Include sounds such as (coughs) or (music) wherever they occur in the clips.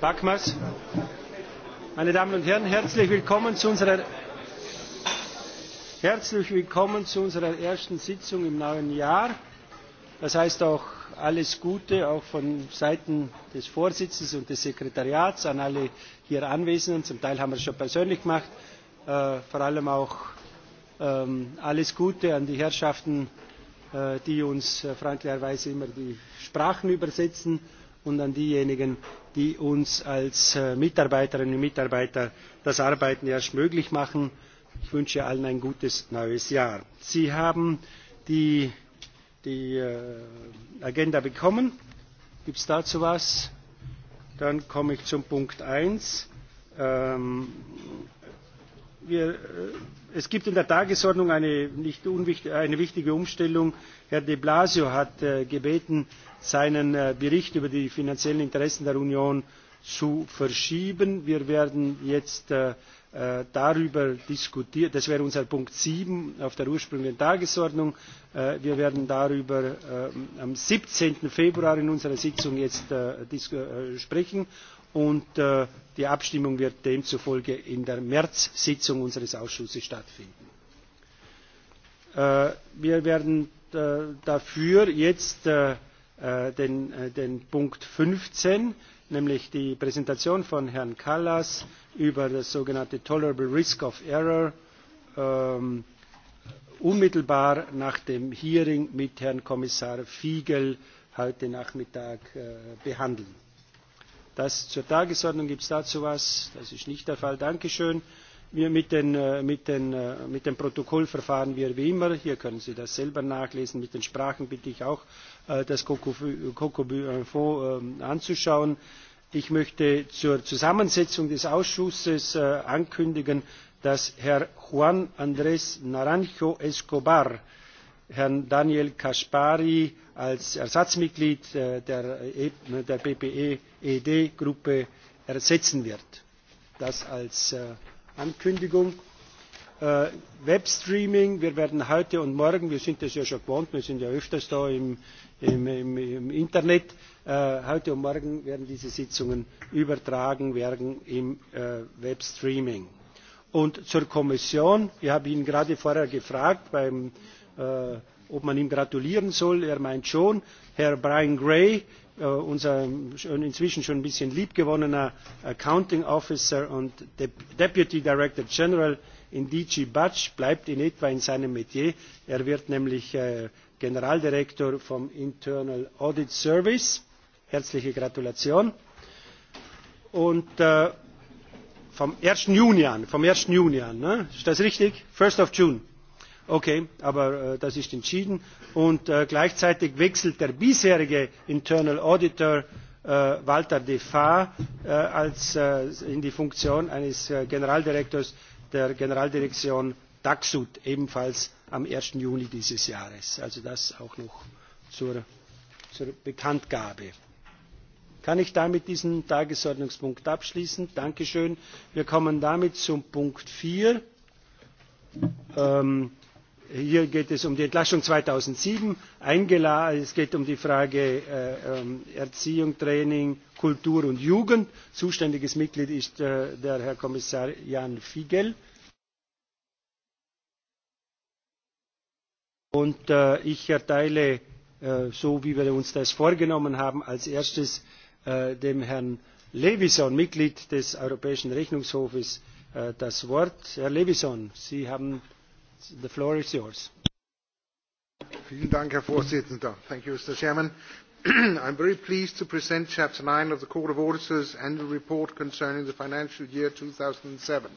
packen Meine Damen und Herren, herzlich willkommen zu unserer Herzlich willkommen zu unserer ersten Sitzung im neuen Jahr. Das heißt auch alles Gute auch von Seiten des Vorsitzes und des Sekretariats an alle hier Anwesenden. Zum Teil haben wir es schon persönlich gemacht. Äh, vor allem auch ähm, alles Gute an die Herrschaften, äh, die uns äh, freundlicherweise immer die Sprachen übersetzen und an diejenigen, die uns als äh, Mitarbeiterinnen und Mitarbeiter das Arbeiten erst möglich machen. Ich wünsche allen ein gutes neues Jahr. Sie haben die, äh, Agenda bekommen. Gibt es dazu etwas? Dann komme ich zum Punkt eins. Ähm, äh, es gibt in der Tagesordnung eine, nicht eine wichtige Umstellung. Herr de Blasio hat gebeten, seinen äh, Bericht über die finanziellen Interessen der Union zu verschieben. Wir werden jetzt äh, äh, darüber diskutieren, das wäre unser Punkt sieben auf der ursprünglichen Tagesordnung. Wir werden darüber ähm, am 17. Februar in unserer Sitzung jetzt sprechen und die Abstimmung wird demzufolge in der März-Sitzung unseres Ausschusses stattfinden. Wir werden dafür jetzt Äh, den, äh, den Punkt 15, nämlich die Präsentation von Herrn Kallas über das sogenannte Tolerable Risk of Error ähm, unmittelbar nach dem Hearing mit Herrn Kommissar Fiegel heute Nachmittag äh, behandeln. Das zur Tagesordnung gibt es dazu was? Das ist nicht der Fall. Dankeschön. Wir mit, den, äh, mit, den, mit dem Protokoll verfahren wir er wie immer. Hier können Sie das selber nachlesen. Mit den Sprachen bitte ich auch Äh, das Kokobu äh, ähm, anzuschauen. Ich möchte zur Zusammensetzung des Ausschusses äh, ankündigen, dass Herr Juan Andrés Naranjo Escobar Herrn Daniel Kaspari als Ersatzmitglied der, e-, der PPE-ED-Gruppe ersetzen wird. Das als Ankündigung. Äh, Webstreaming. Wir werden heute und morgen, wir sind es ja schon gewohnt, wir sind ja öfters da im, im, im, im Internet, äh, heute und morgen werden diese Sitzungen übertragen werden im äh, Webstreaming. Und zur Kommission, ich habe ihn gerade vorher gefragt, beim, äh, ob man ihm gratulieren soll. Er meint schon, Herr Brian Gray, äh, unser inzwischen schon ein bisschen liebgewonnener Accounting Officer und Deputy Director General in DG Batsch bleibt in etwa in seinem Metier. Er wird nämlich äh, Generaldirektor vom Internal Audit Service. Herzliche Gratulation. Und äh, vom 1. Juni an, vom 1. Juni an, ne? ist das richtig? 1. of June. Okay, aber äh, das ist entschieden. Und äh, gleichzeitig wechselt der bisherige Internal Auditor äh, Walter Defa äh, als, äh, in die Funktion eines äh, Generaldirektors der Generaldirektion Taxud ebenfalls am 1. Juni dieses Jahres. Also das auch noch zur, zur Bekanntgabe. Kann ich damit diesen Tagesordnungspunkt abschließen? Dankeschön. Wir kommen damit zum Punkt 4. Ähm, hier geht es um die entlastung zweitausendsieben es geht um die frage äh, ähm, erziehung training kultur und jugend zuständiges mitglied ist äh, der herr kommissar jan figel' und äh, ich erteile so wie wir uns das vorgenommen haben als erstes dem herrn Levison, mitglied des europäischen rechnungshofes das wort. herr Levison, sie haben The floor is yours. Vielen Dank, Herr Vorsitzender. Thank you, Mr. Chairman. (clears throat) I am very pleased to present Chapter 9 of the Court of Auditors Annual Report concerning the financial year 2007.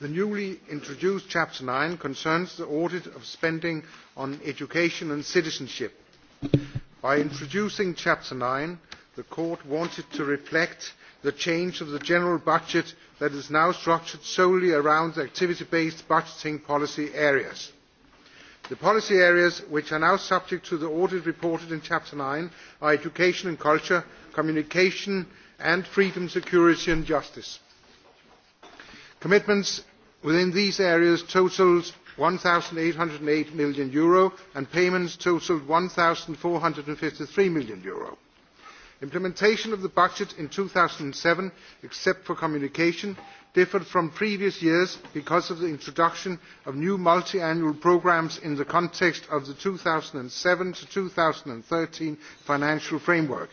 The newly introduced Chapter 9 concerns the audit of spending on education and citizenship. By introducing Chapter 9, the Court wanted to reflect the change of the general budget that is now structured solely around activity based budgeting policy areas. the policy areas which are now subject to the audit reported in chapter nine are education and culture communication and freedom security and justice. commitments within these areas totalled eur one eight hundred and eight million and payments totalled eur one four hundred and fifty three million implementation of the budget in two thousand and seven except for communication differed from previous years because of the introduction of new multiannual programmes in the context of the two thousand and seven to two thousand and thirteen financial framework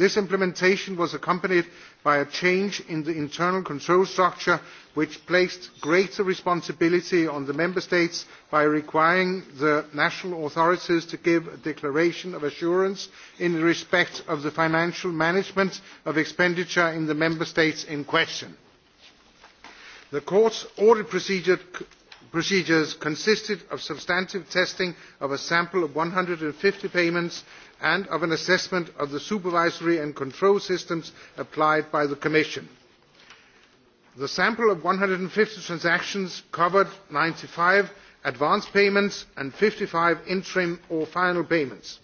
this implementation was accompanied by a change in the internal control structure which placed greater responsibility on the member states by requiring the national authorities to give a declaration of assurance in respect of the financial management of expenditure in the member states in question. the court's audit procedures consisted of substantive testing of a sample of one hundred and fifty payments and of an assessment of the supervisory and control systems applied by the commission. the sample of one hundred and fifty transactions covered ninety five advance payments and fifty five interim or final payments.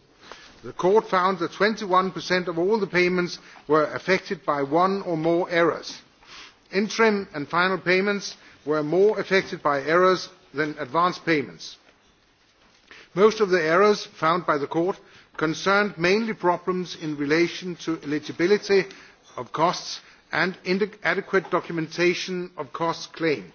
the court found that twenty one of all the payments were affected by one or more errors. interim and final payments were more affected by errors than advance payments. most of the errors found by the court concerned mainly problems in relation to eligibility of costs and inadequate documentation of costs claimed.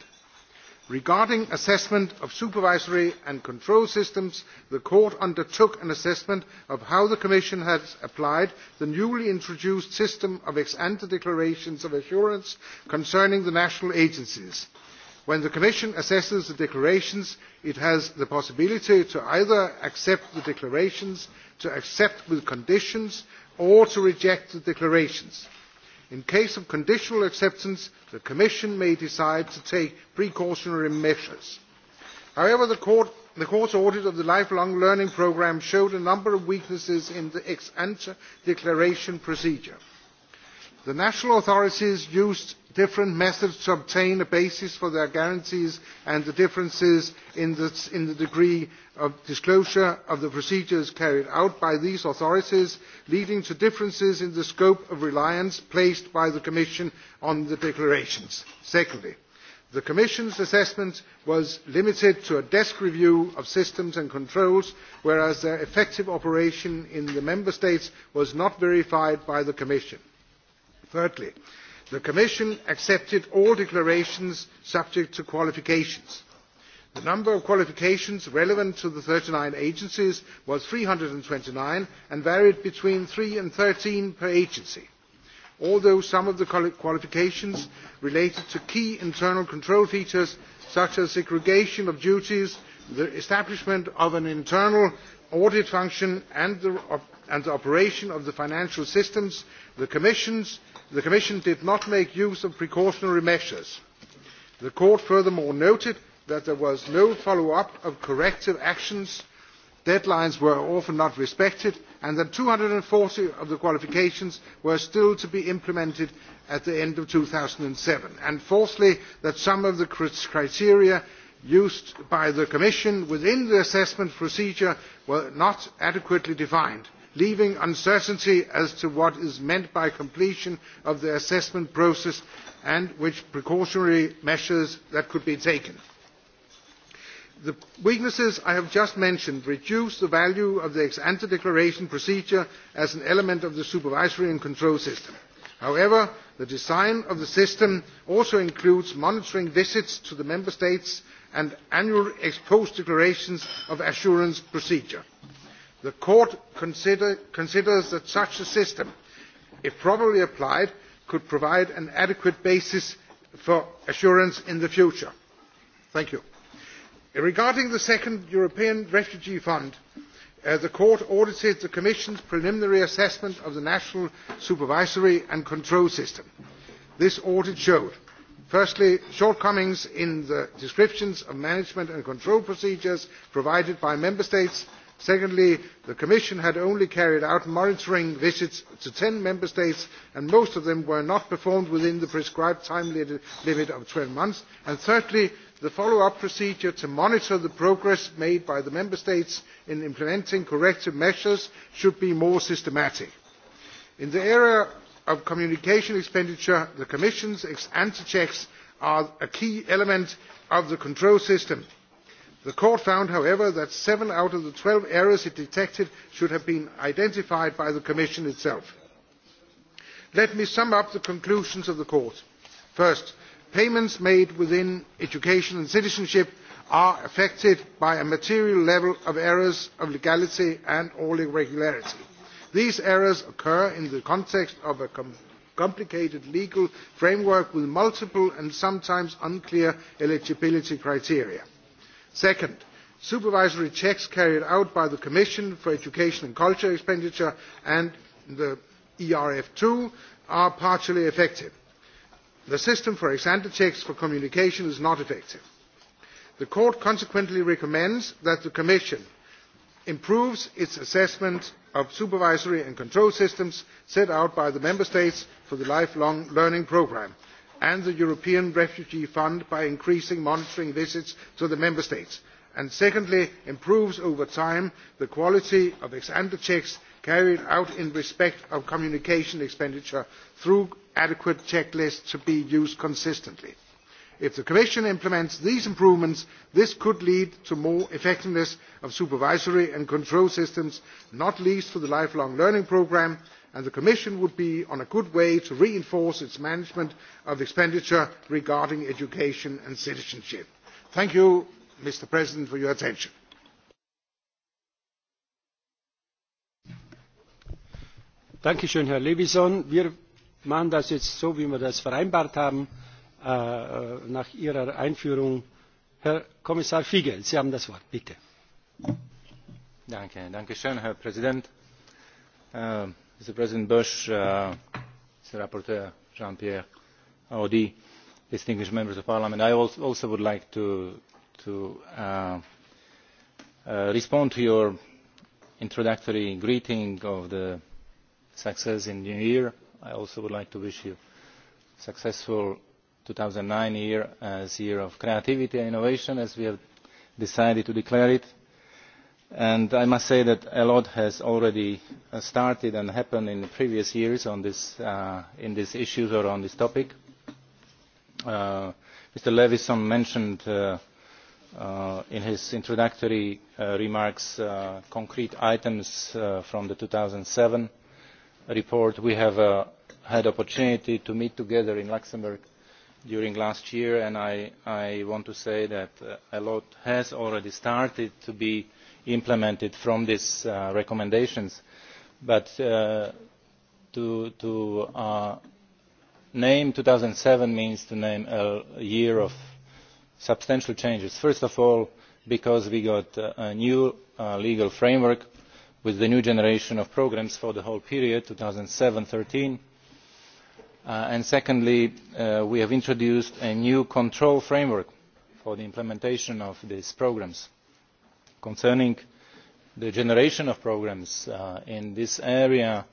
regarding assessment of supervisory and control systems the court undertook an assessment of how the commission has applied the newly introduced system of ex ante declarations of assurance concerning the national agencies when the commission assesses the declarations it has the possibility to either accept the declarations to accept with conditions or to reject the declarations. in case of conditional acceptance the commission may decide to take precautionary measures. however the, court's audit of the lifelong learning programme showed a number of weaknesses in the ex ante declaration procedure the national authorities used different methods to obtain a basis for their guarantees and the differences in the, degree of disclosure of the procedures carried out by these authorities, leading to differences in the scope of reliance placed by the Commission on the declarations. Secondly, the Commission's assessment was limited to a desk review of systems and controls, whereas their effective operation in the Member States was not verified by the Commission thirdly the commission accepted all declarations subject to qualifications. the number of qualifications relevant to the thirty nine agencies was three hundred and twenty nine and varied between three and thirteen per agency. although some of the qualifications related to key internal control features such as segregation of duties the establishment of an internal audit function and the, and the operation of the financial systems the commission's the commission did not make use of precautionary measures. the court furthermore noted that there was no follow up of corrective actions deadlines were often not respected and that two hundred and forty of the qualifications were still to be implemented at the end of two thousand and seven and fourthly that some of the criteria used by the commission within the assessment procedure were not adequately defined leaving uncertainty as to what is meant by completion of the assessment process and which precautionary measures that could be taken. The weaknesses I have just mentioned reduce the value of the ex ante declaration procedure as an element of the supervisory and control system. However, the design of the system also includes monitoring visits to the member states and annual ex post declarations of assurance procedure the court considers that such a system if properly applied could provide an adequate basis for assurance in the future. regarding the second european refugee fund uh, the court audited the commission's preliminary assessment of the national supervisory and control system. this audit showed firstly shortcomings in the descriptions of management and control procedures provided by member states secondly the commission had only carried out monitoring visits to ten member states and most of them were not performed within the prescribed time limit of twelve months and thirdly the follow up procedure to monitor the progress made by the member states in implementing corrective measures should be more systematic. in the area of communication expenditure the commission's ex ante checks are a key element of the control system the court found however that seven out of the twelve errors it detected should have been identified by the commission itself. let me sum up the conclusions of the court. first payments made within education and citizenship are affected by a material level of errors of legality and or irregularity. these errors occur in the context of a complicated legal framework with multiple and sometimes unclear eligibility criteria second supervisory checks carried out by the commission for education and culture expenditure and the erf ii are partially effective. the system for ex ante checks for communication is not effective. the court consequently recommends that the commission improves its assessment of supervisory and control systems set out by the member states for the lifelong learning programme and the european refugee fund by increasing monitoring visits to the member states and secondly improves over time the quality of ex ante checks carried out in respect of communication expenditure through adequate checklists to be used consistently if the commission implements these improvements this could lead to more effectiveness of supervisory and control systems not least for the lifelong learning programme and the commission would be on a good way to reinforce its management of expenditure regarding education and citizenship. thank you mr president for your attention. danke schön herr levinson. wir machen das jetzt so wie wir das vereinbart haben. Äh, nach ihrer einführung. herr kommissar figel' sie haben das wort bitte. Danke, danke schön, herr präsident! Uh, bush uh, rapporteur jean pierre audy distinguished members of parliament i also would like to, to uh, uh, respond to your introductory greeting of the success in the new year. i also would like to wish you a successful two thousand and nine year as the year of creativity and innovation as we have decided to declare it and i must say that a lot has already uh, started and happened in previous years on this, uh, in these issues or on this topic. Uh, mr levinson mentioned in his introductory remarks concrete items from the two thousand and seven report. we have had the opportunity to meet together in luxembourg during last year and i, I want to say that uh, a lot has already started to be implemented from these uh, recommendations but uh, to, name two thousand and seven means to name a year of substantial changes first of all because we got a new legal framework with the new generation of programmes for the whole period two thousand and seven two thousand and thirteen Uh, and secondly uh, we have introduced a new control framework for the implementation of these programmes. concerning the generation of programmes uh, in this area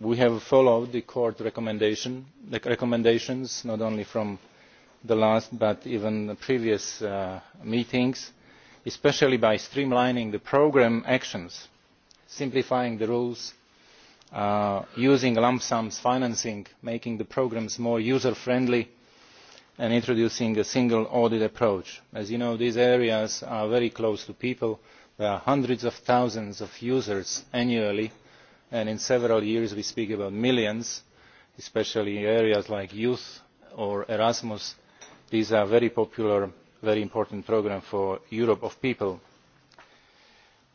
we have followed the court recommendations not only from the last but even the previous meetings especially by streamlining the programme actions simplifying the rules Uh, using lump sum financing making the programmes more user friendly and introducing a single audit approach. as you know these areas are very close to people there are hundreds of thousands of users annually and in several years we speak about millions especially in areas like youth or erasmus. these are very popular very important programmes for a europe of people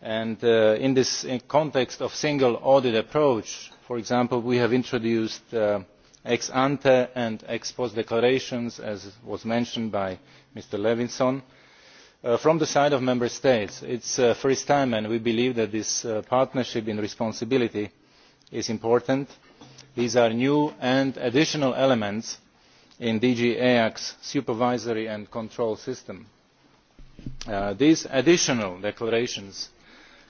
and uh, in this context of the single audit approach for example we have introduced uh, ex ante and ex post declarations as was mentioned by mr levinson uh, from the side of member states. it is the first time and we believe that this partnership in responsibility is important. these are new and additional elements in dg eeas's supervisory and control system. these additional declarations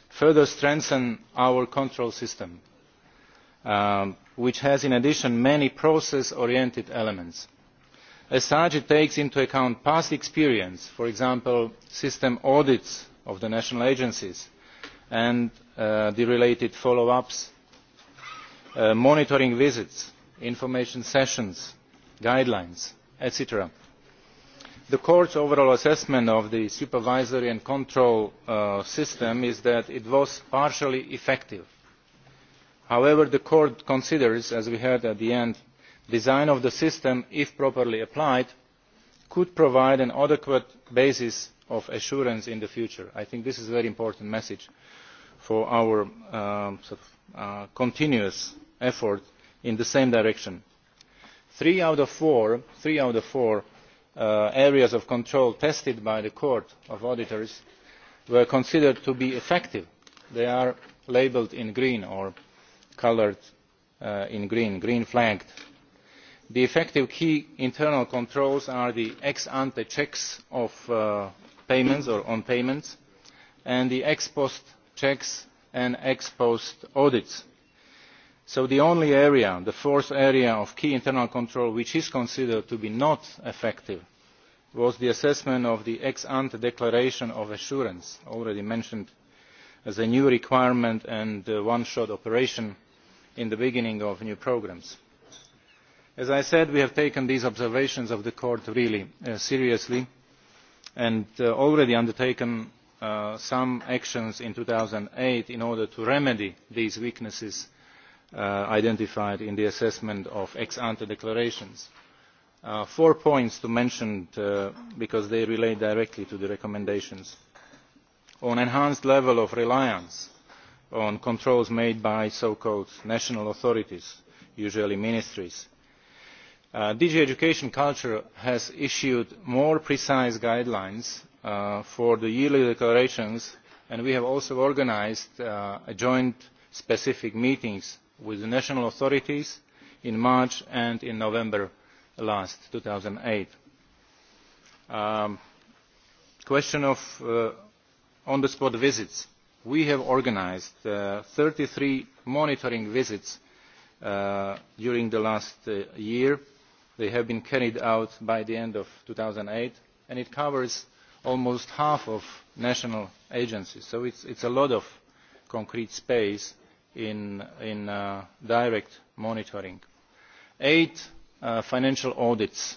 further strengthen our control system um, which has in addition many process oriented elements. as such it takes into account past experience for example system audits of the national agencies and uh, the related follow ups uh, monitoring visits information sessions guidelines etc the court's overall assessment of the supervisory and control uh, system is that it was partially effective. however the court considers as we heard at the end the design of the system if properly applied could provide an adequate basis of assurance in the future. i think this is a very important message for our um, uh, continuous effort in the same direction. three out of four, three out of four Uh, areas of control tested by the court of auditors were considered to be effective they are labelled in green or coloured uh, in green green flagged. the effective key internal controls are the ex ante checks of uh, payments or on payments and the ex post checks and ex post audits. so the only area the fourth area of key internal control which is considered to be not effective was the assessment of the ex ante declaration of assurance already mentioned as a new requirement and a uh, one shot operation in the beginning of new programmes. as i said we have taken these observations of the court really uh, seriously and uh, already undertaken some actions in two thousand and eight in order to remedy these weaknesses identified in the assessment of ex ante declarations Uh, four points to mention uh, because they relate directly to the recommendations on an enhanced level of reliance on controls made by so called national authorities usually ministries. Uh, dg education culture has issued more precise guidelines for the yearly declarations and we have also organised joint specific meetings with the national authorities in march and in november last two thousand and eight the um, question of uh, on the spot visits we have organised uh, thirty three monitoring visits uh, during the last year they have been carried out by the end of two thousand and eight and it covers almost half of national agencies so it is a lot of concrete space in direct monitoring. eight Uh, financial audits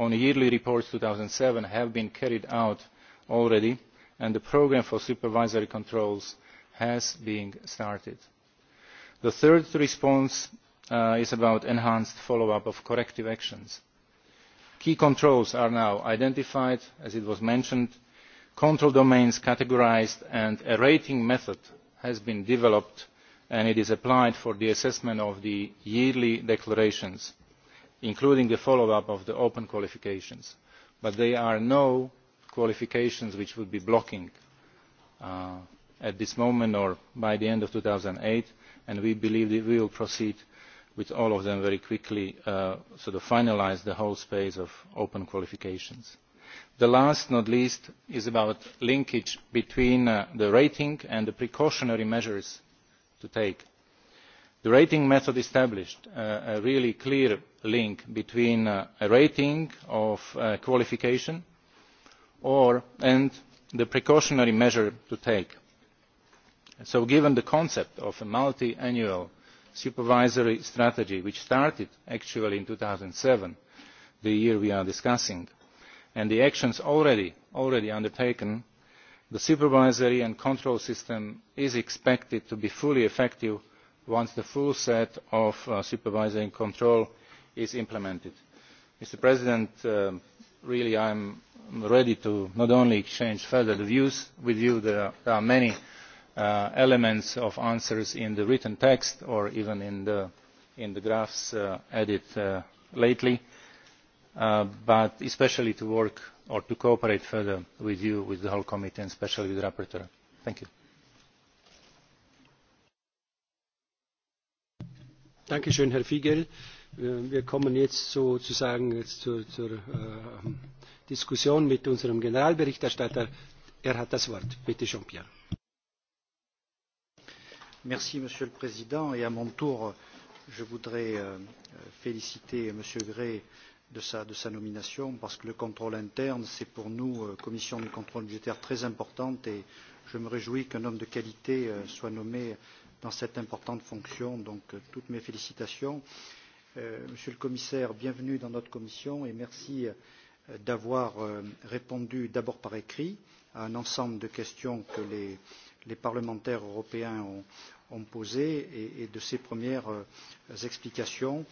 on yearly reports two thousand and seven have been carried out already and the programme for supervisory controls has been started. the third response uh, is about enhanced follow up of corrective actions. key controls are now identified as was mentioned control domains categorised and a rating method has been developed and it is applied for the assessment of the yearly declarations including the follow up of the open qualifications but there are no qualifications which would be blocking uh, at this moment or by the end of two thousand and eight and we believe that we will proceed with all of them very quickly so uh, sort finalise the whole space of open qualifications. the last but not least is about the linkage between uh, the rating and the precautionary measures to take the rating method established uh, a really clear link between uh, a rating of uh, qualification and the precautionary measure to take. so given the concept of a multiannual supervisory strategy which started actually in two thousand and seven the year we are discussing and the actions already undertaken the supervisory and control system is expected to be fully effective once the full set of uh, supervisory and control is implemented. mr president um, really i am ready to not only exchange further views with you there are many uh, elements of answers in the written text or even in the, in the drafts added uh, lately but especially to work or to cooperate further with you with the whole committee and especially with the rapporteur. thank you. Dankeschön, Herr Fiegel. Äh, wir kommen jetzt sozusagen jetzt zur, zur äh, Diskussion mit unserem Generalberichterstatter. Er hat das Wort. Bitte, Jean-Pierre. Merci, Monsieur le Président. Et à mon tour, je voudrais euh, féliciter Monsieur Gray de sa, de sa nomination parce que le contrôle interne, c'est pour nous, euh, Commission du contrôle budgétaire, très importante et je me réjouis qu'un homme de qualité euh, soit nommé dans cette importante fonction. Donc euh, toutes mes félicitations. Euh, Monsieur le Commissaire, bienvenue dans notre commission et merci euh, d'avoir répondu d'abord par écrit à un ensemble de questions que les, les parlementaires européens ont, ont posées et, et de ces premières explications.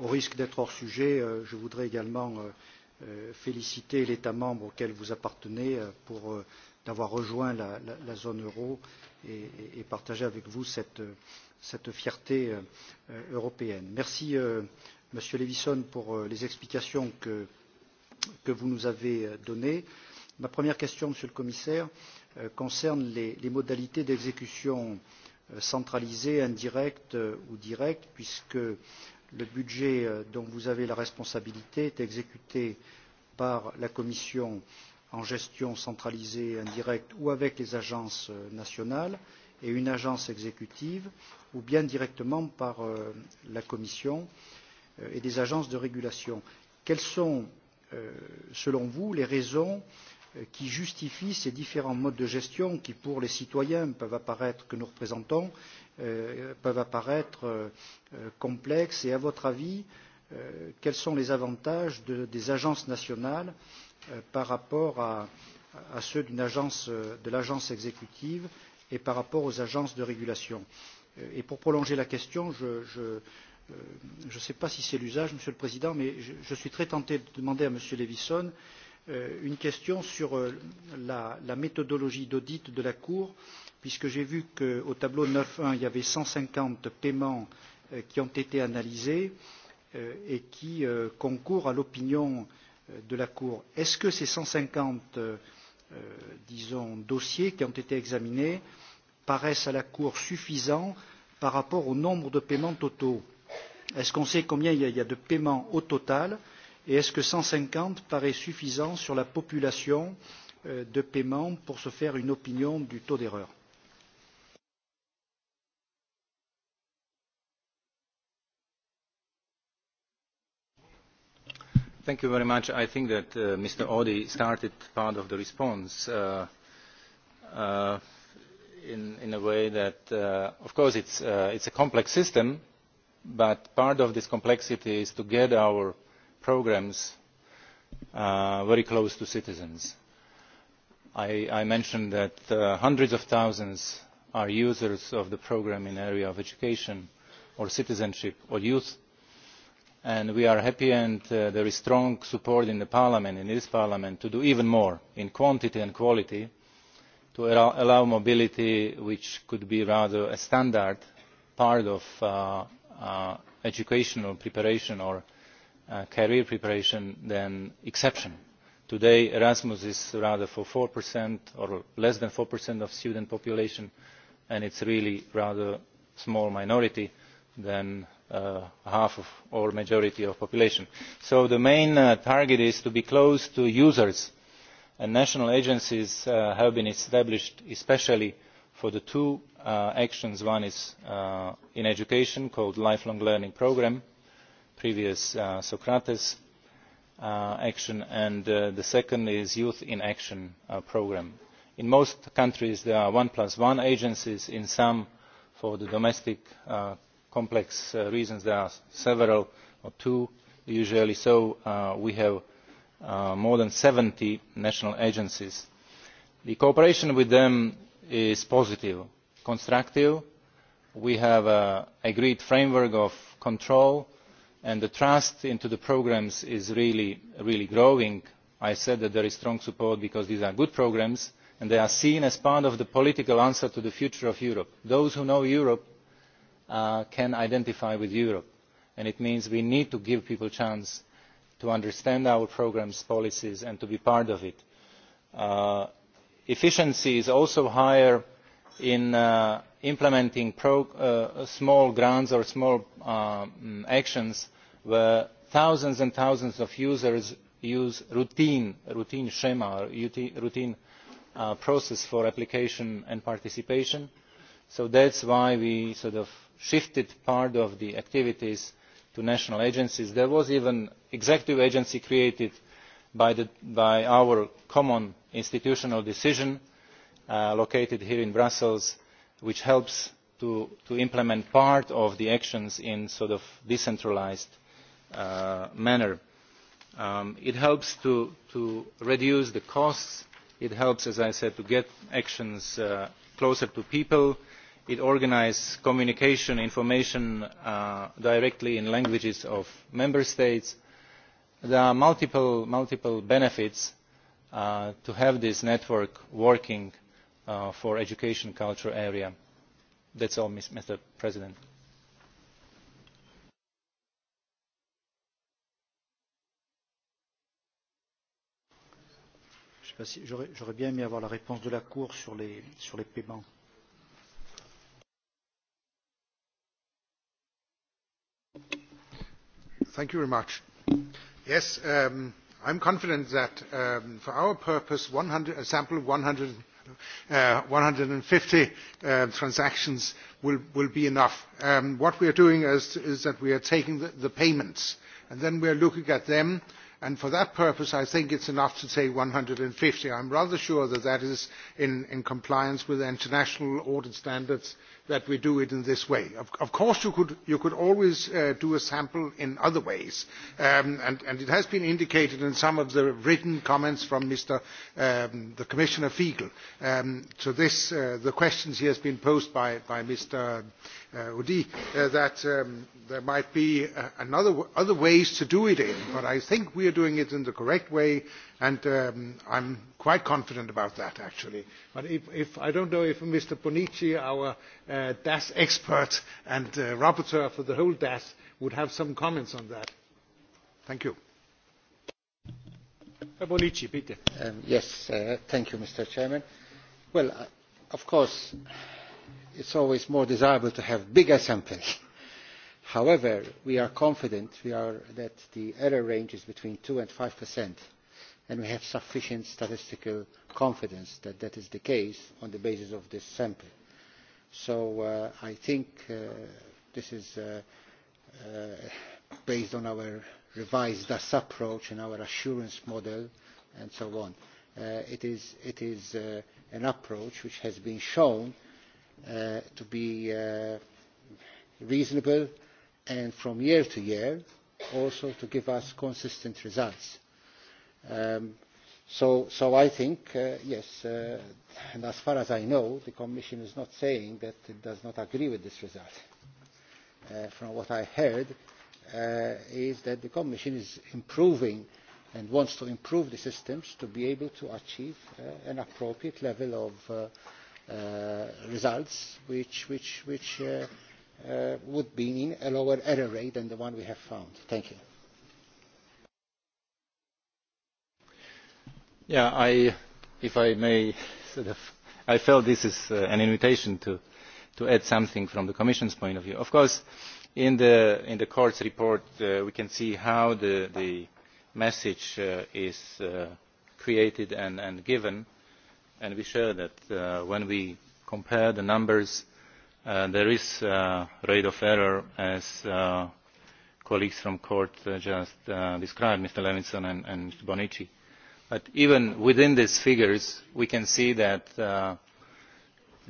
Au risque d'être hors sujet, je voudrais également féliciter l'État membre auquel vous appartenez pour d'avoir rejoint la, la, la zone euro et, et, et partager avec vous cette, cette fierté euh, européenne. Merci, euh, Monsieur Levison, pour euh, les explications que, que vous nous avez euh, données. Ma première question, Monsieur le Commissaire, euh, concerne les, les modalités d'exécution euh, centralisées, indirectes euh, ou directes, puisque le budget euh, dont vous avez la responsabilité est exécuté par la Commission euh, en gestion centralisée indirecte ou avec les agences euh, nationales et une agence exécutive ou bien directement par euh, la Commission euh, et des agences de régulation. Quelles sont, selon vous, les raisons qui justifient ces différents modes de gestion qui, pour les citoyens peuvent apparaître, que nous représentons, peuvent apparaître complexes et, à votre avis, quels sont les avantages de, des agences nationales Euh, par rapport à, à ceux agence, euh, de l'agence exécutive et par rapport aux agences de régulation. Euh, et pour prolonger la question, je, ne sais pas si c'est l'usage, Monsieur le Président, mais je, je, suis très tenté de demander à M. Levison une question sur la, la méthodologie d'audit de la Cour, puisque j'ai vu qu'au tableau 9.1, il y avait 150 paiements qui ont été analysés et qui concourent à l'opinion euh, de la Cour. Est-ce que ces cent cinquante, euh, euh, disons, dossiers qui ont été examinés paraissent à la Cour suffisants par rapport au nombre de paiements totaux Est-ce qu'on sait combien il y, a, de paiements au total Et est-ce que cent cinquante paraît suffisant sur la population euh, de paiements pour se faire une opinion du taux d'erreur Thank you very much. I think that uh, Mr. Audi started part of the response uh, uh, in, in a way that, of course, it's, uh, a complex system, but part of this complexity is to get our programmes very close to citizens. I, I mentioned that hundreds of thousands are users of the programme in the area of education or citizenship or youth and we are happy and uh, there is strong support in parliament in this parliament to do even more in quantity and quality to allow, mobility which could be rather a standard part of uh, uh, educational preparation or career preparation than an exception. today erasmus is rather for four or less than four of the student population and it is really rather a small minority than uh, half of, or majority of the population. so the main uh, target is to be close to users and national agencies uh, have been established especially for the two uh, actions one is uh, in education called the lifelong learning programme previous uh, socrates action and the second is the youth in action programme. in most countries there are one plus one agencies in some for the domestic complex uh, reasons. There are several or two usually. So uh, we have uh, more than seventy national agencies. The cooperation with them is positive, constructive. We have an uh, agreed framework of control and the trust in the programmes is really, really growing. i said that there is strong support because these are good programmes and they are seen as part of the political answer to the future of europe. those who know europe uh, can identify with europe and it means we need to give people a chance to understand our programmes and policies and to be part of it. Uh, efficiency is also higher in uh, implementing pro, uh, small grants or small um, actions where thousands and thousands of users use routine routine schema routine uh, process for application and participation so that is why we sort of shifted part of the activities to national agencies. there was even an executive agency created by, our common institutional decision uh, located here in brussels which helps to, implement part of the actions in a sort of decentralised uh, manner. Um, it helps to, reduce the costs it helps as i said to get actions uh, closer to people it organises communication and information uh, directly in the languages of member states. there are multiple, benefits uh, to having this network working uh, for the education and culture area. that is all mr president. Thank you very much. Yes, i am um, confident that um, for our purpose, a sample of one hundred uh, and fifty uh, transactions will, be enough. Um, what we are doing is, that we are taking the, the payments, and then we are looking at them, and for that purpose, I think it is enough to say one hundred and fifty. I am rather sure that that is in, in compliance with international audit standards that we do it in this way. Of, course, you could, you could always uh, do a sample in other ways, um, and, and it has been indicated in some of the written comments from Mr. Um, the Commissioner Fiegel. Um, to this, uh, the questions he has been posed by, by Mr. Uh, Udi, uh, that um, there might be uh, another, other ways to do it in, but I think we are doing it in the correct way, and um, I'm quite confident about that actually. But if, if I don't know if Mr. Bonici, our uh, DAS expert and uh, rapporteur for the whole DAS, would have some comments on that. Thank you. Bonici, uh, bitte. Um, yes, uh, thank you, Mr. Chairman. Well, uh, of course, it's always more desirable to have bigger samples. However, we are confident we are, that the error range is between 2 and 5 percent and we have sufficient statistical confidence that that is the case on the basis of this sample. So uh, I think uh, this is uh, based on our revised DAS approach and our assurance model and so on. it is, an approach which has been shown to be reasonable and from year to year also to give us consistent results Um, so, so I think, uh, yes, uh, and as far as I know, the Commission is not saying that it does not agree with this result. Uh, from what I heard, uh, is that the Commission is improving and wants to improve the systems to be able to achieve uh, an appropriate level of uh, Uh, results which, which, which uh, uh, would mean a lower error rate than the one we have found. Thank you. Yeah, I, if I may, sort of, I felt this is uh, an invitation to, to add something from the Commission's point of view. Of course, in the, in the Court's report, uh, we can see how the, the message uh, is uh, created and, and given, and we share that uh, when we compare the numbers, uh, there is a uh, rate of error as uh, colleagues from court uh, just uh, described, Mr. Levinson and, and Mr. Bonici but even within these figures we can see that uh,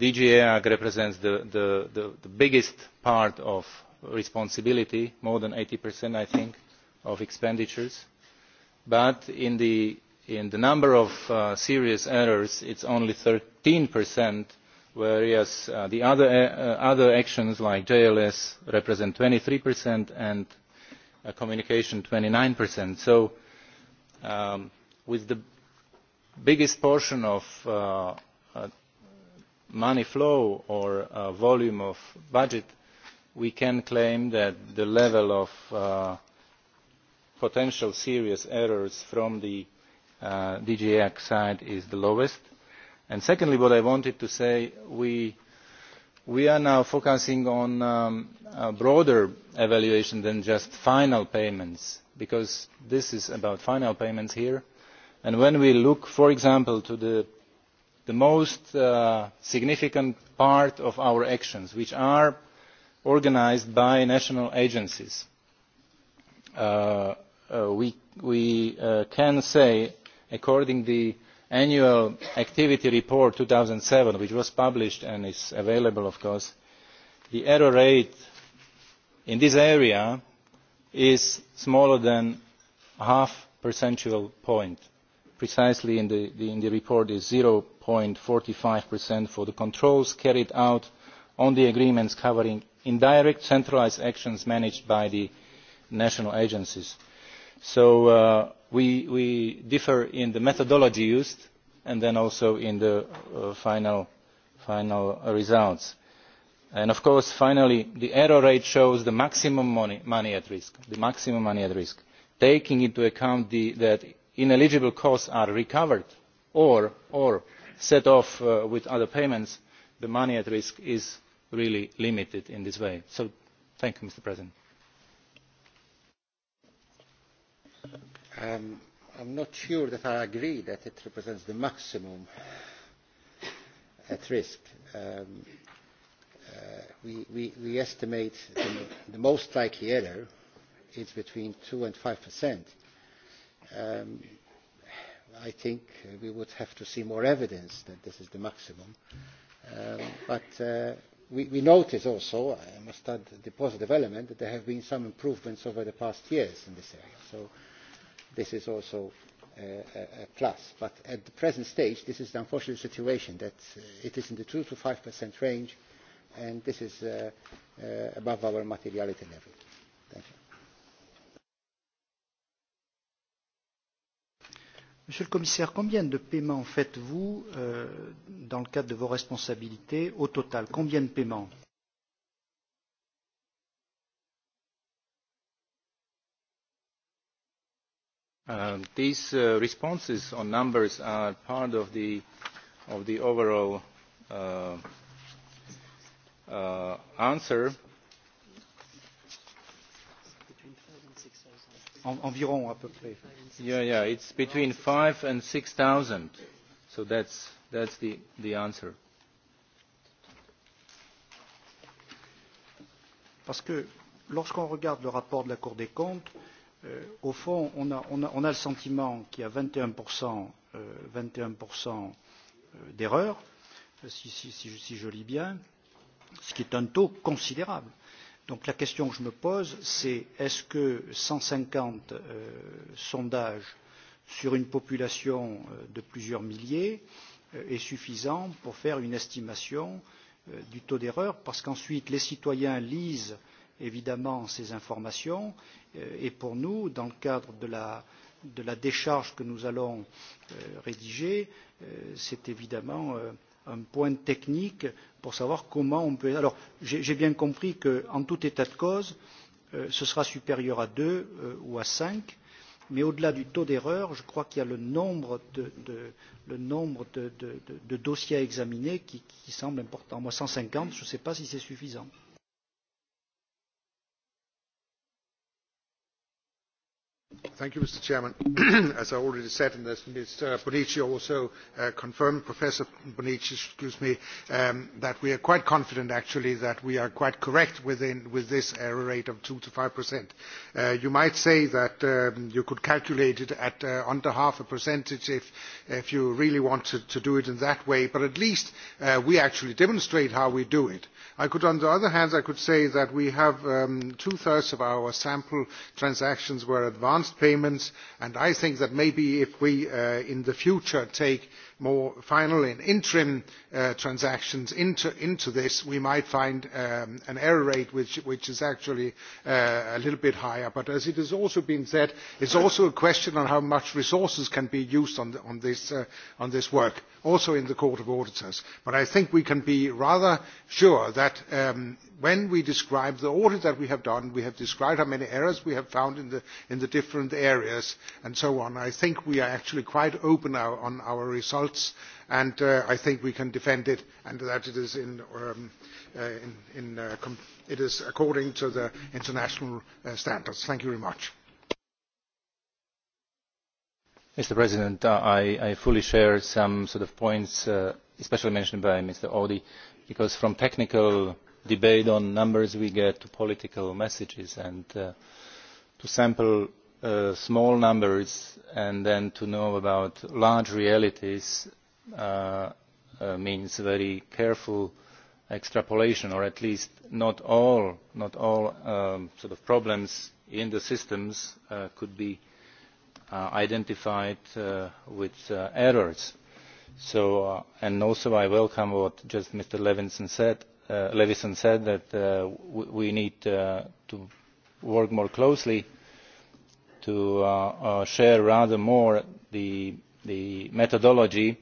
dg eeag represents the, the, the, the biggest part of responsibility more than eighty i think of expenditures but in the in the number of uh, serious errors it is only thirteen whereas uh, the other, uh, other actions like jls represent twenty three and uh, communication twenty nine so um, with the biggest portion of uh, uh, money flow or uh, volume of budget, we can claim that the level of potential serious errors from the DG Act side is the lowest. secondly, what I wanted to say, we, we are now focusing on um, a broader evaluation than just final payments, because this is about final payments here and when we look for example to the, most uh, significant part of our actions which are organised by national agencies uh, uh, we, we can say according to the annual activity report two thousand and seven which was published and is available of course the error rate in this area is smaller than half a percentage point precisely in the, the, in the report is. zero forty five for the controls carried out on the agreements covering indirect centralised actions managed by the national agencies. so uh, we, we differ in the methodology used and then also in the uh, final, final results. and of course finally the error rate shows the maximum money, money at risk the maximum money at risk taking into account the, that ineligible costs are recovered or, set off uh, with other payments the money at risk is really limited in this way. so thank you mr president. i am um, not sure that i agree that it represents the maximum at risk. Um, uh, we, estimate the most likely error is between two and five percent Um, I think we would have to see more evidence that this is the maximum. Um, but uh, we, we notice also, I must add the positive element, that there have been some improvements over the past years in this area. So this is also uh, a plus. But at the present stage, this is the unfortunate situation that uh, it is in the 2 to 5% range, and this is uh, uh, above our materiality level Monsieur le Commissaire, combien de paiements faites-vous euh, dans le cadre de vos responsabilités au total Combien de paiements uh, these uh, responses on numbers are part of the, of the overall uh, uh answer en, environ à peu près. Yeah, yeah, it's between five and six thousand. So that's that's the the answer. Parce que lorsqu'on regarde le rapport de la Cour des comptes, euh, au fond, on a, on, a, on a le sentiment qu'il y a 21%, euh, 21 euh, d'erreurs, si, si, si, si, si je lis bien, ce qui est un taux considérable Donc la question que je me pose, c'est est-ce que 150 euh, sondages sur une population euh, de plusieurs milliers euh, est suffisant pour faire une estimation euh, du taux d'erreur Parce qu'ensuite, les citoyens lisent évidemment ces informations euh, et pour nous, dans le cadre de la, de la décharge que nous allons euh, rédiger, euh, c'est évidemment. Euh, un point technique pour savoir comment on peut. Alors, j'ai bien compris qu'en tout état de cause, euh, ce sera supérieur à deux euh, ou à cinq, mais au-delà du taux d'erreur, je crois qu'il y a le nombre de, de, le nombre de, de, de, de dossiers à examiner qui, qui semble important. Moi, 150, je ne sais pas si c'est suffisant. mr president (clears throat) as i already said and as mr bonnici also uh, confirmed professor bonnici um, that we are quite confident actually that we are quite correct within, with this error rate of two to five percent. Uh, you might say that um, you could calculate it at uh, under half a percentage if, you really wanted to do it in that way but at least we actually demonstrate how we do it. I could, on the other hand i could say that we have um, two thirds of our sample transactions were advanced advance payments and i think that maybe if we uh, in the future take more final and interim uh, transactions into, into this, we might find um, an error rate which, which is actually uh, a little bit higher. But as it has also been said, it is also a question on how much resources can be used on, the, on, this, uh, on this work, also in the Court of Auditors. But I think we can be rather sure that um, when we describe the audit that we have done, we have described how many errors we have found in the, in the different areas and so on. I think we are actually quite open on our results votes and uh, I think we can defend it and that it is, in, um, uh, in, in, uh, com it is according to the international uh, standards. Thank you very much. Mr. President, uh, I, I fully share some sort of points, uh, especially mentioned by Mr. Audi, because from technical debate on numbers we get to political messages and uh, to sample uh, small numbers and then to know about large realities uh, uh, means very careful extrapolation or at least not all, not all um, sort of problems in the systems uh, could be uh, identified uh, with uh, errors. So, uh, and also I welcome what just Mr. Levinson said, uh, Levison said that uh, w we need uh, to work more closely to uh, uh, share rather more the, the methodology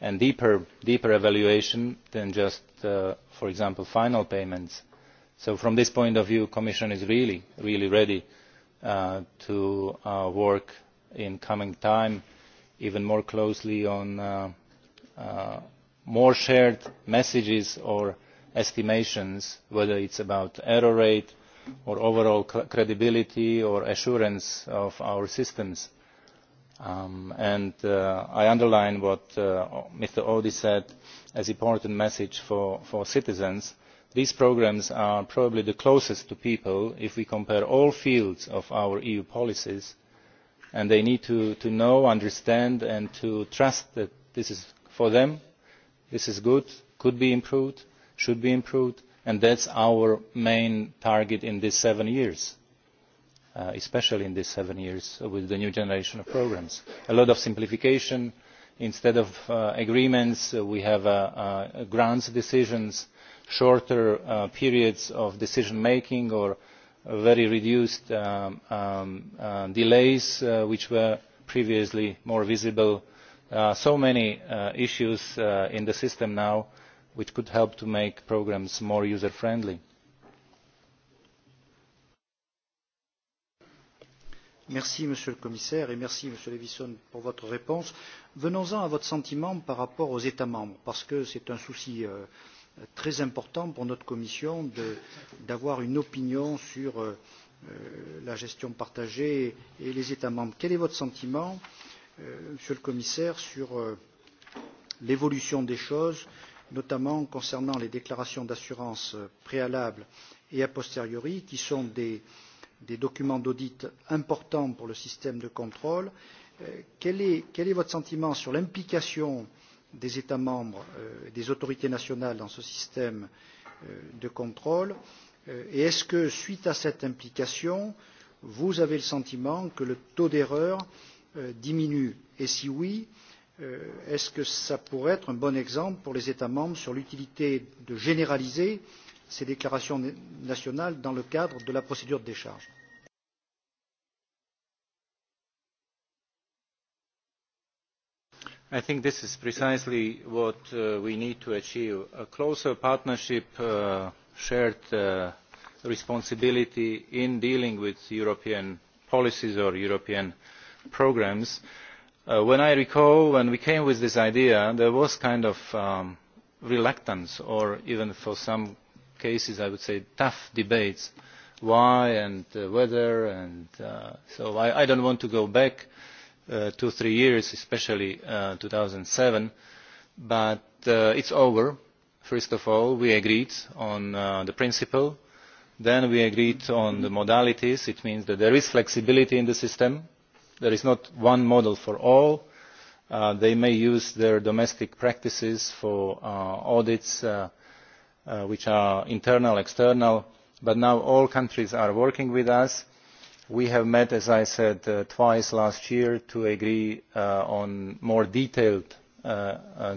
and deeper, deeper evaluation than just uh, for example final payments. so from this point of view the commission is really really ready uh, to uh, work in coming time even more closely on uh, more shared messages or estimations whether it is about error rate or overall credibility or assurance of our systems. Um, and uh, I underline what uh, Mr. Audy said as an important message for, for citizens. These programmes are probably the closest to people if we compare all fields of our EU policies, and they need to, to know, understand, and to trust that this is for them, this is good, could be improved, should be improved, and that is our main target in these seven years uh, especially in these seven years with the new generation of programmes a lot of simplification instead of uh, agreements uh, we have grants decisions shorter periods of decision making or very reduced um, um, delays which were previously more visible. so many issues in the system now which could help to make programmes more user friendly. merci monsieur le commissaire et merci monsieur Levison, pour votre réponse. venons en à votre sentiment par rapport aux états membres parce que c'est un souci euh, très important pour notre commission d'avoir une opinion sur euh, euh, la gestion partagée et les états membres. quel est votre sentiment euh, monsieur le commissaire sur euh, l'évolution des choses et notamment concernant les déclarations d'assurance préalables et a posteriori, qui sont des, des documents d'audit importants pour le système de contrôle. Euh, quel est, quel est votre sentiment sur l'implication des États membres euh, et des autorités nationales dans ce système euh, de contrôle Et est-ce que, suite à cette implication, vous avez le sentiment que le taux d'erreur diminue Et si oui, euh, Euh, est ce que cela pourrait être un bon exemple pour les états membres sur l'utilité de généraliser ces déclarations nationales dans le cadre de la procédure de décharge? i think this is precisely what uh, we need to achieve a closer partnership uh, shared uh, responsibility in dealing with european policies or european programmes Uh, when i recall when we came with this idea there was kind of um, reluctance or even for some cases i would say tough debates why and uh, whether and uh, so i, I do not want to go back uh, two or three years especially uh, two thousand and seven but uh, it is over first of all we agreed on the principle then we agreed on the modalities it means that there is flexibility in the system there is not one model for all. Uh, they may use their domestic practices for uh, audits uh, which are internal and external but now all countries are working with us. we have met as i said twice last year to agree on more detailed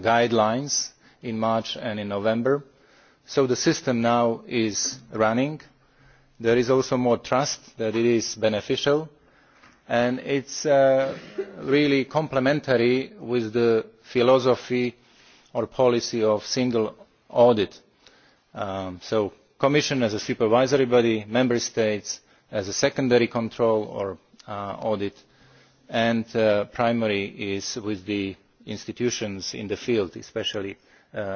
guidelines in march and in november so the system now is running. there is also more trust that it is beneficial and it is uh, really complementary with the philosophy or policy of single audit. Um, so the commission as a supervisory body member states as a secondary control or uh, audit and the uh, primary is with the institutions in the field especially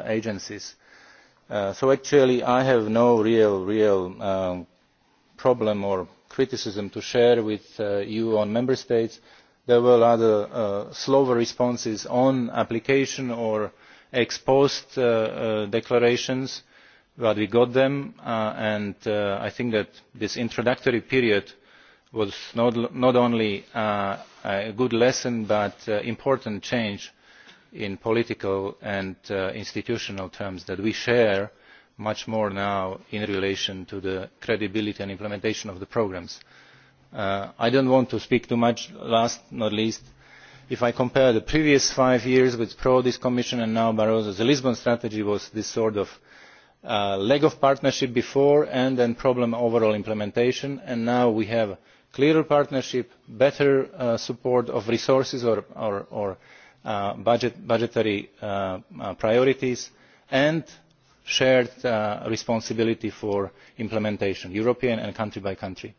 agencies. so actually i have no real, real um, problem or criticism to share with uh, you on member states. there were rather uh, slower responses on application or ex post uh, declarations but we got them and i think that this introductory period was not, not only a good lesson but an important change in political and institutional terms that we share much more now in relation to the credibility and implementation of the programmes. Uh, i do not want to speak too much. last but not least if i compare the previous five years with PRODIS commission and now barroso the lisbon strategy was this sort of lack uh, leg of partnership before and then problem overall implementation and now we have clearer partnership better uh, support of resources or, or, budgetary priorities and shared uh, responsibility for implementation european and country by country.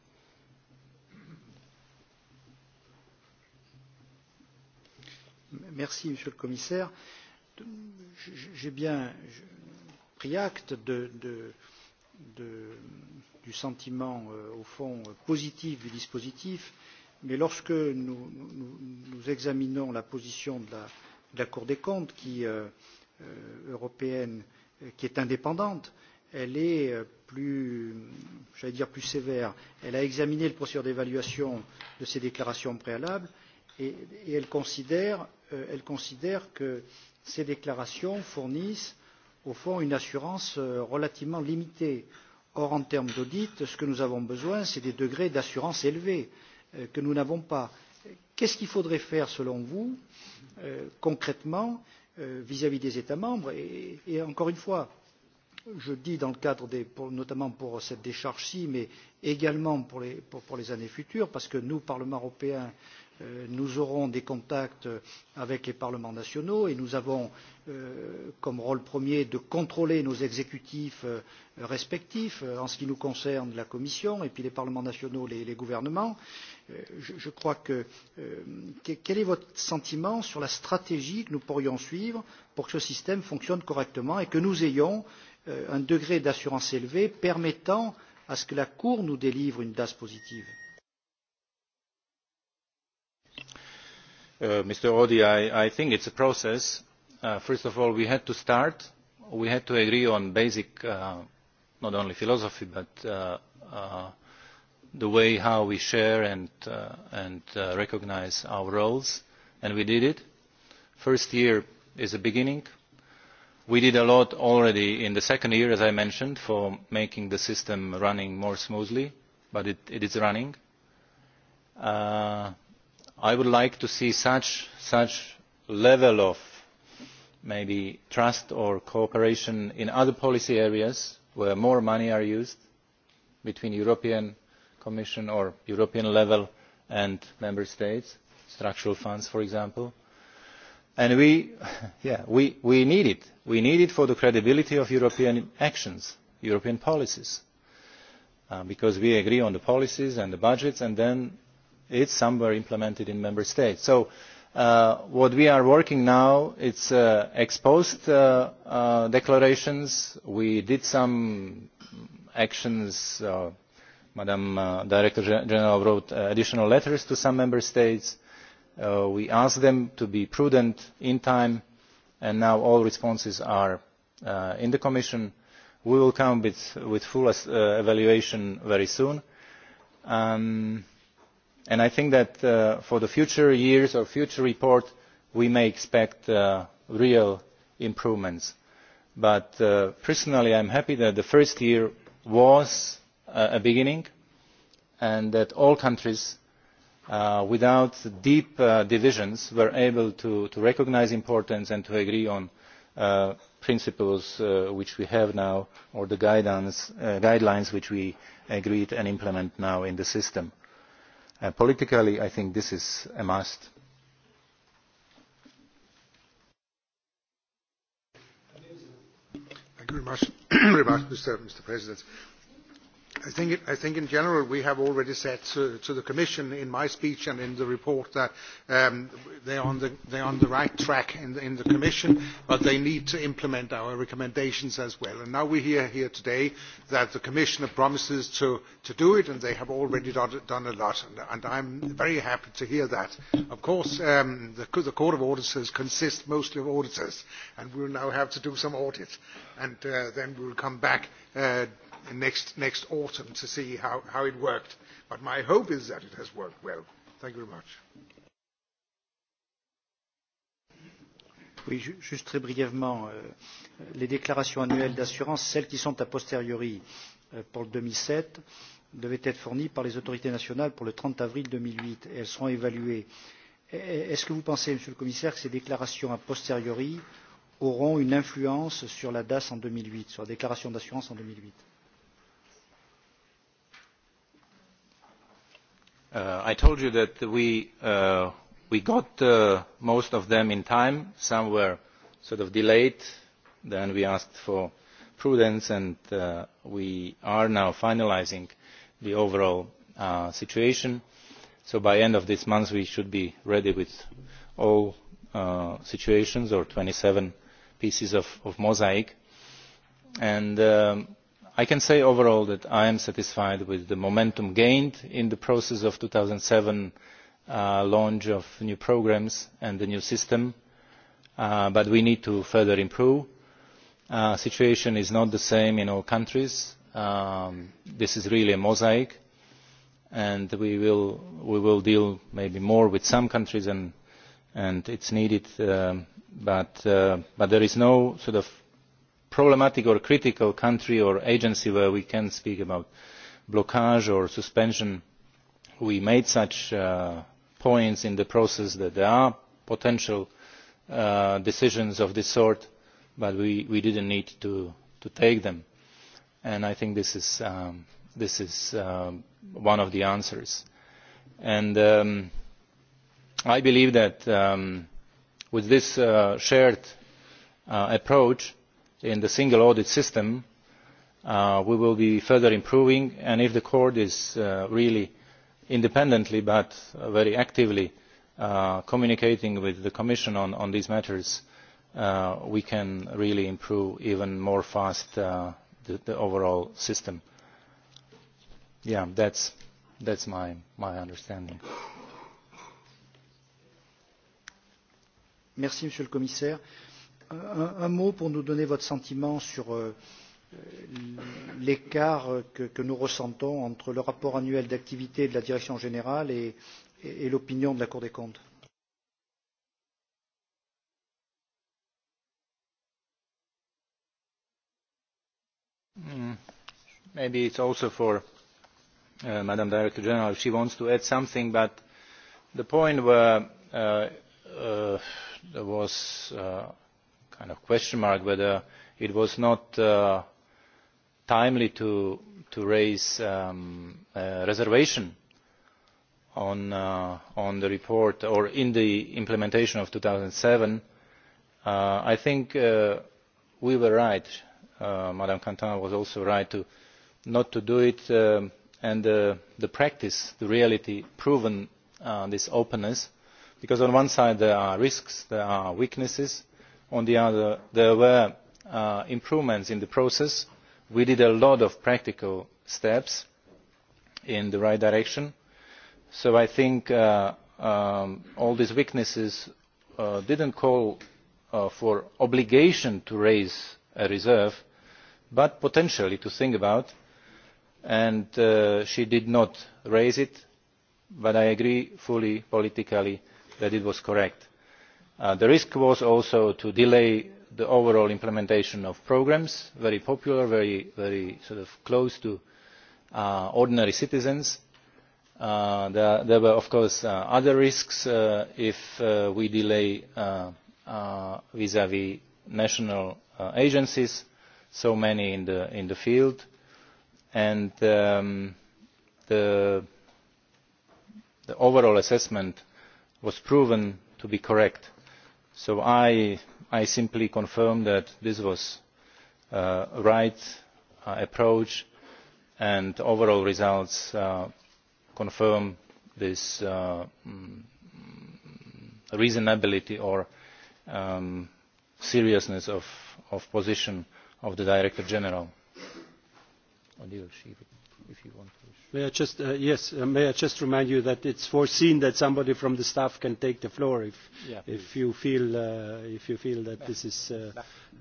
Merci, monsieur le commissaire j'ai bien pris acte du sentiment euh, au fond positif du dispositif mais lorsque nous, examinons la position de la, cour des comptes qui, euh, euh, européenne qui est indépendante, elle est euh, plus, j'allais dire, plus sévère. Elle a examiné le procédure d'évaluation de ces déclarations préalables et, et elle, considère, euh, elle considère que ces déclarations fournissent, au fond, une assurance euh, relativement limitée. Or, en termes d'audit, ce que nous avons besoin, c'est des degrés d'assurance élevés euh, que nous n'avons pas. Qu'est-ce qu'il faudrait faire, selon vous, euh, concrètement euh, vis à vis des états membres et, encore une fois je le dis dans le cadre des, notamment pour cette décharge ci mais également pour les, pour les années futures parce que nous parlement européen Euh, nous aurons des contacts avec les parlements nationaux et nous avons euh, comme rôle premier de contrôler nos exécutifs euh, respectifs en ce qui nous concerne la commission et puis les parlements nationaux et les gouvernements. je crois que quel est votre sentiment sur la stratégie que nous pourrions suivre pour que ce système fonctionne correctement et que nous ayons un degré d'assurance élevé permettant à ce que la cour nous délivre une das positive? Uh, mr audy I, i think it is a process. Uh, first of all we had to start we had to agree on basic uh, not only philosophy but the way how we share and, uh, and uh, recognise our roles and we did it. the first year is a beginning. we did a lot already in the second year as i mentioned for making the system run more smoothly but it, it is running. Uh, i would like to see such a level of maybe trust or cooperation in other policy areas where more money is used between the european commission or european level and member states structural funds for example and we, (laughs) yeah, we, we need it. we need it for the credibility of european actions european policies uh, because we agree on the policies and the budgets and then it is somewhere implemented in member states. so uh, what we are working on now is uh, ex post uh, uh, declarations. we did some actions uh, madam uh, director general wrote additional letters to some member states. we asked them to be prudent in time and now all responses are in the commission. we will come with a full evaluation very soon. Um, and i think that uh, for the future years or future reports we may expect uh, real improvements. but uh, personally i am happy that the first year was a beginning and that all countries without deep divisions were able to, to recognise importance and to agree on principles which we have now or the guidelines which we agreed and implement now in the system Uh, politically i think this is a must. (clears throat) I think, it, I think in general we have already said to, to the Commission in my speech and in the report that um, they, are on the, they are on the right track in the, in the Commission, but they need to implement our recommendations as well. And now we hear here today that the Commissioner promises to, to do it, and they have already done, done a lot, and, and I'm very happy to hear that. Of course, um, the, the Court of Auditors consists mostly of auditors, and we will now have to do some audit, and uh, then we will come back uh, next, next autumn to see how, how it worked. But my hope is that it has worked well. Thank you very much. Oui, juste très brièvement, euh, les déclarations annuelles d'assurance, celles qui sont a posteriori euh, pour le 2007, devaient être fournies par les autorités nationales pour le 30 avril 2008 et elles seront évaluées. E, e, est-ce que vous pensez, Monsieur le Commissaire, que ces déclarations a posteriori auront une influence sur la DAS en 2008, sur la déclaration d'assurance en 2008 Uh, i told you that we, uh, we got uh, most of them in time some were sort of delayed then we asked for prudence and uh, we are now finalising the overall uh, situation so by the end of this month we should be ready with all situations or twenty seven pieces of, of mosaic and um, i can say overall that i am satisfied with the momentum gained in the process of the two thousand and seven uh, launch of new programmes and the new system uh, but we need to further improve. the uh, situation is not the same in all countries. Um, this is really a mosaic and we will, we will deal maybe more with some countries and, and it is needed um, but, uh, but there is no sort of problematic or critical country or agency where we can speak about blockage or suspension we made such uh, points in the process that there are potential uh, decisions of this sort but we, we did not need to, to take them and i think this is, um, this is um, one of the answers. And, um, i believe that um, with this uh, shared uh, approach in the single audit system uh, we will be further improving and if the court is uh, really independently but uh, very actively communicating with the commission on, these matters we can really improve even more faster the, overall system. yeah that's that's my my understanding un, un, mot pour nous donner votre sentiment sur euh, l'écart que, que, nous ressentons entre le rapport annuel d'activité de la direction générale et, et, et l'opinion de la Cour des comptes. Mm. Maybe it's also for uh, Madam Director General if she wants to add something, but the point where uh, uh, there was uh, kind of question mark whether it was not uh, timely to, to raise um, a reservation on, uh, on the report or in the implementation of two thousand and seven uh, i think uh, we were right uh, ms Cantana was also right to not to do it um, and the practice the reality proven uh, this openness because on one side there are risks there are weaknesses on the other there were uh, improvements in the process. we did a lot of practical steps in the right direction so i think uh, um, all these weaknesses uh, did not call for an obligation to raise a reserve but potentially to think about and she did not raise it but i agree fully politically that it was correct Uh, the risk was also to delay the overall implementation of programmes very popular very, very sort of close to uh, ordinary citizens. Uh, there, were of course other risks if we delay vis vis national agencies so many in the, field and um, the, the overall assessment was proven to be correct so i, I simply confirm that this was the uh, right uh, approach and the overall results uh, confirm this uh, mm, reasonability or um, seriousness of the position of the director general if you want to. May I just, uh, yes, uh, may I just remind you that it's foreseen that somebody from the staff can take the floor if, yeah, if, you, feel, uh, if you feel that this is uh,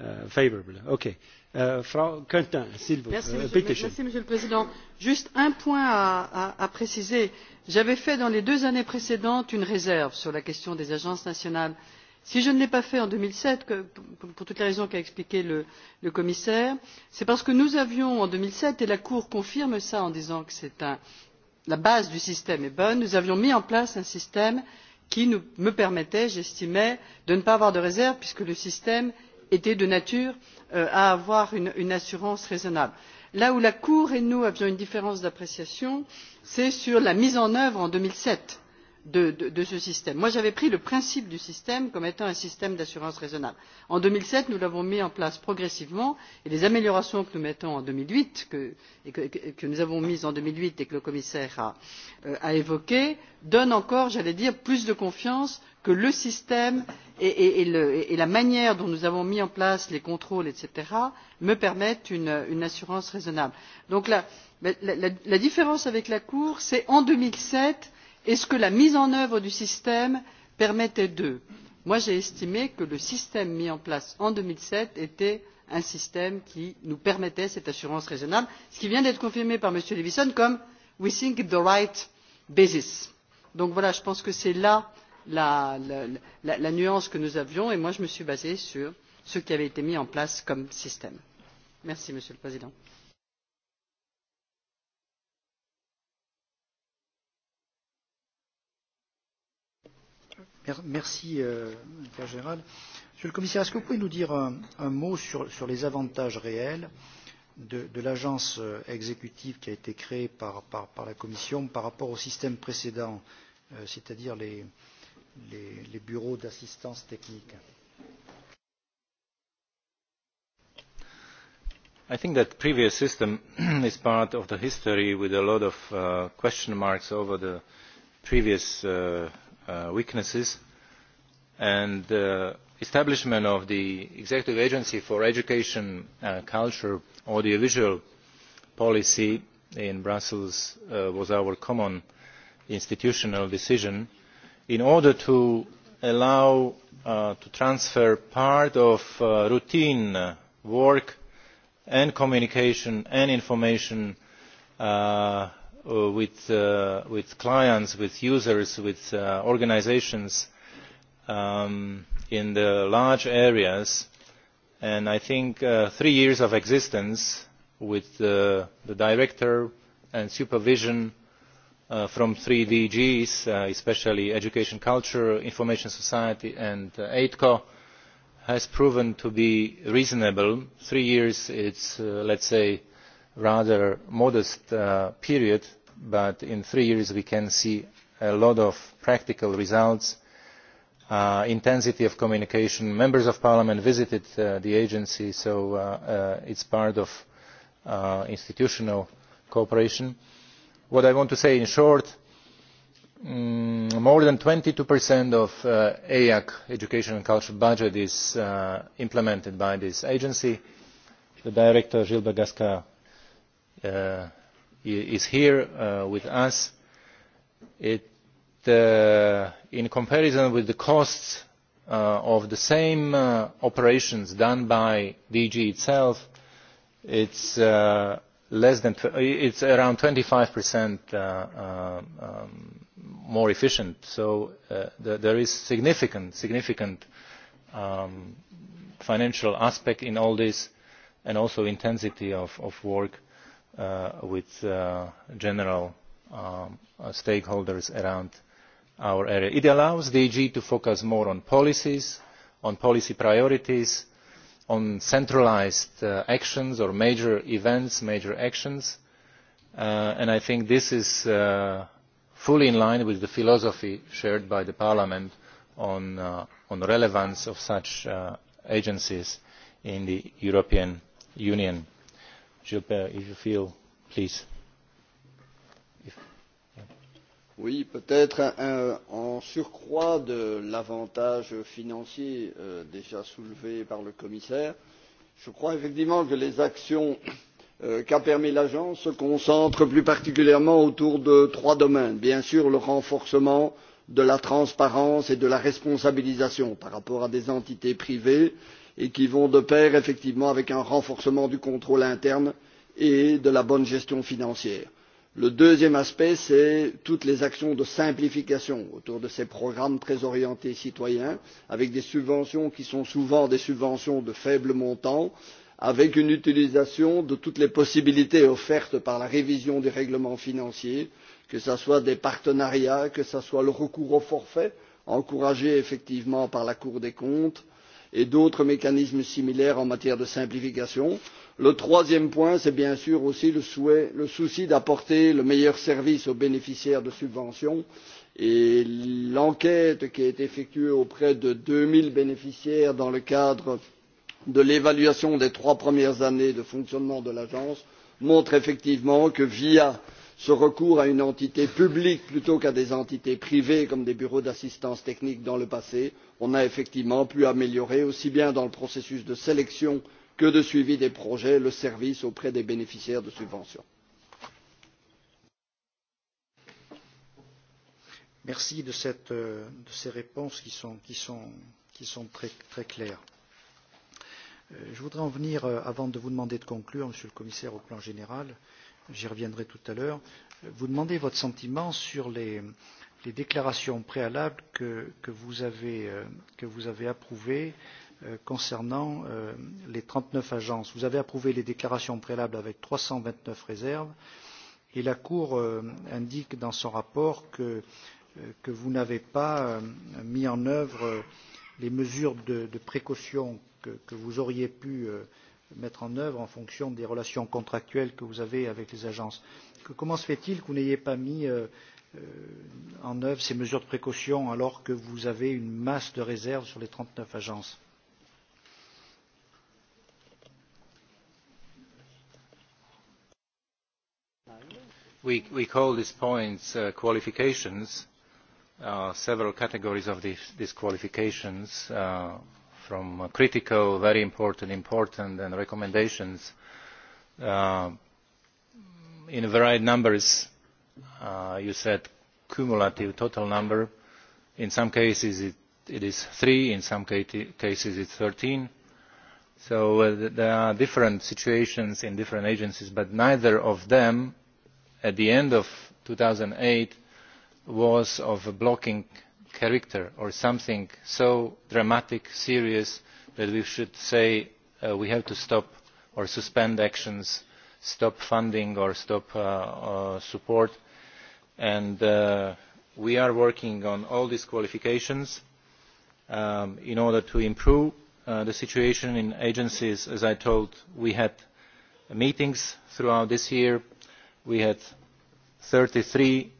uh, favorable. Okay. Uh, Frau Quentin, s'il vous plaît. Merci, euh, Merci, Monsieur le Président. Juste un point à, à, à préciser. J'avais fait dans les deux années précédentes une réserve sur la question des agences nationales si je ne l'ai pas fait en deux mille sept pour toutes les raisons qu'a expliquées le, commissaire c'est parce que nous avions en deux mille sept et la cour confirme cela en disant que la base du système est bonne nous avions mis en place un système qui me permettait j'estimais de ne pas avoir de réserve puisque le système était de nature euh, à avoir une assurance raisonnable. là où la cour et nous avions une différence d'appréciation c'est sur la mise en œuvre en deux mille sept de, ce système. j'avais pris le principe du système comme étant un système d'assurance raisonnable. en deux mille sept nous l'avons mis en place progressivement et les améliorations que nous mettons en deux mille huit que, nous avons mises en deux mille huit et que le commissaire euh, a, évoquées donnent encore j'allais dire plus de confiance que le système et, la manière dont nous avons mis en place les contrôles etc. me permettent une, assurance raisonnable. donc la, différence avec la cour c'est qu'en deux mille sept est ce que la mise en œuvre du système permettait d'eux? j'ai estimé que le système mis en place en deux mille sept était un système qui nous permettait cette assurance raisonnable ce qui vient d'être confirmé par m. levinson comme we think the right basis. donc voilà je pense que c'est là la, la nuance que nous avions et moi je me suis basée sur ce qui avait été mis en place comme système. merci monsieur le président. Merci, euh, Père Gérald. Monsieur le Commissaire, est-ce que vous pouvez nous dire un, un mot sur, sur les avantages réels de, de l'agence euh, exécutive qui a été créée par, par, par la Commission par rapport au système précédent, euh, c'est-à-dire les, les, les bureaux d'assistance technique I think that previous system (clears throat) is part of the history with a lot of uh, question marks over the previous uh, Uh, weaknesses and the uh, establishment of the executive agency for education uh, culture and audiovisual policy in brussels was our common institutional decision in order to allow uh, to transfer part of routine work and communication and information Uh, with, uh, with clients, with users, with uh, um, in the large areas. And I think uh, three years of existence with uh, the director and supervision uh, from three DGs, uh, especially Education, Culture, Information Society and uh, AIDCO, has proven to be reasonable. Three years, it's, let uh, let's say, rather modest uh, period but in three years we can see a lot of practical results uh, intensity of communication members of parliament visited uh, the agency so uh, it is part of institutional cooperation. what i want to say in short mm, more than twenty two of eac education and culture budget is implemented by this agency. the director gilbert gasquet uh, is here uh, with us it, uh, in comparison with the costs uh, of the same uh, operations done by dg itself it's less than it's around twenty uh, um, more efficient so th there is significant significant um, financial aspect in all this and also intensity of, of work uh, with uh, general um, uh, stakeholders around our area. It allows the EG to focus more on policies, on policy priorities, on centralised uh, actions or major events, major actions. Uh, and I think this is uh, fully in line with the philosophy shared by the Parliament on, uh, on the relevance of such uh, agencies in the European Union Gilbert, if you feel, please. Oui, peut-être en surcroît de l'avantage financier euh, déjà soulevé par le commissaire, je crois effectivement que les actions euh, qu'a permis l'agence se concentrent plus particulièrement autour de trois domaines. Bien sûr, le renforcement de la transparence et de la responsabilisation par rapport à des entités privées, euh, et qui vont de pair effectivement avec un renforcement du contrôle interne et de la bonne gestion financière. le deuxième aspect c'est toutes les actions de simplification autour de ces programmes très orientés citoyens avec des subventions qui sont souvent des subventions de faible montant avec une utilisation de toutes les possibilités offertes par la révision des règlements financiers que ce soit des partenariats que ce soit le recours au forfait encouragé effectivement par la cour des comptes et d'autres mécanismes similaires en matière de simplification. le troisième point c'est bien sûr aussi le, souci d'apporter le meilleur service aux bénéficiaires de subventions et l'enquête qui a été effectuée auprès de deux zéro bénéficiaires dans le cadre de l'évaluation des trois premières années de fonctionnement de l'agence montre effectivement que via ce recours à une entité publique plutôt qu'à des entités privées comme des bureaux d'assistance technique dans le passé on a effectivement pu améliorer aussi bien dans le processus de sélection que de suivi des projets le service auprès des bénéficiaires de subventions. merci de, cette, euh, de ces réponses qui sont, qui sont, qui sont très, très claires. Euh, je voudrais en venir euh, avant de vous demander de conclure monsieur le commissaire au plan général euh, j'y reviendrai tout à l'heure, vous demander votre sentiment sur les, les déclarations préalables que, que, vous avez, euh, que vous avez approuvées euh, concernant euh, les 39 agences. Vous avez approuvé les déclarations préalables avec 329 réserves et la Cour euh, indique dans son rapport que, euh, que vous n'avez pas euh, mis en œuvre euh, les mesures de, de précaution que, que vous auriez pu euh, mettre en œuvre en fonction des relations contractuelles que vous avez avec les agences. Que, comment se fait-il que vous n'ayez pas mis euh, euh en œuvre ces mesures de précaution alors que vous avez une masse de réserves sur les 39 agences We, we call these points uh, qualifications, uh, several categories of these, these qualifications uh, from critical very important important and recommendations uh, in a varied numbers uh, you said cumulative total number in some cases it, it is three in some cases it's thirteen so uh, there are different situations in different agencies but neither of them at the end of two thousand and eight was of a blocking character or something so dramatic serious that we should say uh, we have to stop or suspend actions stop funding or stop uh, uh, support and we are working on all these qualifications um, in order to improve the situation in agencies. as i told you we had meetings throughout this year we had thirty three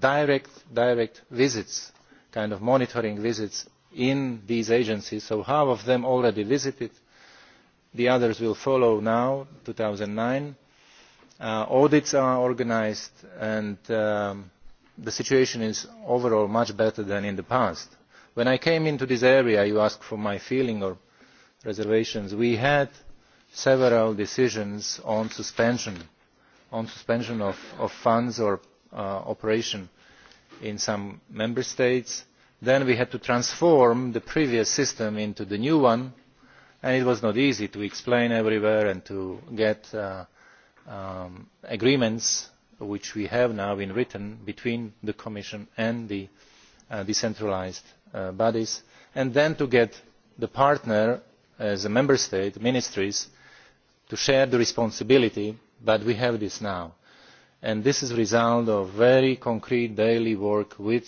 direct, direct visits kind of monitoring visits in these agencies so half of them already visited the others will follow now in two thousand and nine uh, audits are organised and um, the situation is overall much better than in the past. when i came into this area you asked for my feeling or reservations we had several decisions on suspension on suspension of, of funds or uh, operation in some member states then we had to transform the previous system into the new one and it was not easy to explain everywhere and to get uh, um, agreements which we have now in writing between the commission and the uh, decentralised uh, bodies and then to get the partner as a member state ministries to share the responsibility but we have this now and this is a result of very concrete daily work with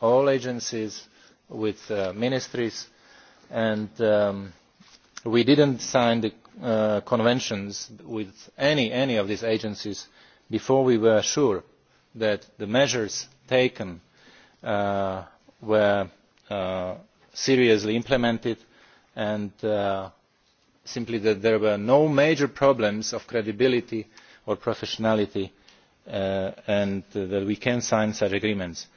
all agencies with uh, ministries and um, we did not sign the uh, conventions with any, of these agencies before we were sure that the measures taken uh, were seriously implemented and simply that there were no major problems of credibility or professionality Uh, and that we can sign such agreements.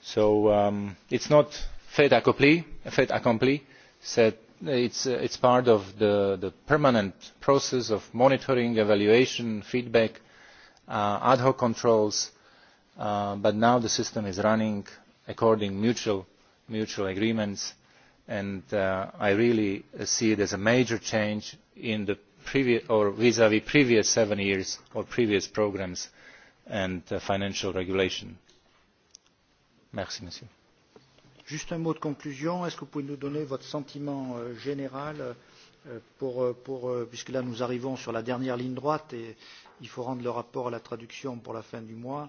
so um, it is not fait accompli, it is uh, part of the, the permanent process of monitoring evaluation feedback uh, ad hoc controls but now the system is running according to mutual, agreements and i really see it as a major change in the previous or vis vis previous seven years or previous programmes and uh, financial regulation. Merci, monsieur. Juste un mot de conclusion. Est-ce que vous pouvez nous donner votre sentiment euh, général euh, pour, euh, pour, puisque là nous arrivons sur la dernière ligne droite et il faut rendre le rapport à la traduction pour la fin du mois.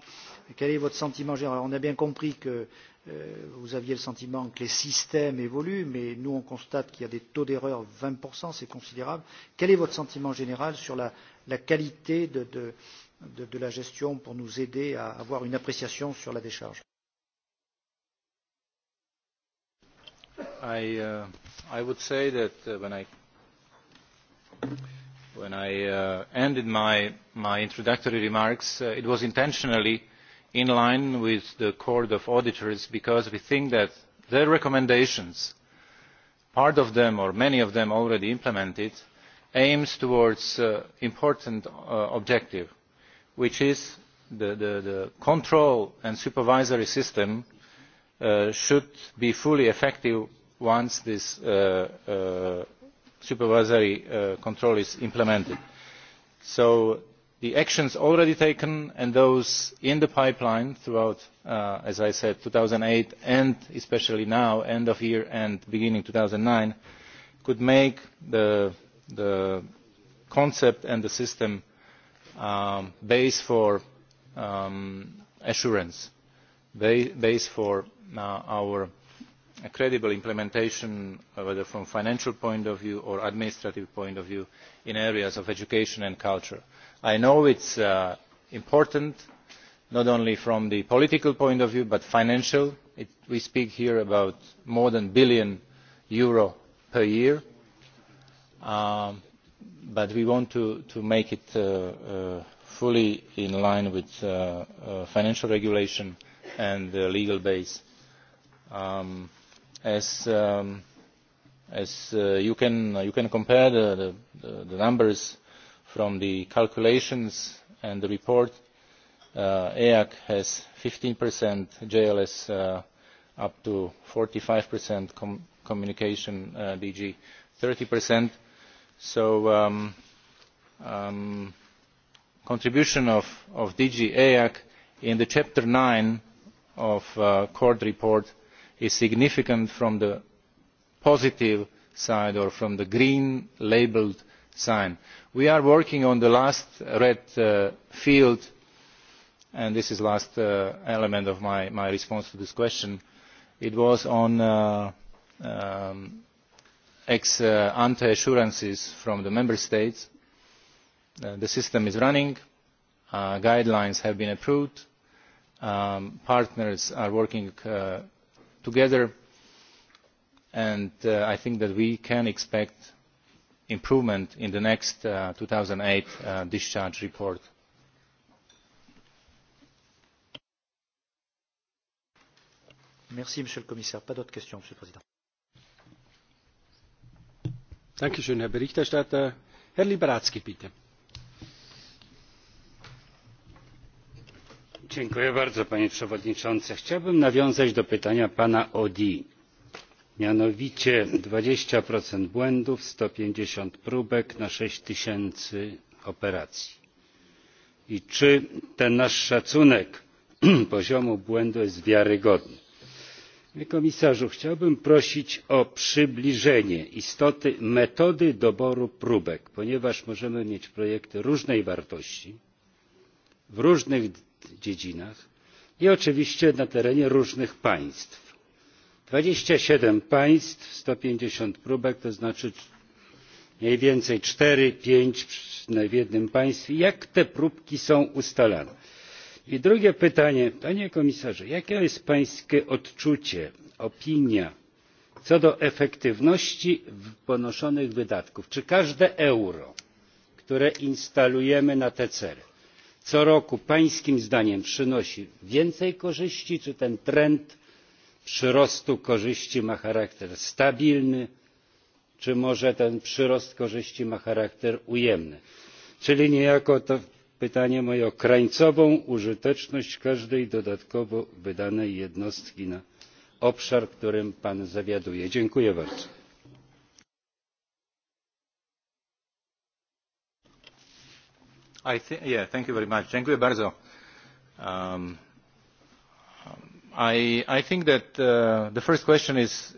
Quel est votre sentiment général On a bien compris que euh, vous aviez le sentiment que les systèmes évoluent, mais nous on constate qu'il y a des taux d'erreur 20%, c'est considérable. Quel est votre sentiment général sur la, la qualité de, de, de, de la gestion pour nous aider à avoir une appréciation sur la décharge. I, uh, I would say that uh, when I, when I uh, ended my, my introductory remarks, uh, it was intentionally in line with the Court of Auditors because we think that their recommendations, part of them or many of them already implemented, aims towards an uh, important uh, objective which is the, the, control and supervisory system uh, should be fully effective once this uh, uh, supervisory control is implemented. so the actions already taken and those in the pipeline throughout as i said two thousand and eight and especially now end of year and beginning two thousand and nine could make the concept and the system Um, base for um, assurance, a base for uh, our credible implementation, uh, whether from a financial point of view or administrative point of view, in areas of education and culture. I know it's is uh, important, not only from the political point of view, but financial. financially. we speak here about more than a billion euro per year. Um, but we want to, to make it uh, uh, fully in line with uh, financial regulation and the legal base. Um, as um, as you can, compare the, the, the numbers from the calculations and the report, EAC has fifteen JLS up to forty five communication DG thirty so the um, um, contribution of, dg eac in the chapter nine of the uh, court report is significant from the positive side or from the green labelled side. we are working on the last red uh, field and this is the last uh, element of my, my response to this question. it was on uh, um, ex ante assurances from the member states. Uh, the system is running uh, guidelines have been approved um, partners are working uh, together and i think that we can expect improvement in the next two thousand and eight discharge report. Dankeschön, Bardzo, panie przewodniczący! chciałbym nawiązać do pytania pana audy'ego mianowicie dwadzieścia procent błędów sto pięćdziesiąt próbek na sześć tysięcy operacji i czy ten nasz szacunek (clears throat) poziomu błędu jest wiarygodny? panie komisarzu! chciałbym prosić o przybliżenie istoty metody doboru próbek ponieważ możemy mieć projekty różnej wartości w różnych dziedzinach i oczywiście na terenie różnych państw. dwadzieścia siedem państw sto pięćdziesiąt próbek to znaczy mniej więcej cztery pięć w jednym państwie. jak te próbki są ustalane? I drugie pytanie, panie komisarzu, jakie jest pańskie odczucie, opinia co do efektywności ponoszonych wydatków? Czy każde euro, które instalujemy na te cele, co roku pańskim zdaniem przynosi więcej korzyści, czy ten trend przyrostu korzyści ma charakter stabilny, czy może ten przyrost korzyści ma charakter ujemny? Czyli niejako to pytanie moje o krańcową użyteczność każdej dodatkowo wydanej jednostki na obszar którym pan zawiaduje. dziękuję bardzo. dziękuję bardzo. Um, I, think that uh, the first question is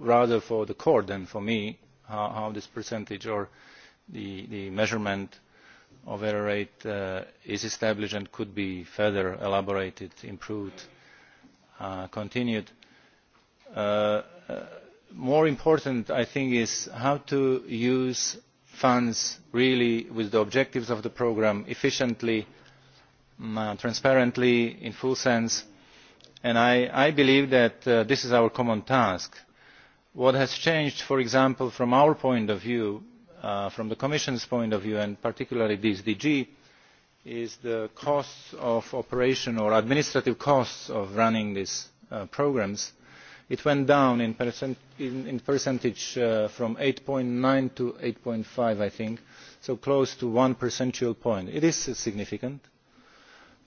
rather for the court than for me how, how this percentage or the, the measurement of error rate uh, is established and could be further elaborated, improved, uh, continued. Uh, more important, I think, is how to use funds really with the objectives of the programme efficiently, mm, transparently, in full sense. And I, I believe that this is our common task. What has changed, for example, from our point of view Uh, from the commission's point of view and particularly this dg is the costs of operation or administrative costs of running these uh, programmes. it went down in, percentage uh, from eight nine to eight five i think so close to one percentage point. it is significant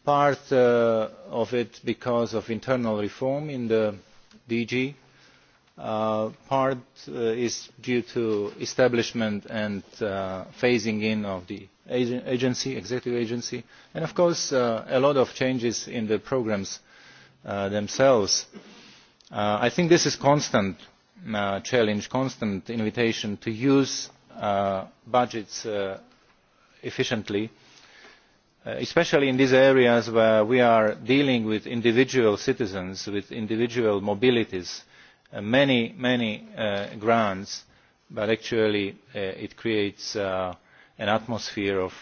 part of it because of internal reform in the dg Uh, part uh, is due to establishment and uh, phasing in of the agency, executive agency, and of course a lot of changes in the programmes themselves. I think this is a constant challenge, constant invitation to use budgets efficiently, especially in these areas where we are dealing with individual citizens, with individual mobilities, many many uh, grants but actually uh, it creates uh, an atmosphere of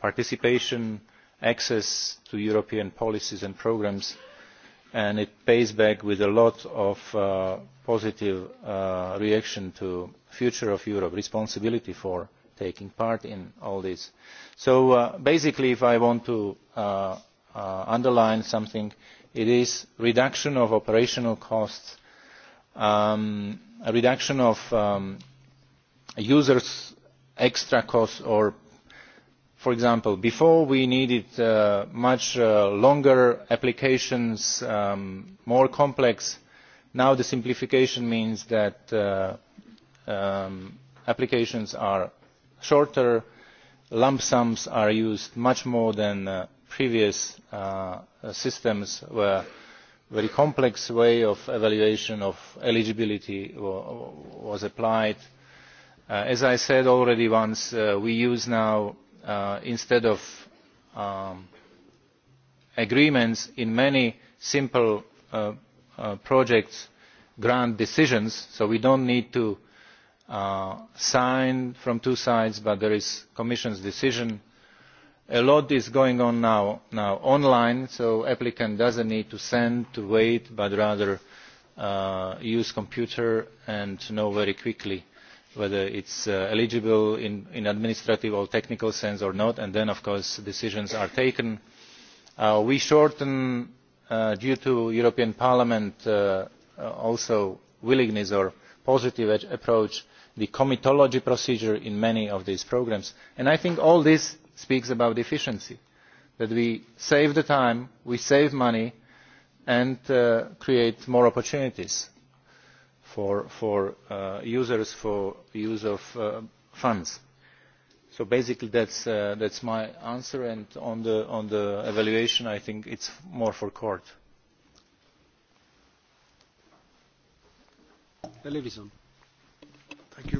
participation access to european policies and programmes and it pays back with a lot of positive reaction to the future of europe responsibility for taking part in all this. so basically if i want to underline something it is reduction of operational costs um, a reduction of um, users' extra costs or for example before we needed uh, much uh, longer applications um, more complex now the simplification means that uh, um, applications are shorter lump sums are used much more than uh, previous uh, systems where very complex way of evaluation of eligibility was applied. Uh, as i said already once uh, we use now uh, instead of um, agreements in many simple projects grant decisions so we do not need to sign from two sides but there is the commission's decision a lot is going on now, online so the applicant does not need to send to wait but rather uh, use a computer and know very quickly whether it is uh, eligible in an administrative or technical sense or not and then of course decisions are taken. Uh, we shorten due to the european parliament also willingness or positive approach the comitology procedure in many of these programmes and i think all this speaks about efficiency that we save the time we save money and uh, create more opportunities for, uh, users for use of uh, funds. so basically that's, uh, that's my answer and on the, on the evaluation i think it's more for court.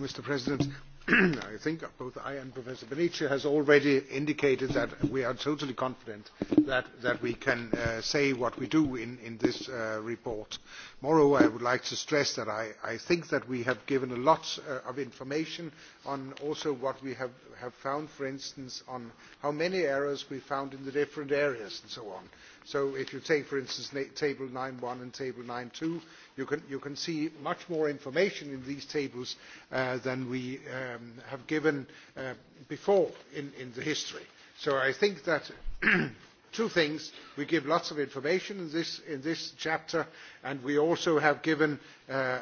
mr president i think both I and Professor Benici has already indicated that we are totally confident that, we can uh, say what we do in, this uh, report. Moreover, I would like to stress that I, think that we have given a lot uh, of information on also what we have, have found, for instance, on how many errors we found in the different areas and so on. So if you take, for instance, Table nine one and Table nine two You can, you can see much more information in these tables uh, than we um, have given uh, before in, in the history. So I think that (clears throat) two things we give lots of information in this, in this chapter and we also have given uh,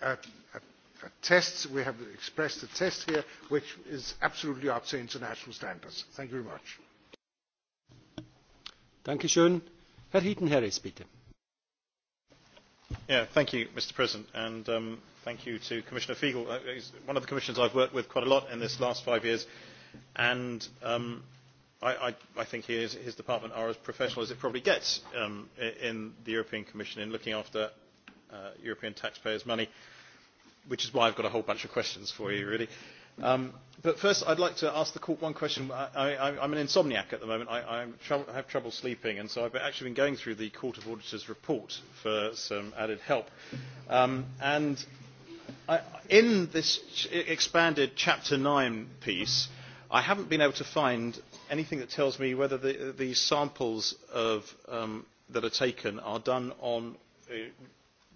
a, a, a tests we have expressed a test here which is absolutely up to international standards. Thank you very much. Dankeschön. Herr bitte thank you, Mr. President, and um, thank you to Commissioner Fiegel. Uh, he is one of the commissioners I've worked with quite a lot in this last five years, and um, I, I, I think he and his department are as professional as it probably gets um, in the European Commission in looking after uh, European taxpayers' money, which is why I've got a whole bunch of questions for you, really. Um, but first, I'd like to ask the court one question. I, I, I'm an insomniac at the moment. I, I have trouble sleeping, and so I've actually been going through the Court of Auditors report for some added help. Um, and I, in this ch- expanded Chapter 9 piece, I haven't been able to find anything that tells me whether the, the samples of, um, that are taken are done on uh,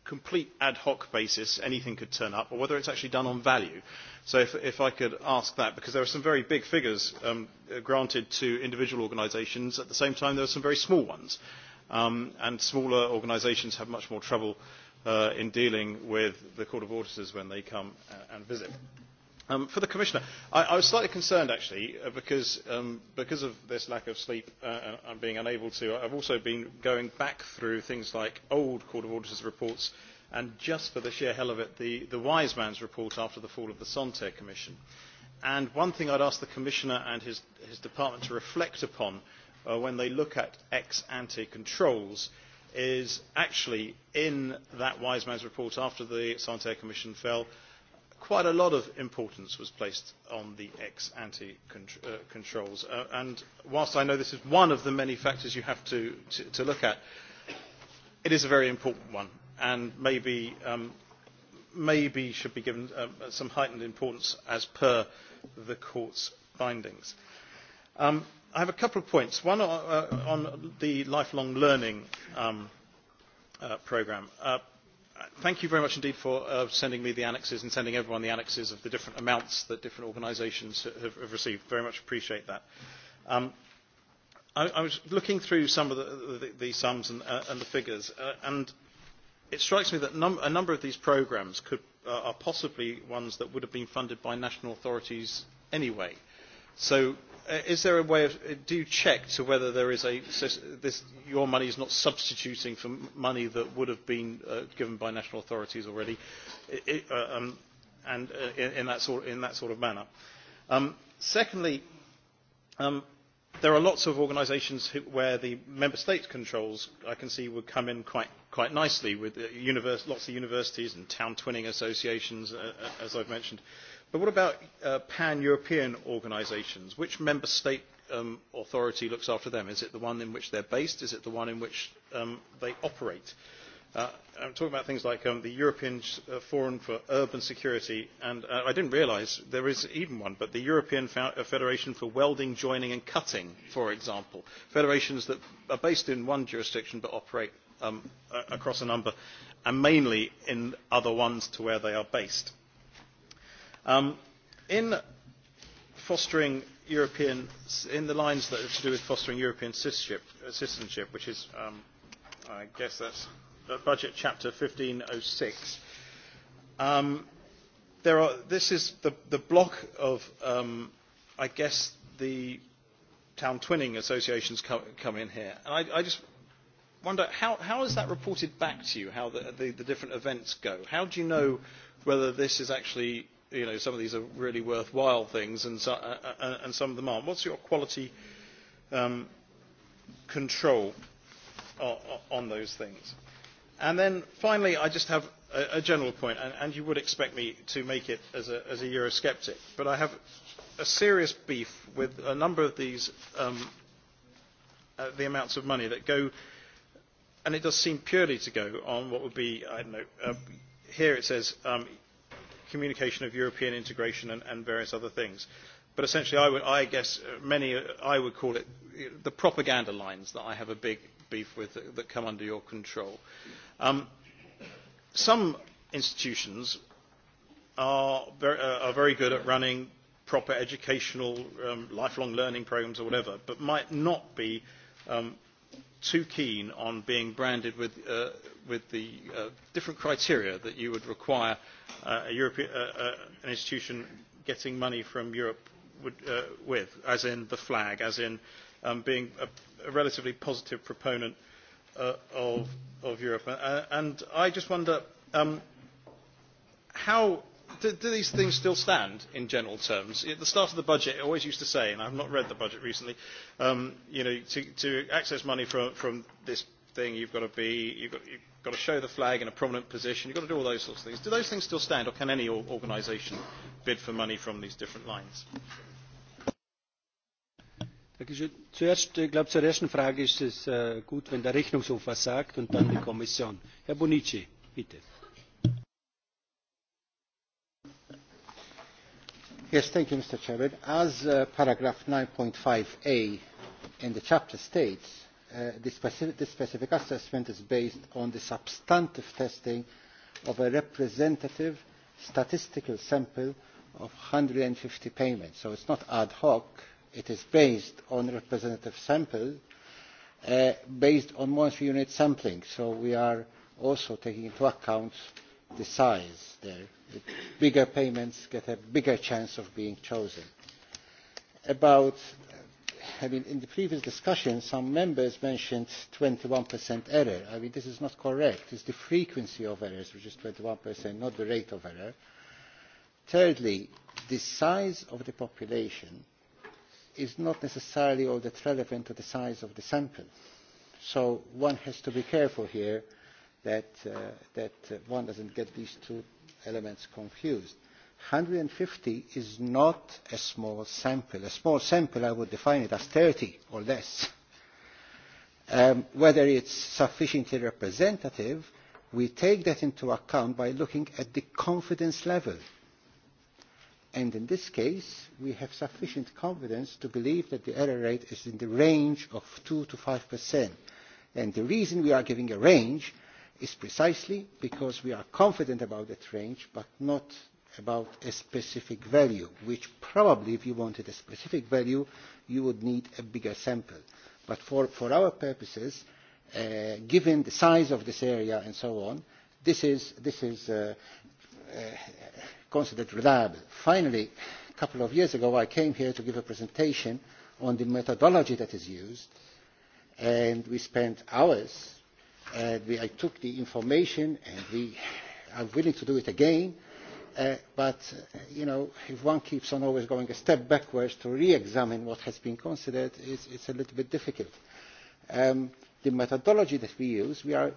complete ad hoc basis, anything could turn up, or whether it's actually done on value. So if, if I could ask that, because there are some very big figures um, uh, granted to individual organisations, at the same time there are some very small ones. Um, and smaller organisations have much more trouble uh, in dealing with the Court of Auditors when they come uh, and visit. Um, for the Commissioner, I, I was slightly concerned actually uh, because, um, because of this lack of sleep uh, and, being unable to. I've also been going back through things like old Court of Auditors reports and just for the sheer hell of it, the, the Wise Man's report after the fall of the Santer Commission. And one thing I'd ask the Commissioner and his, his department to reflect upon uh, when they look at ex ante controls is actually in that Wise Man's report after the Santer Commission fell quite a lot of importance was placed on the ex ante uh, controls. Uh, and whilst I know this is one of the many factors you have to, to, to look at, it is a very important one and maybe, um, maybe should be given um, some heightened importance as per the court's findings. Um, I have a couple of points. One uh, on the lifelong learning um, uh, programme. Uh, thank you very much indeed for uh, sending me the annexes and sending everyone the annexes of the different amounts that different organisations have, have received. Very much appreciate that. Um, I, I was looking through some of the, the, the sums and, uh, and the figures, uh, and it strikes me that num a number of these programmes could, uh, are possibly ones that would have been funded by national authorities anyway. So Uh, is there a way of uh, do you check to whether there is a so this your money is not substituting for money that would have been uh, given by national authorities already it, uh, um, and uh, in, in that sort in that sort of manner um, secondly um, there are lots of organisations where the member state controls I can see would come in quite quite nicely with uh, univers- lots of universities and town twinning associations uh, uh, as I've mentioned uh, But what about uh, pan-European organisations? Which member state um, authority looks after them? Is it the one in which they are based? Is it the one in which um, they operate? Uh, I am talking about things like um, the European uh, Forum for Urban Security, and i I didn't realise there is even one, but the European Federation for Welding, Joining and Cutting, for example, federations that are based in one jurisdiction but operate across a number, and mainly in other ones to where they are based. Um, in fostering European, in the lines that are to do with fostering European uh, citizenship, which is, um, I guess that's budget chapter 1506, um, there are, this is the, the block of, um, I guess, the town twinning associations come, come in here. And I, I just wonder, how, how is that reported back to you, how the, the, the different events go? How do you know whether this is actually you know, some of these are really worthwhile things and, so, uh, uh, uh and some of them aren't. What's your quality um, control on, on those things? And then finally, I just have a, a general point, and, and you would expect me to make it as a, as a Eurosceptic, but I have a serious beef with a number of these, um, uh, the amounts of money that go, and it does seem purely to go on what would be, I don't know, uh, here it says um, communication of European integration and, and various other things. But essentially, I, would, I guess uh, many, uh, I would call it uh, the propaganda lines that I have a big beef with that, that come under your control. Um, some institutions are very, uh, are very good at running proper educational, um, lifelong learning programs or whatever, but might not be um, too keen on being branded with, uh, with the uh, different criteria that you would require uh, a European, uh, uh, an institution getting money from Europe would, uh, with, as in the flag, as in um, being a, a relatively positive proponent uh, of, of Europe. Uh, and I just wonder um, how do, do these things still stand in general terms? At the start of the budget, it always used to say, and I've not read the budget recently, um, you know, to, to access money from, from this thing, you've got to be, you've got, you've got to show the flag in a prominent position, you've got to do all those sorts of things. Do those things still stand, or can any organisation bid for money from these different lines? Zuerst, ich glaube, zur ersten Frage ist es äh, gut, wenn der Rechnungshof was sagt und dann die Kommission. Herr Bonici, bitte. Yes, thank you, Mr. Chairman. As uh, paragraph 9.5a in the chapter states, uh, the, specific, assessment is based on the substantive testing of a representative statistical sample of one hundred and fifty payments. So it is not ad hoc, it is based on a representative sample uh, based on monetary unit sampling. So we are also taking into account the size there. The bigger payments get a bigger chance of being chosen. About, I mean, in the previous discussion, some members mentioned 21% error. I mean, this is not correct. It's the frequency of errors, which is 21%, not the rate of error. Thirdly, the size of the population is not necessarily all that relevant to the size of the sample. So one has to be careful here that, uh, that one doesn't get these two elements confused. one hundred and fifty is not a small sample. A small sample, I would define it as thirty or less. Um, whether it's sufficiently representative, we take that into account by looking at the confidence level. And in this case, we have sufficient confidence to believe that the error rate is in the range of 2 to 5 percent. And the reason we are giving a range is precisely because we are confident about that range but not about a specific value which probably if you wanted a specific value you would need a bigger sample but for, for our purposes uh, given the size of this area and so on this is, uh, uh, considered reliable. Finally, a couple of years ago I came here to give a presentation on the methodology that is used and we spent hours and uh, we, I took the information and we are willing to do it again. Uh, but, uh, you know, if one keeps on always going a step backwards to re-examine what has been considered, it's, it's a little bit difficult. Um, the methodology that we use, we are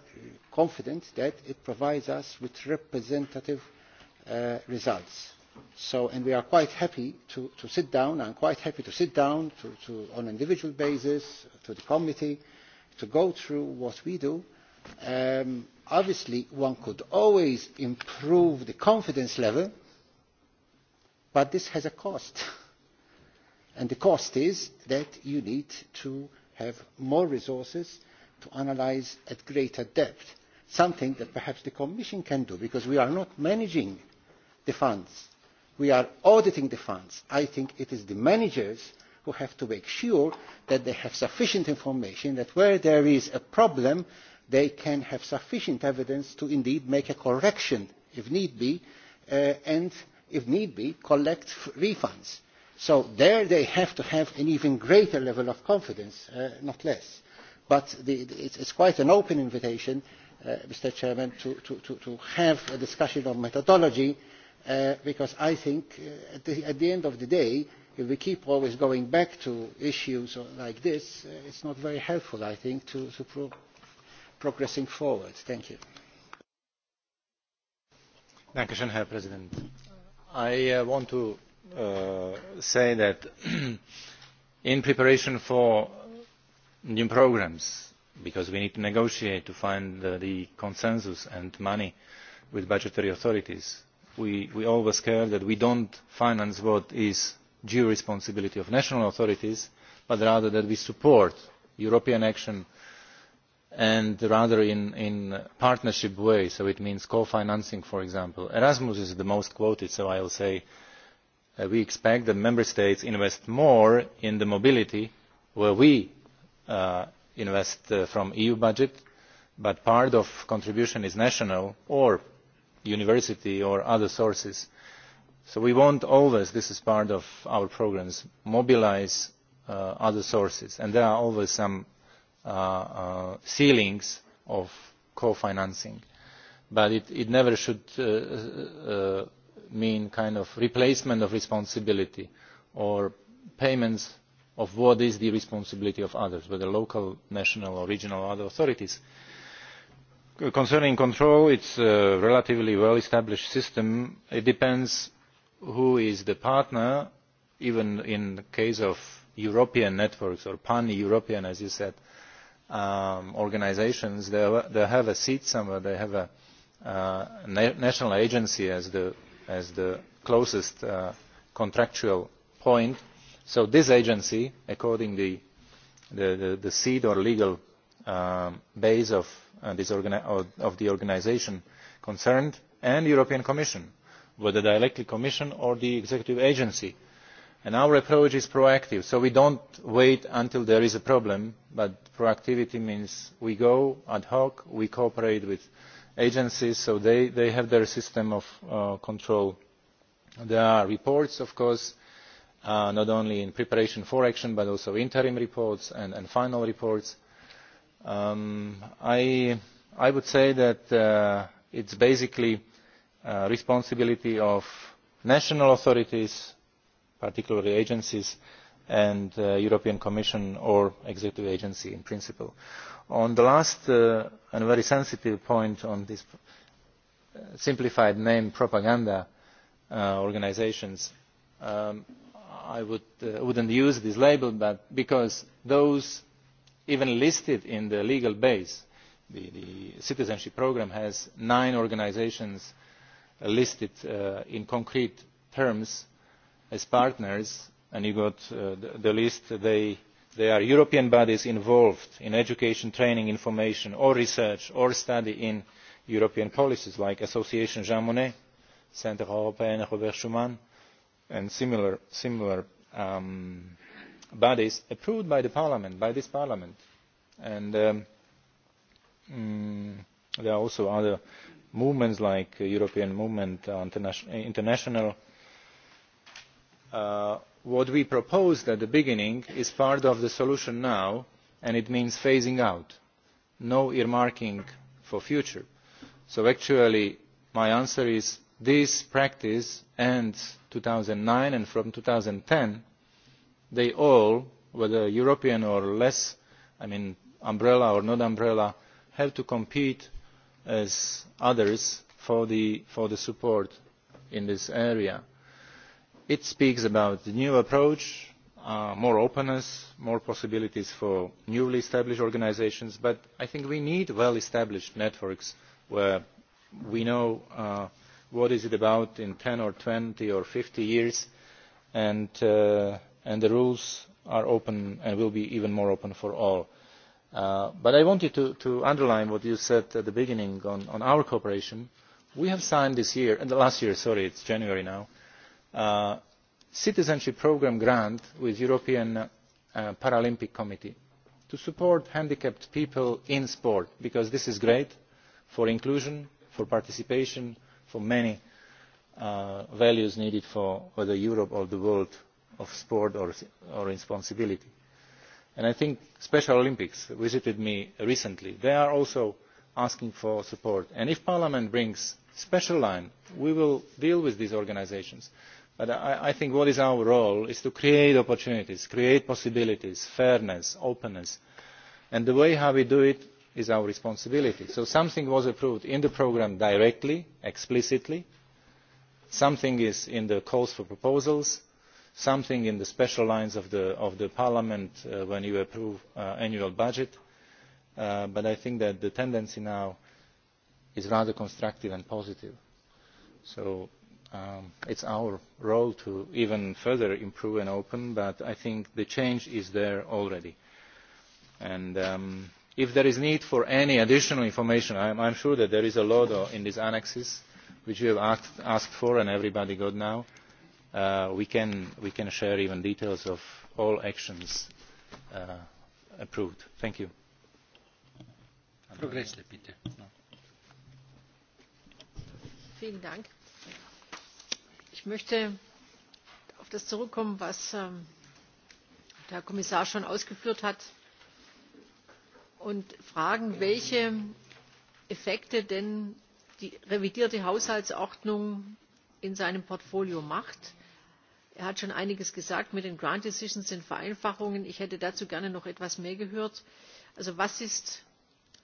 confident that it provides us with representative uh, results. So, and we are quite happy to, to sit down, I'm quite happy to sit down to, to, on an individual basis, to the committee, to go through what we do Um, obviously one could always improve the confidence level but this has a cost and the cost is that you need to have more resources to analyse at greater depth something that perhaps the commission can do because we are not managing the funds we are auditing the funds. i think it is the managers who have to make sure that they have sufficient information that where there is a problem they can have sufficient evidence to indeed make a correction if need be uh, and if need be collect refunds. so there they have to have an even greater level of confidence uh, not less. but it is quite an open invitation uh, mr chairman to, to, have a discussion on methodology because i think at, the, end of the day if we keep always going back to issues like this it is not very helpful i think to, prove progressing forward. Thank you. Herr I uh, want to uh, say that (clears throat) in preparation for new programs, because we need to negotiate to find uh, the consensus and money with budgetary authorities, we, we always care that we don't finance what is due responsibility of national authorities, but rather that we support European action and rather in, in a partnership way so it means co financing for example. erasmus is the most quoted so i will say uh, we expect that member states invest more in the mobility where we uh, invest uh, from the eu budget but part of the contribution is national or university or other sources. so we want always this is part of our programmes to mobilise other sources and there are always some Uh, uh, ceilings of co financing but it, it never should uh, mean kind of replacement of responsibility or payments of what is the responsibility of others whether local national or regional or other authorities. concerning control it is a relatively well established system. it depends on who is the partner even in the case of european networks or pan european as you said um, organizations, they, they have a seat somewhere, they have a uh, na national agency as the, as the closest uh, contractual point. So this agency, according the, the, the, the seat or legal um, base of, uh, this organi or, of the organization concerned, and European Commission, whether directly Commission or the executive agency, And our approach is proactive so we do not wait until there is a problem but proactivity means we go ad hoc we cooperate with agencies so they, they have their system of uh, control. there are reports of course uh, not only in preparation for action but also interim reports and, and final reports. Um, I, i would say that uh, it is basically the uh, responsibility of national authorities particularly agencies and the uh, european commission or executive agency in principle. on the last uh, and very sensitive point on this uh, simplified name propaganda organisations um, i would not use this label but because those even listed in the legal base the, the citizenship programme has nine organisations listed in concrete terms as partners and you got uh, the, the list they, they are european bodies involved in education training information or research or study in european policies like association jean monnet centre europen robert schuman and similar, similar um, bodies approved by the parliament by this parliament and um, mm, there are also other movements like the european movement uh, international Uh, what we proposed at the beginning is part of the solution now and it means phasing out no earmarking for the future. so actually my answer is this practice ends in two thousand and nine and from two thousand and ten they all whether european or less i mean umbrella or not umbrella have to compete as others for the, for the support in this area it speaks about the new approach uh, more openness more possibilities for newly established organisations but i think we need well established networks where we know uh, what it is about in ten or twenty or fifty years uh, and, the rules are open and will be even more open for all. but i wanted to, to underline what you said at the beginning on, our cooperation. we have signed this year and last year sorry it is january now citizenship programme grant with the european uh, paralympic committee to support handicapped people in sport because this is great for inclusion for participation for many uh, values needed for whether europe or the world of sport or, responsibility. i think the special olympics visited me recently they are also asking for support and if parliament brings a special line we will deal with these organisations but I, i think what is our role is to create opportunities create possibilities fairness openness and the way we do it is our responsibility. so something was approved in the programme directly explicitly something is in the calls for proposals something in the special lines of the, of the parliament uh, when you approve the uh, annual budget uh, but i think that the tendency now is rather constructive and positive. so um, it's our role to even further improve and open, but I think the change is there already. And um, if there is need for any additional information, I am sure that there is a lot in these annexes which you have asked, for and everybody got now. Uh, we, can, we can share even details of all actions uh, approved. Thank you ich möchte auf das zurückkommen was ähm, der herr kommissar schon ausgeführt hat und fragen welche effekte denn die revidierte haushaltsordnung in seinem portfolio macht. er hat schon einiges gesagt mit den grant decisions den vereinfachungen. ich hätte dazu gerne noch etwas mehr gehört. also was, ist,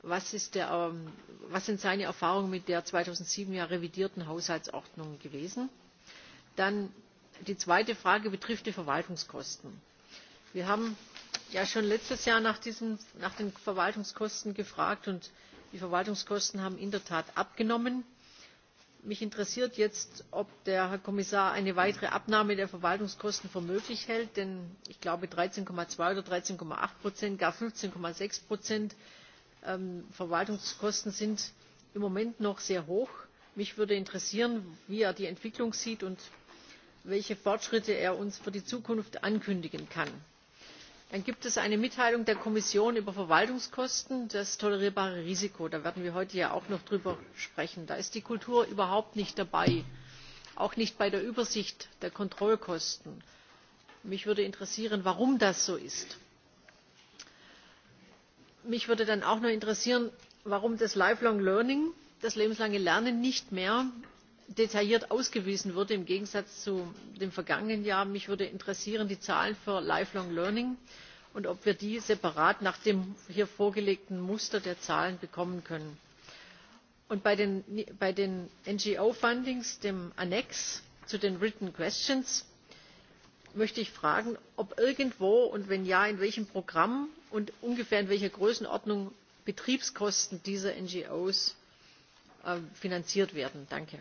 was, ist der, ähm, was sind seine erfahrungen mit der zweitausendsieben ja revidierten haushaltsordnung gewesen? Dann die zweite Frage betrifft die Verwaltungskosten. Wir haben ja schon letztes Jahr nach, den Verwaltungskosten gefragt und die Verwaltungskosten haben in der Tat abgenommen. Mich interessiert jetzt, ob der Herr Kommissar eine weitere Abnahme der Verwaltungskosten für möglich hält, denn ich glaube dreizehn zwei oder dreizehn acht gar fünfzehn Prozent ähm, Verwaltungskosten sind im Moment noch sehr hoch. Mich würde interessieren, wie er die Entwicklung sieht und welche fortschritte er uns für die zukunft ankündigen kann. dann gibt es eine mitteilung der kommission über verwaltungskosten das tolerierbare risiko. da werden wir heute ja auch noch darüber sprechen. da ist die kultur überhaupt nicht dabei auch nicht bei der übersicht der kontrollkosten. mich würde interessieren warum das so ist. mich würde dann auch noch interessieren warum das lifelong learning das lebenslange lernen nicht mehr detailliert ausgewiesen wurde im gegensatz zu dem vergangenen jahr. mich würde interessieren die zahlen für lifelong learning und ob wir die separat nach dem hier vorgelegten muster der zahlen bekommen können. Und bei den, ngo fundings dem annex zu den written questions möchte ich fragen ob irgendwo und wenn ja in welchem programm und ungefähr in welcher größenordnung betriebskosten dieser ngo äh, finanziert werden. danke.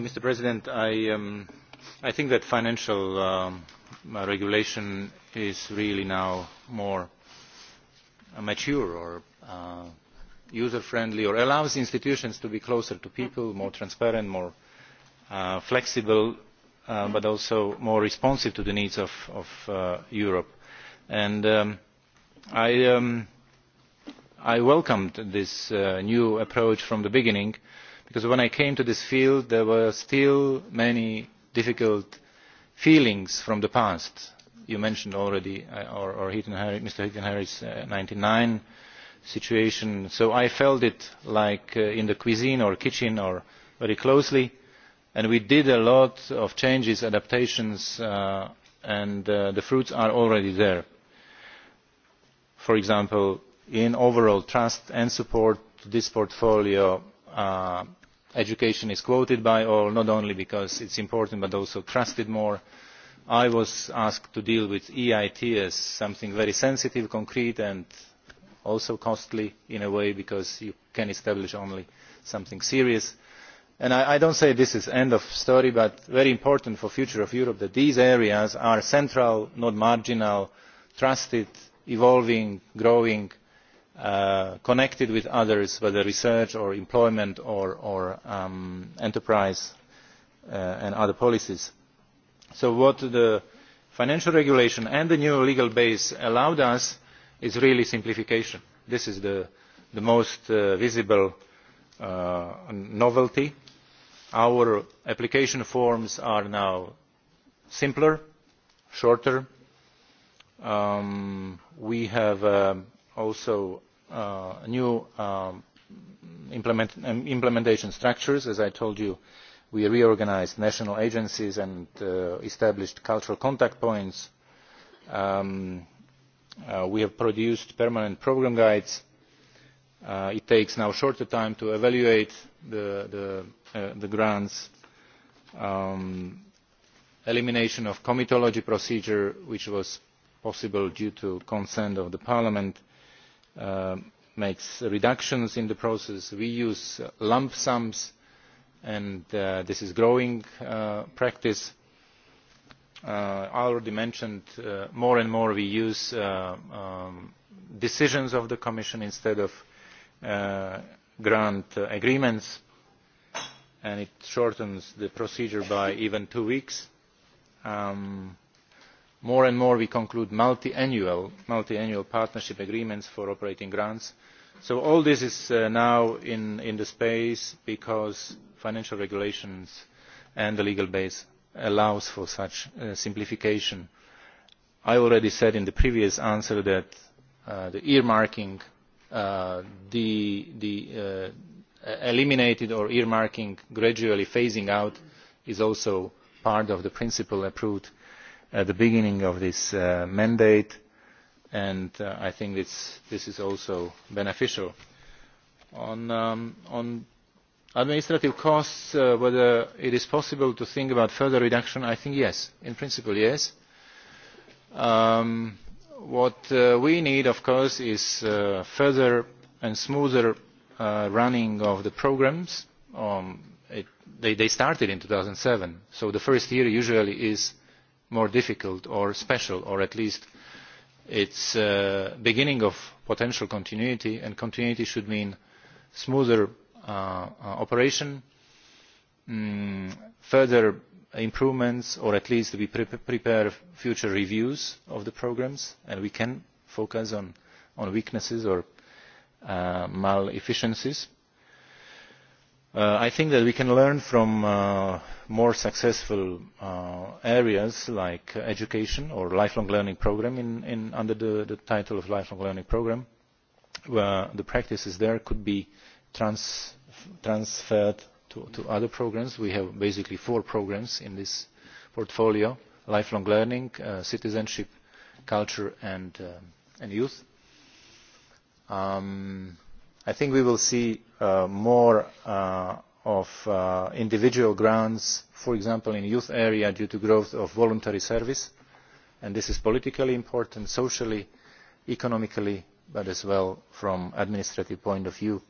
mr president I, um, i think that financial um, regulation is really now more uh, mature or uh, user friendly or allows institutions to be closer to people more transparent more uh, flexible uh, but also more responsive to the needs of, of uh, europe. And, um, I, um, i welcomed this uh, new approach from the beginning and because when i came to this field there were still many difficult feelings from the past. you mentioned already mr uh, or, or one thousand nine hundred and ninety nine situation so i felt it like uh, in the cuisine or kitchen or very closely and we did a lot of changes adaptations uh, and the fruits are already there for example in overall trust and support to this portfolio education is quoted by all not only because it is important but also trusted more. i was asked to deal with eit as something very sensitive concrete and also costly in a way because you can establish only something serious. And i, I do not say this is the end of the story but it is very important for the future of europe that these areas are central not marginal trusted evolving growing Uh, connected with others whether research or employment or, or um, enterprise uh, and other policies. so what the financial regulation and the new legal base allowed us is really simplification. this is the, the most uh, visible uh, novelty. our application forms are now simpler shorter. Um, we have um, also uh, new um, um, implementation structures. as i told you we reorganised national agencies and uh, established cultural contact points. Um, uh, we have produced permanent programme guides. Uh, it takes now shorter time to evaluate the, the, uh, the grants um, elimination of comitology procedure which was possible due to consent of the parliament Uh, makes reductions in the process. we use lump sums and uh, this is a growing uh, practice. i already mentioned more and more we use um, decisions of the commission instead of grant agreements and it shortens the procedure by even two weeks. Um, more and more we conclude multiannual partnership agreements for operating grants so all this is uh, now in, the space because financial regulations and the legal base allow for such uh, simplification. i already said in the previous answer that uh, the earmarking the, the eliminated or earmarking gradually phasing out is also part of the principle approved at the beginning of this uh, mandate and uh, i think this, this is also beneficial. on, um, administrative costs uh, whether it is possible to think about further reduction i think yes in principle yes. Um, what we need of course is further and smoother running of the programmes. Um, they, started in two thousand and seven so the first year usually is more difficult or special or at least it is the uh, beginning of potential continuity and continuity should mean smoother uh, uh, operation mm, further improvements or at least we prepare future reviews of the programmes and we can focus on, on weaknesses or malefficiencies. Uh, i think that we can learn from uh, more successful uh, areas like education or lifelong learning programme in, in, under the, the title of lifelong learning programme where the practices there could be transferred to, to other programmes. we have basically four programmes in this portfolio lifelong learning uh, citizenship culture and, um, and youth. Um, i think we will see uh, more uh, of uh, individual grants for example in the youth area due to the growth of voluntary service and this is politically important socially economically but as well from an administrative point of view.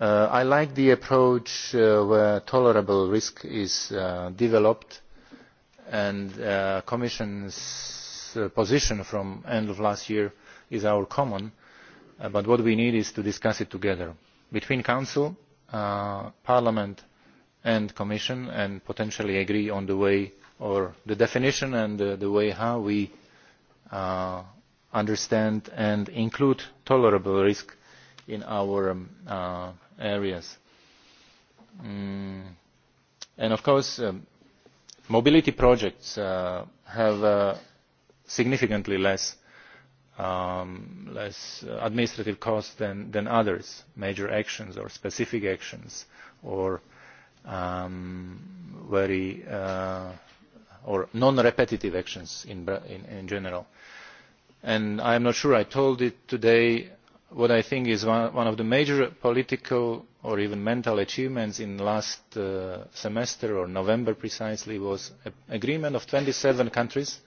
i like the approach where tolerable risk is developed and the commission's position from the end of last year is our common Uh, but what we need is to discuss it together between council uh, parliament and commission and potentially agree on the way or the definition and the way how we uh, understand and include tolerable risk in our um, areas. Mm. and of course, um, mobility projects have significantly less um, less administrative costs than, than others, major actions or specific actions or um, very uh, or non-repetitive actions in, in, in general. And am not sure I told it today what I think is one, one of the major political or even mental achievements in last uh, semester or November precisely was an agreement of twenty seven countries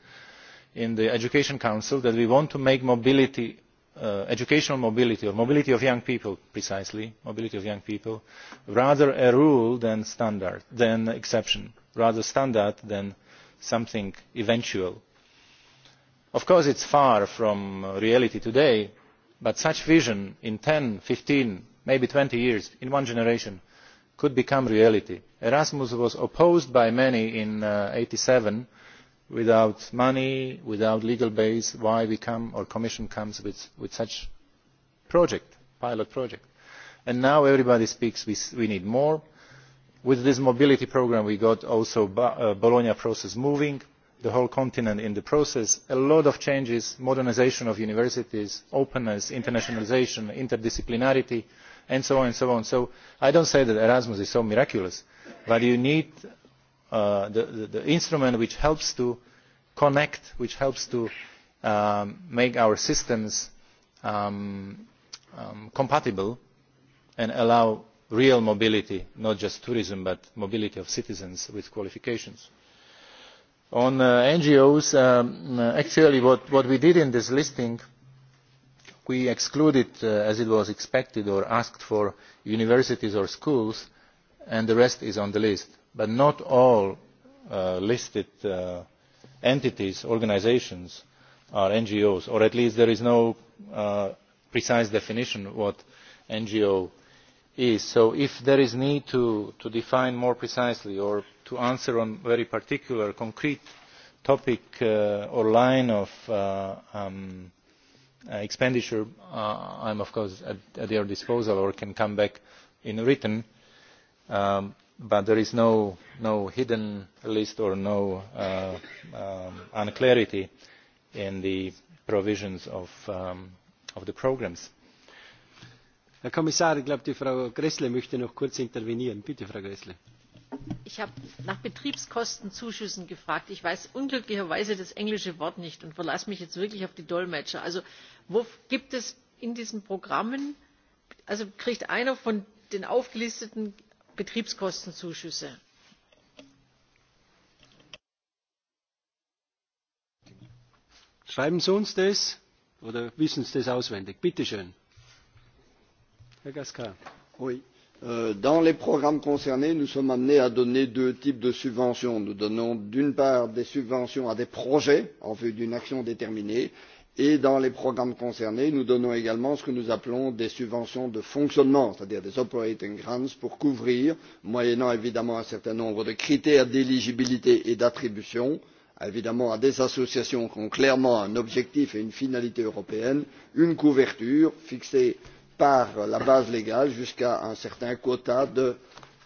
in the education council that we want to make mobility uh, educational mobility or mobility of young people precisely mobility of young people rather a rule than standard than exception rather standard than something eventual. of course it is far from reality today but such a vision in ten fifteen maybe twenty years in one generation could become reality. erasmus was opposed by many in one thousand uh, nine hundred and eighty seven without money without a legal base why we come or the commission comes with, with such a project pilot project. and now everybody speaks that we need more. with this mobility programme we got also the uh, bologna process moving the whole continent in the process a lot of changes modernisation of universities openness internationalisation interdisciplinarity and so on and so on. so i do not say that erasmus is so miraculous but you need Uh, the, the, the instrument which helps to connect, which helps to um, make our systems um, um, compatible and allow real mobility, not just tourism, but mobility of citizens with qualifications. On uh, NGOs, actually what, what we did in this listing, we excluded, uh, as it was expected or asked for, universities or schools, and the rest is on the list but not all uh, listed uh, entities or organisations are ngos or at least there is no uh, precise definition of what an ngo is. so if there is a need to, define more precisely or to answer on a very particular concrete topic or line of um, expenditure i am of course at, at your disposal or can come back in writing. Um, but there is no, no hidden list or no uh, um, unclarity in the provisions of, um, of the programmes. Herr Kommissar, ich glaube, die Frau Gressle möchte noch kurz intervenieren. Bitte, Frau Gressle. Ich habe nach Betriebskostenzuschüssen gefragt. Ich weiß unglücklicherweise das englische Wort nicht und verlasse mich jetzt wirklich auf die Dolmetscher. Also wo gibt es in diesen Programmen, also kriegt einer von den aufgelisteten betriebskostenzuschüsse. schreiben sie uns das oder wissen sie das auswendig? bitte schön. herr gasquet. Oui. Euh, dans les programmes concernés, nous sommes amenés à donner deux types de subventions. Nous donnons d'une part des subventions à des projets en vue d'une action déterminée et dans les programmes concernés nous donnons également ce que nous appelons des subventions de fonctionnement c'est à dire des operating grants pour couvrir moyennant évidemment un certain nombre de critères d'éligibilité et d'attribution évidemment à des associations qui ont clairement un objectif et une finalité européenne une couverture fixée par la base légale jusqu'à un certain quota de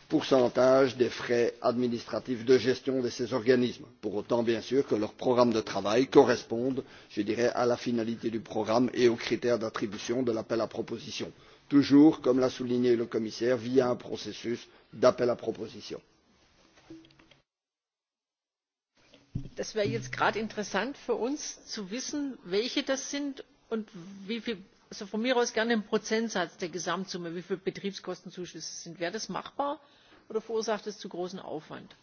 pourcentage des frais administratifs de gestion de ces organismes pour autant bien sûr que leur programme de travail corresponde je dirais à la finalité du programme et aux critères d'attribution de l'appel à propositions toujours comme l'a souligné le commissaire via un processus d'appel à propositions. das wäre jetzt gerade interessant für uns zu wissen welche das sind und wie viel also von mir aus gerne einen prozentsatz der gesamtsumme wie viele betriebskostenzuschüsse es sind. wäre das machbar oder verursacht das zu großen aufwand?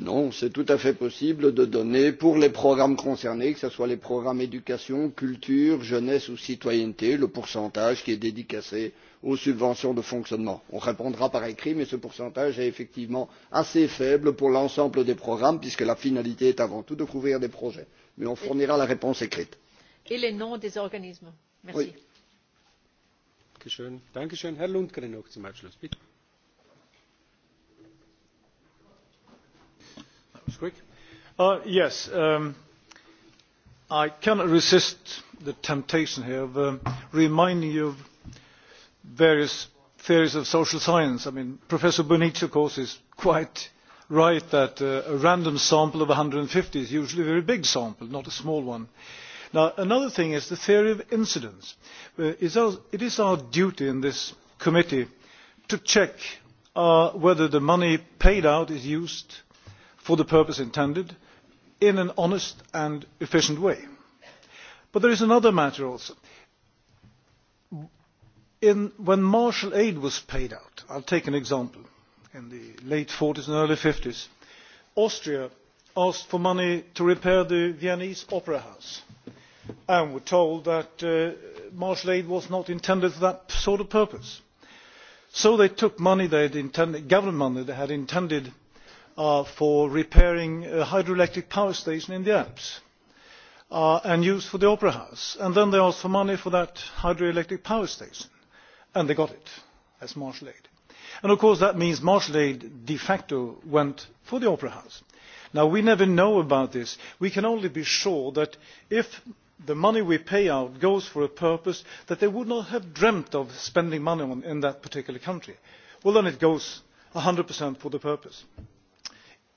non c'est tout à fait possible de donner pour les programmes concernés que ce soit les programmes éducation culture jeunesse ou citoyenneté le pourcentage qui est dédicacé aux subventions de fonctionnement. on répondra par écrit mais ce pourcentage est effectivement assez faible pour l'ensemble des programmes puisque la finalité est avant tout de couvrir des projets mais on fournira la réponse écrite. et les noms des organismes? merci. quick. Uh, yes, um, I cannot resist the temptation here of um, reminding you of various theories of social science. I mean, Professor Bonici, of course, is quite right that uh, a random sample of one hundred and fifty is usually a very big sample, not a small one. Now, another thing is the theory of incidence. Uh, it is our duty in this committee to check uh, whether the money paid out is used for the purpose intended in an honest and efficient way. But there is another matter also. In, when martial aid was paid out, I'll take an example, in the late 40s and early 50s, Austria asked for money to repair the Viennese Opera House and were told that uh, martial aid was not intended for that sort of purpose. So they took money they had intended, government money they had intended Uh, for repairing a uh, hydroelectric power station in the Alps uh, and used for the Opera House. And then they asked for money for that hydroelectric power station. And they got it as martial aid. And of course that means martial aid de facto went for the Opera House. Now we never know about this. We can only be sure that if the money we pay out goes for a purpose that they would not have dreamt of spending money on in that particular country, well then it goes 100% for the purpose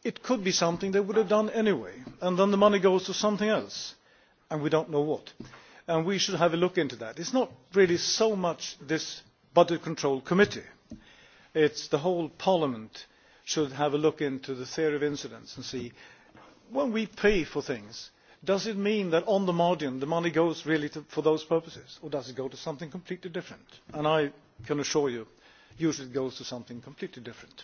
it could be something they would have done anyway and then the money goes to something else and we do not know what. And we should have a look into that. it is not really so much this budget control committee it is the whole parliament should have a look into the theory of incidents and see when we pay for things does it mean that on the margin the money goes really to, for those purposes or does it go to something completely different? And i can assure you usually it goes to something completely different.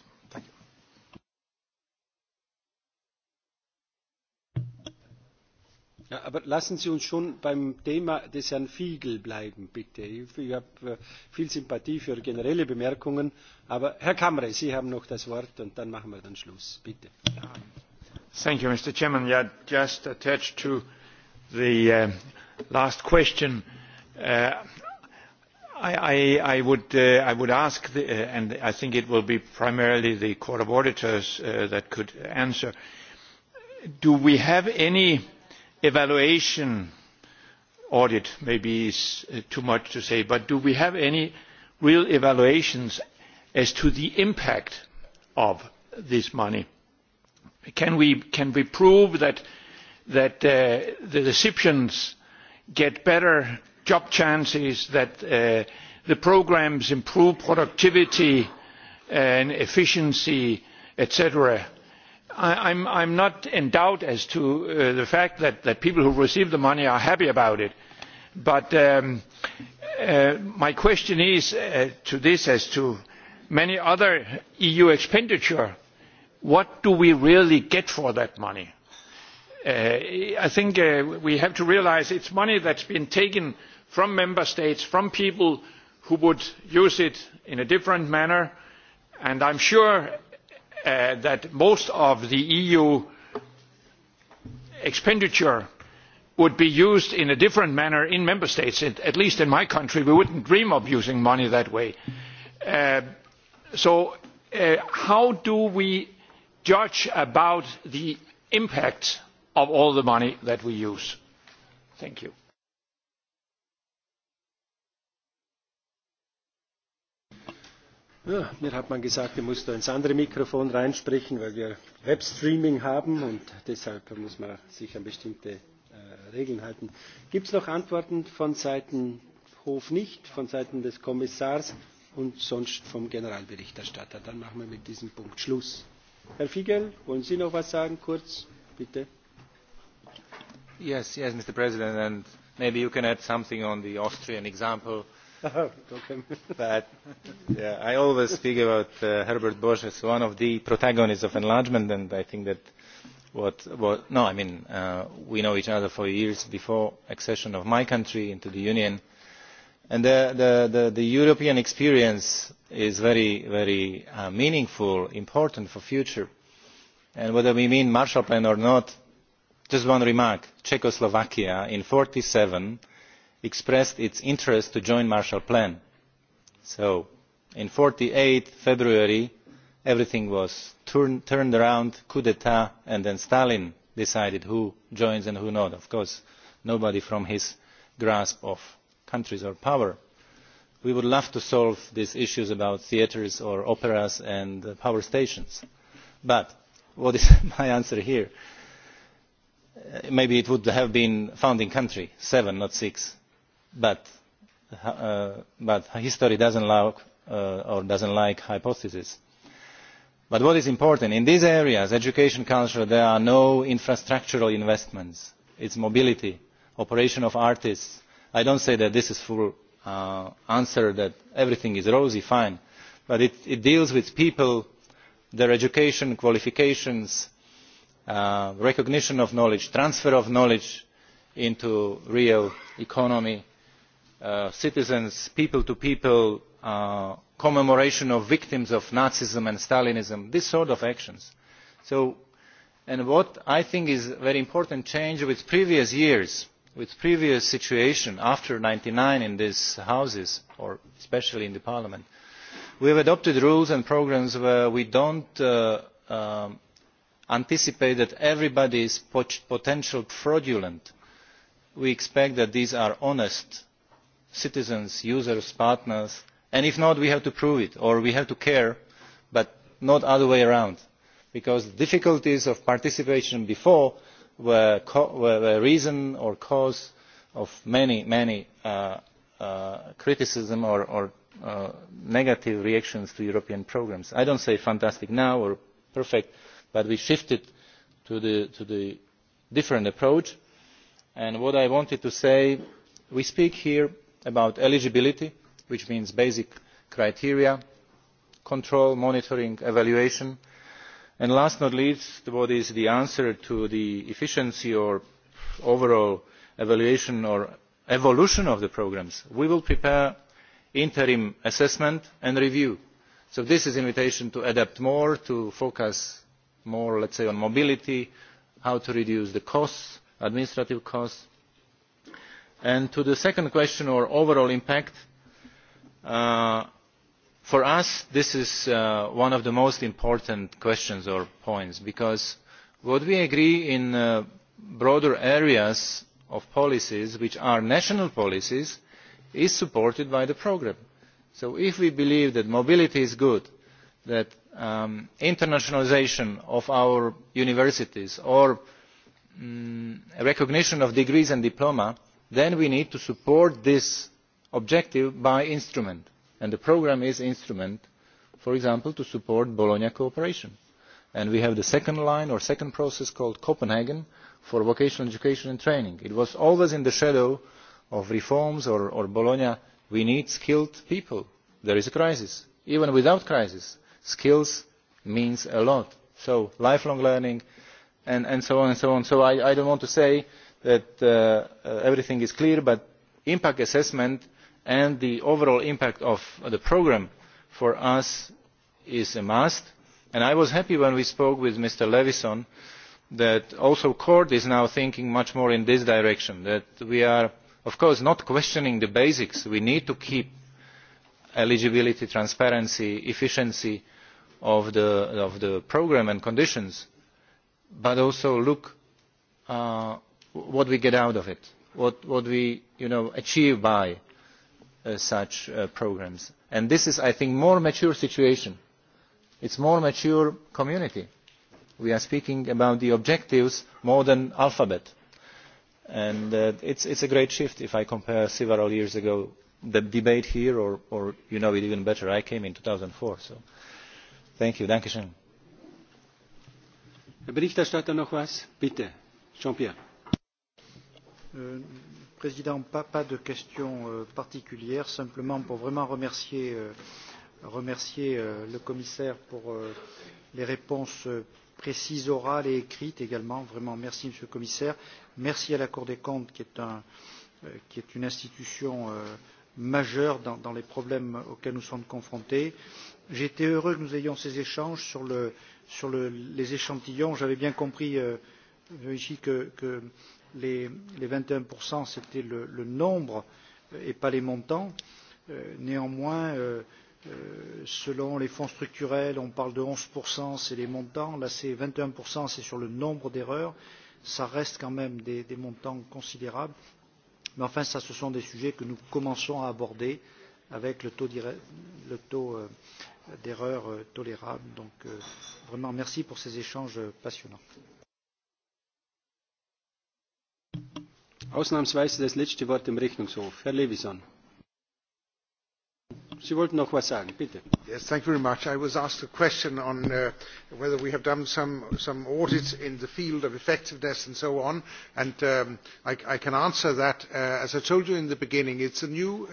Ja, aber lassen Sie uns schon beim Thema des Herrn Fiegel bleiben, bitte. Ich, ich habe äh, viel Sympathie für generelle Bemerkungen. Aber Herr Kamre, Sie haben noch das Wort und dann machen wir dann Schluss. Bitte. Thank you, Mr. Chairman. Yeah, just attached to the uh, last question, uh, I, I, I, would, uh, I would ask, the, uh, and I think it will be primarily the Court of Auditors uh, that could answer, do we have any evaluation audit maybe is uh, too much to say but do we have any real evaluations as to the impact of this money? Can we, can we prove that, that uh, the recipients get better job chances, that uh, the programmes improve productivity and efficiency, etc.? I, I'm, I'm not in doubt as to uh, the fact that, that people who receive the money are happy about it. But um, uh, my question is uh, to this as to many other EU expenditure, what do we really get for that money? Uh, I think we have to realise it's money that's been taken from member states, from people who would use it in a different manner, and I'm sure Uh, that most of the EU expenditure would be used in a different manner in member states. at least in my country, we would not dream of using money that way. Uh, so uh, how do we judge about the impact of all the money that we use? Thank you. mir hat man gesagt, ich muss da ins andere Mikrofon reinsprechen, weil wir Webstreaming haben und deshalb muss man sich an bestimmte äh, Regeln halten. Gibt es noch Antworten von Seiten Hof nicht, von Seiten des Kommissars und sonst vom Generalberichterstatter? Dann machen wir mit diesem Punkt Schluss. Herr Figel, wollen Sie noch was sagen, kurz, bitte? Yes, yes, Mr. President, and maybe you can add something on the Austrian example but, yeah, I always speak about uh, Herbert Bosch as one of the protagonists of enlargement, and I think that what, what no, I mean, uh, we know each other for years before accession of my country into the Union, and the, the, the, the European experience is very, very uh, meaningful, important for future. And whether we mean Marshall Plan or not, just one remark: Czechoslovakia in forty seven expressed its interest to join the marshall plan. so on forty eight february everything was turned around coup d'tat and then stalin decided who joins and who does not of course nobody from his grasp of countries or power. we would love to solve these issues about theatres or operas and uh, power stations but what is (laughs) my answer here? Uh, maybe it would have been founding country seven not six but, uh, but history doesn't like, uh, or doesn't like hypotheses. But what is important, in these areas, education, culture, there are no infrastructural investments. It's mobility, operation of artists. I don't say that this is full uh, answer that everything is rosy, fine. But it, it deals with people, their education, qualifications, uh, recognition of knowledge, transfer of knowledge into real economy uh, citizens people to people uh, commemoration of victims of nazism and stalinism these sort of actions. So, and what i think is a very important change with previous years with the previous situation after one thousand nine hundred and ninety nine in these houses or especially in parliament we have adopted rules and programmes where we do not uh, um, anticipate that everybody is potentially fraudulent. we expect that these are honest citizens users partners and if not we have to prove it or we have to care but not the other way around because the difficulties of participation before were the reason or cause of many many uh, uh, criticism or, or uh, negative reactions to european programmes. i do not say fantastic now or perfect but we shifted to the, to the different approach and what i wanted to say is that we speak here about eligibility which means basic criteria control monitoring evaluation and last but not least what is the answer to the efficiency or overall evaluation or evolution of the programmes. we will prepare interim assessment and review so this is an invitation to adapt more to focus more let us say on mobility how to reduce the costs administrative costs And to the second question or overall impact uh, for us this is uh, one of the most important questions or points because what we agree in uh, broader areas of policies which are national policies is supported by the programme. so if we believe that mobility is good that um, internationalisation of our universities or mm, recognition of degrees and diplomas then we need to support this objective by instrument and the programme is an instrument for example to support bologna cooperation and we have the second line or second process called copenhagen for vocational education and training. it was always in the shadow of reforms or, or bologna we need skilled people. there is a crisis. even without a crisis skills mean a lot so lifelong learning and, and so on and so on. so i, I do not want to say that uh, uh, everything is clear but the impact assessment and the overall impact of uh, the programme for us is a must and i was happy when we spoke with mr levinson that also the court is now thinking much more in this direction that we are of course not questioning the basics we need to keep eligibility transparency efficiency of the, of the programme and conditions but also look uh, what we get out of it, what, what we you know, achieve by uh, such uh, programs. And this is, I think, more mature situation. It's more mature community. We are speaking about the objectives more than alphabet. And uh, it's, it's a great shift if I compare several years ago the debate here, or, or you know it even better. I came in 2004, so thank you. Herr Berichterstatter, noch was? Bitte, Jean-Pierre. Président, pas, de question euh, particulière, simplement pour vraiment remercier, euh, euh, le commissaire pour les réponses précises, orales et écrites également. Vraiment, merci Monsieur le commissaire. Merci à la Cour des comptes qui est, une institution majeure dans, les problèmes auxquels nous sommes confrontés. J'ai été heureux que nous ayons ces échanges sur, le, sur les échantillons. J'avais bien compris ici que les vingt et un c'était le, nombre et pas les montants. Euh, néanmoins euh, euh, selon les fonds structurels on parle de onze c'est les montants là c'est vingt et un c'est sur le nombre d'erreurs ça reste quand même des, montants considérables mais enfin ce sont des sujets que nous commençons à aborder avec le taux d'erreur tolérable donc vraiment merci pour ces échanges passionnants. ausnahmsweise das letzte wort dem rechnungshof herr Levison. Sie wollten noch sagen, bitte. Yes, thank you very much. I was asked a question on uh, whether we have done some, some audits in the field of effectiveness and so on, and um, I, I can answer that. Uh, as I told you in the beginning, it is a new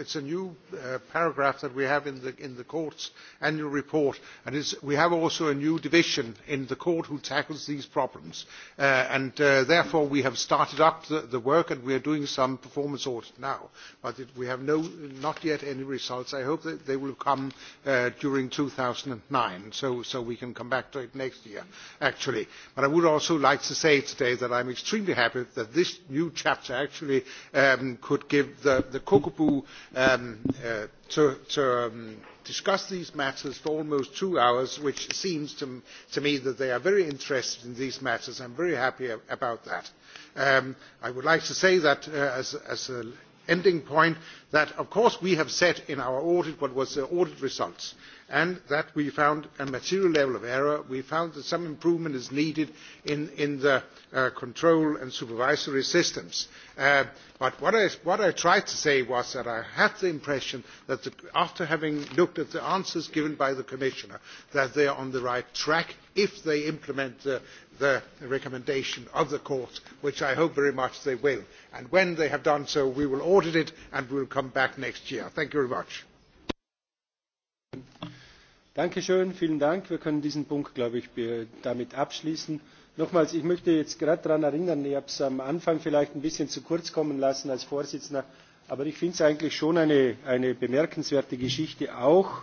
uh, paragraph that we have in the, court's annual report, and we have also a new division in the court who tackles these problems, and therefore we have started up the, work and we are doing some performance audit now, but we have no, not yet any results. I hope that they will come uh, during 2009, so, so we can come back to it next year, actually. But I would also like to say today that I'm extremely happy that this new chapter actually um, could give the, the Kokobu um, uh, to, to um, discuss these matters for almost two hours which seems to, to me that they are very interested in these matters. i am very happy about that. Um, i would like to say that uh, as, as a ending point that of course we have said in our audit what was the audit results and that we found a material level of error. We found that some improvement is needed in, the uh, control and supervisory systems. Uh, but what I, tried to say was that I had the impression that after having looked at the answers given by the Commissioner, that they are on the right track if they implement the the recommendation of the court which i hope very much they will and when they have done so we will audit it and we will come back next year. thank you very much. Dankeschön, vielen Dank. Wir können diesen Punkt, glaube ich, damit abschließen. Nochmals, ich möchte jetzt gerade daran erinnern, ich habe es am Anfang vielleicht ein bisschen zu kurz kommen lassen als Vorsitzender, aber ich finde es eigentlich schon eine, eine bemerkenswerte Geschichte auch,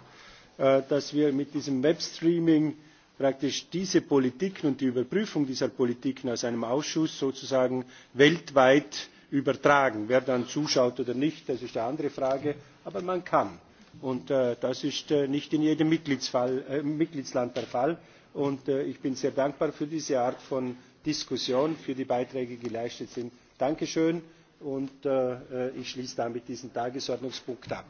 äh, dass wir mit diesem Webstreaming praktisch diese politiken und die überprüfung dieser politiken aus einem ausschuss sozusagen weltweit übertragen. wer dann zuschaut oder nicht das ist eine andere frage aber man kann und äh, das ist äh, nicht in jedem äh, mitgliedsland der fall und äh, ich bin sehr dankbar für diese art von diskussion für die beiträge die geleistet sind. danke schön! und äh, äh, ich schließe damit diesen Tagesordnungspunkt ab.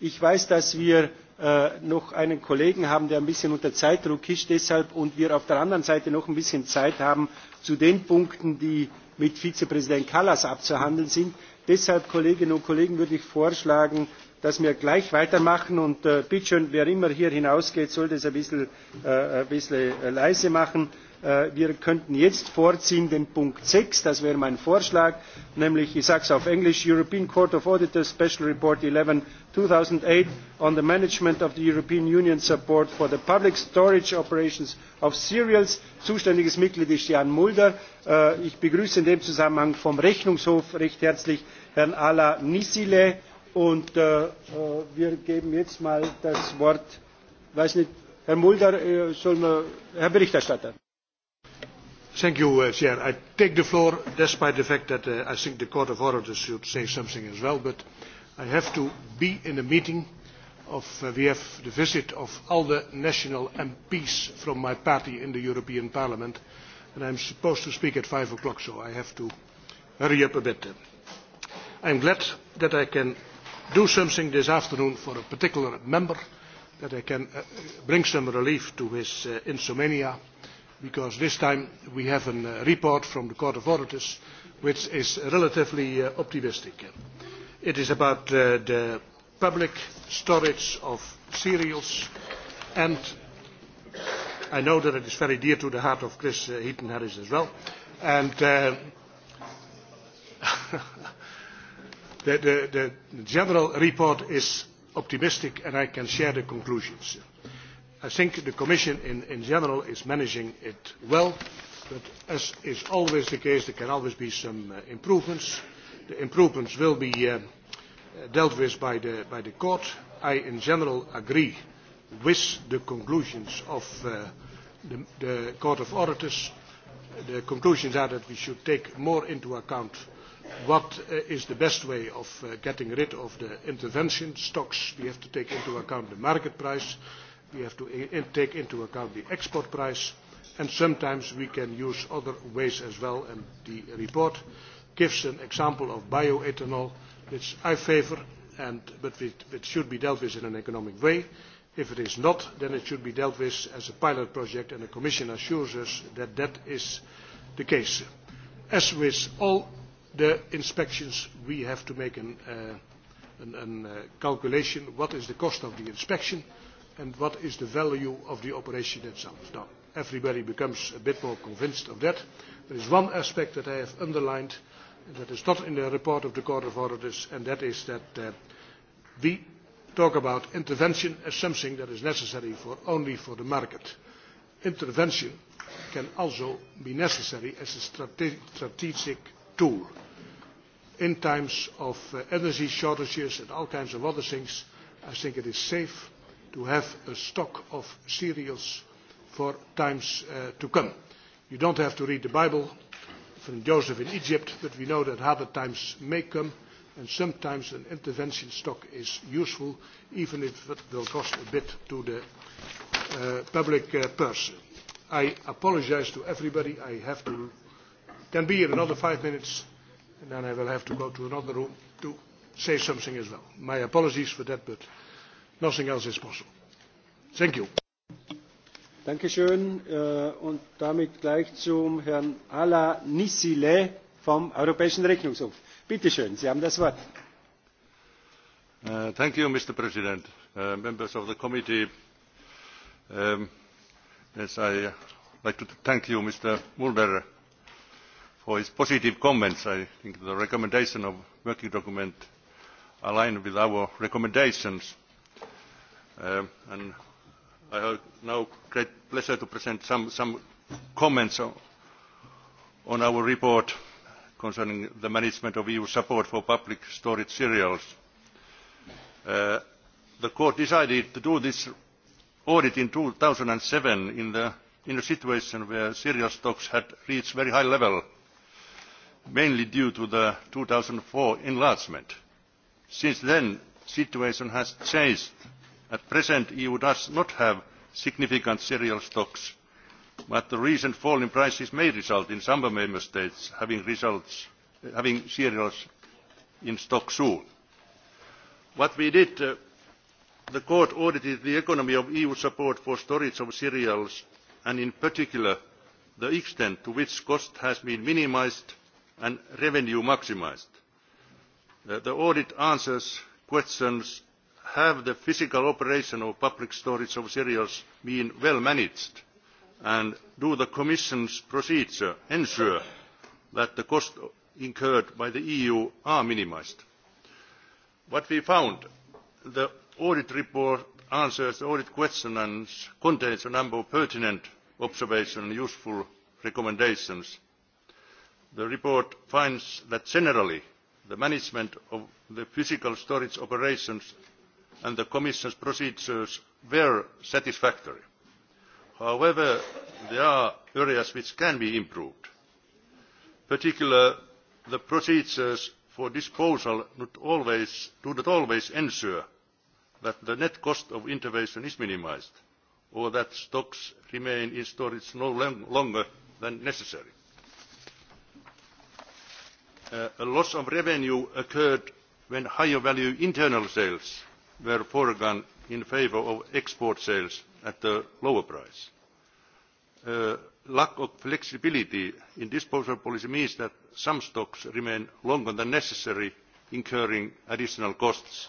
Ich weiß, dass wir äh, noch einen Kollegen haben, der ein bisschen unter Zeitdruck ist deshalb und wir auf der anderen Seite noch ein bisschen Zeit haben zu den Punkten, die mit Vizepräsident Kallas abzuhandeln sind. Deshalb, Kolleginnen und Kollegen, würde ich vorschlagen, dass wir gleich weitermachen und äh, bitte schön, wer immer hier hinausgeht, sollte es ein bisschen, äh, ein bisschen leise machen. Äh, wir könnten jetzt vorziehen den punkt sechs das wäre mein vorschlag nämlich ich sage es auf englisch european court of auditors special report eleven two thousand and eight on the management of the european union support for the public storage operations of cereals zuständiges mitglied ist jan mulder. Äh, ich begrüße in dem zusammenhang vom rechnungshof recht herzlich herrn ala nisile und äh, wir geben jetzt mal das wort ich weiß nicht herr mulder soll herr berichterstatter. Thank you, uh, Chair. I take the floor despite the fact that uh, I think the Court of Auditors should say something as well, but I have to be in a meeting of, uh, we have the visit of all the national MPs from my party in the European Parliament, and I am supposed to speak at five o'clock, so I have to hurry up a bit. I am glad that I can do something this afternoon for a particular member, that I can bring some relief to his insomnia because this time we have a uh, report from the Court of Auditors which is relatively uh, optimistic. It is about uh, the public storage of cereals and I know that it is very dear to the heart of Chris Heaton Harris as well. And (laughs) the, general report is optimistic and I can share the conclusions i think the commission in, general is managing it well but as is always the case there can always be some uh, improvements. the improvements will be uh, dealt with by the, court. i in general agree with the conclusions of uh, the, court of auditors. the conclusions are that we should take more into account what is the best way of getting rid of the intervention stocks. we have to take into account the market price we have to take into account the export price and sometimes we can use other ways as well and the report gives an example of bioethanol which I favour and, but it, should be dealt with in an economic way. If it is not, then it should be dealt with as a pilot project and the Commission assures us that that is the case. As with all the inspections, we have to make a uh, of uh, calculation what is the cost of the inspection and what is the value of the operation itself? Now, everybody becomes a bit more convinced of that. There is one aspect that I have underlined that is not in the report of the Court of Auditors, and that is that uh, we talk about intervention as something that is necessary for, only for the market. Intervention can also be necessary as a strate strategic tool. In times of uh, energy shortages and all kinds of other things, I think it is safe to have a stock of cereals for times uh, to come. You don't have to read the Bible from Joseph in Egypt, but we know that harder times may come, and sometimes an intervention stock is useful, even if it will cost a bit to the uh, public uh, purse. I apologize to everybody. I have to can be here another five minutes, and then I will have to go to another room to say something as well. My apologies for that, but nothing else is possible. Thank you. Dankeschön. Äh, und damit gleich zum Herrn Ala Nisile vom Europäischen Rechnungshof. Bitte schön, Sie haben das Wort. Uh, thank you, Mr. President, uh, members of the committee. Um, yes, I like to thank you, Mr. Mulder, for his positive comments. I think the recommendation of working document aligned with our recommendations Uh, and I have now great pleasure to present some, some comments on, our report concerning the management of EU support for public storage cereals. Uh, the court decided to do this audit in two thousand and seven in a situation where cereal stocks had reached a very high level mainly due to the two thousand and four enlargement. since then the situation has changed at present the eu does not have significant cereal stocks but the recent fall in prices may result in some member states having, cereals in stock soon. what we did uh, the court audited the economy of eu support for storage of cereals and in particular the extent to which cost has been minimised and revenue maximised. Uh, the audit answers questions have the physical operation of public storage of cereals been well managed and do the commission's procedures ensure that the costs incurred by the eu are minimised? what we found the audit report answers the audit question and contains a number of pertinent observations and useful recommendations. the report finds that generally the management of the physical storage operations and the commission's procedures were satisfactory. however there are areas which can be improved. in particular the procedures for disposal do not always ensure that the net cost of intervention is minimised or that stocks remain in storage no longer than necessary. Uh, a loss of revenue occurred when higher value internal sales were foregone in favour of export sales at a lower price. Uh, lack of flexibility in disposal policy means that some stocks remain longer than necessary incurring additional costs.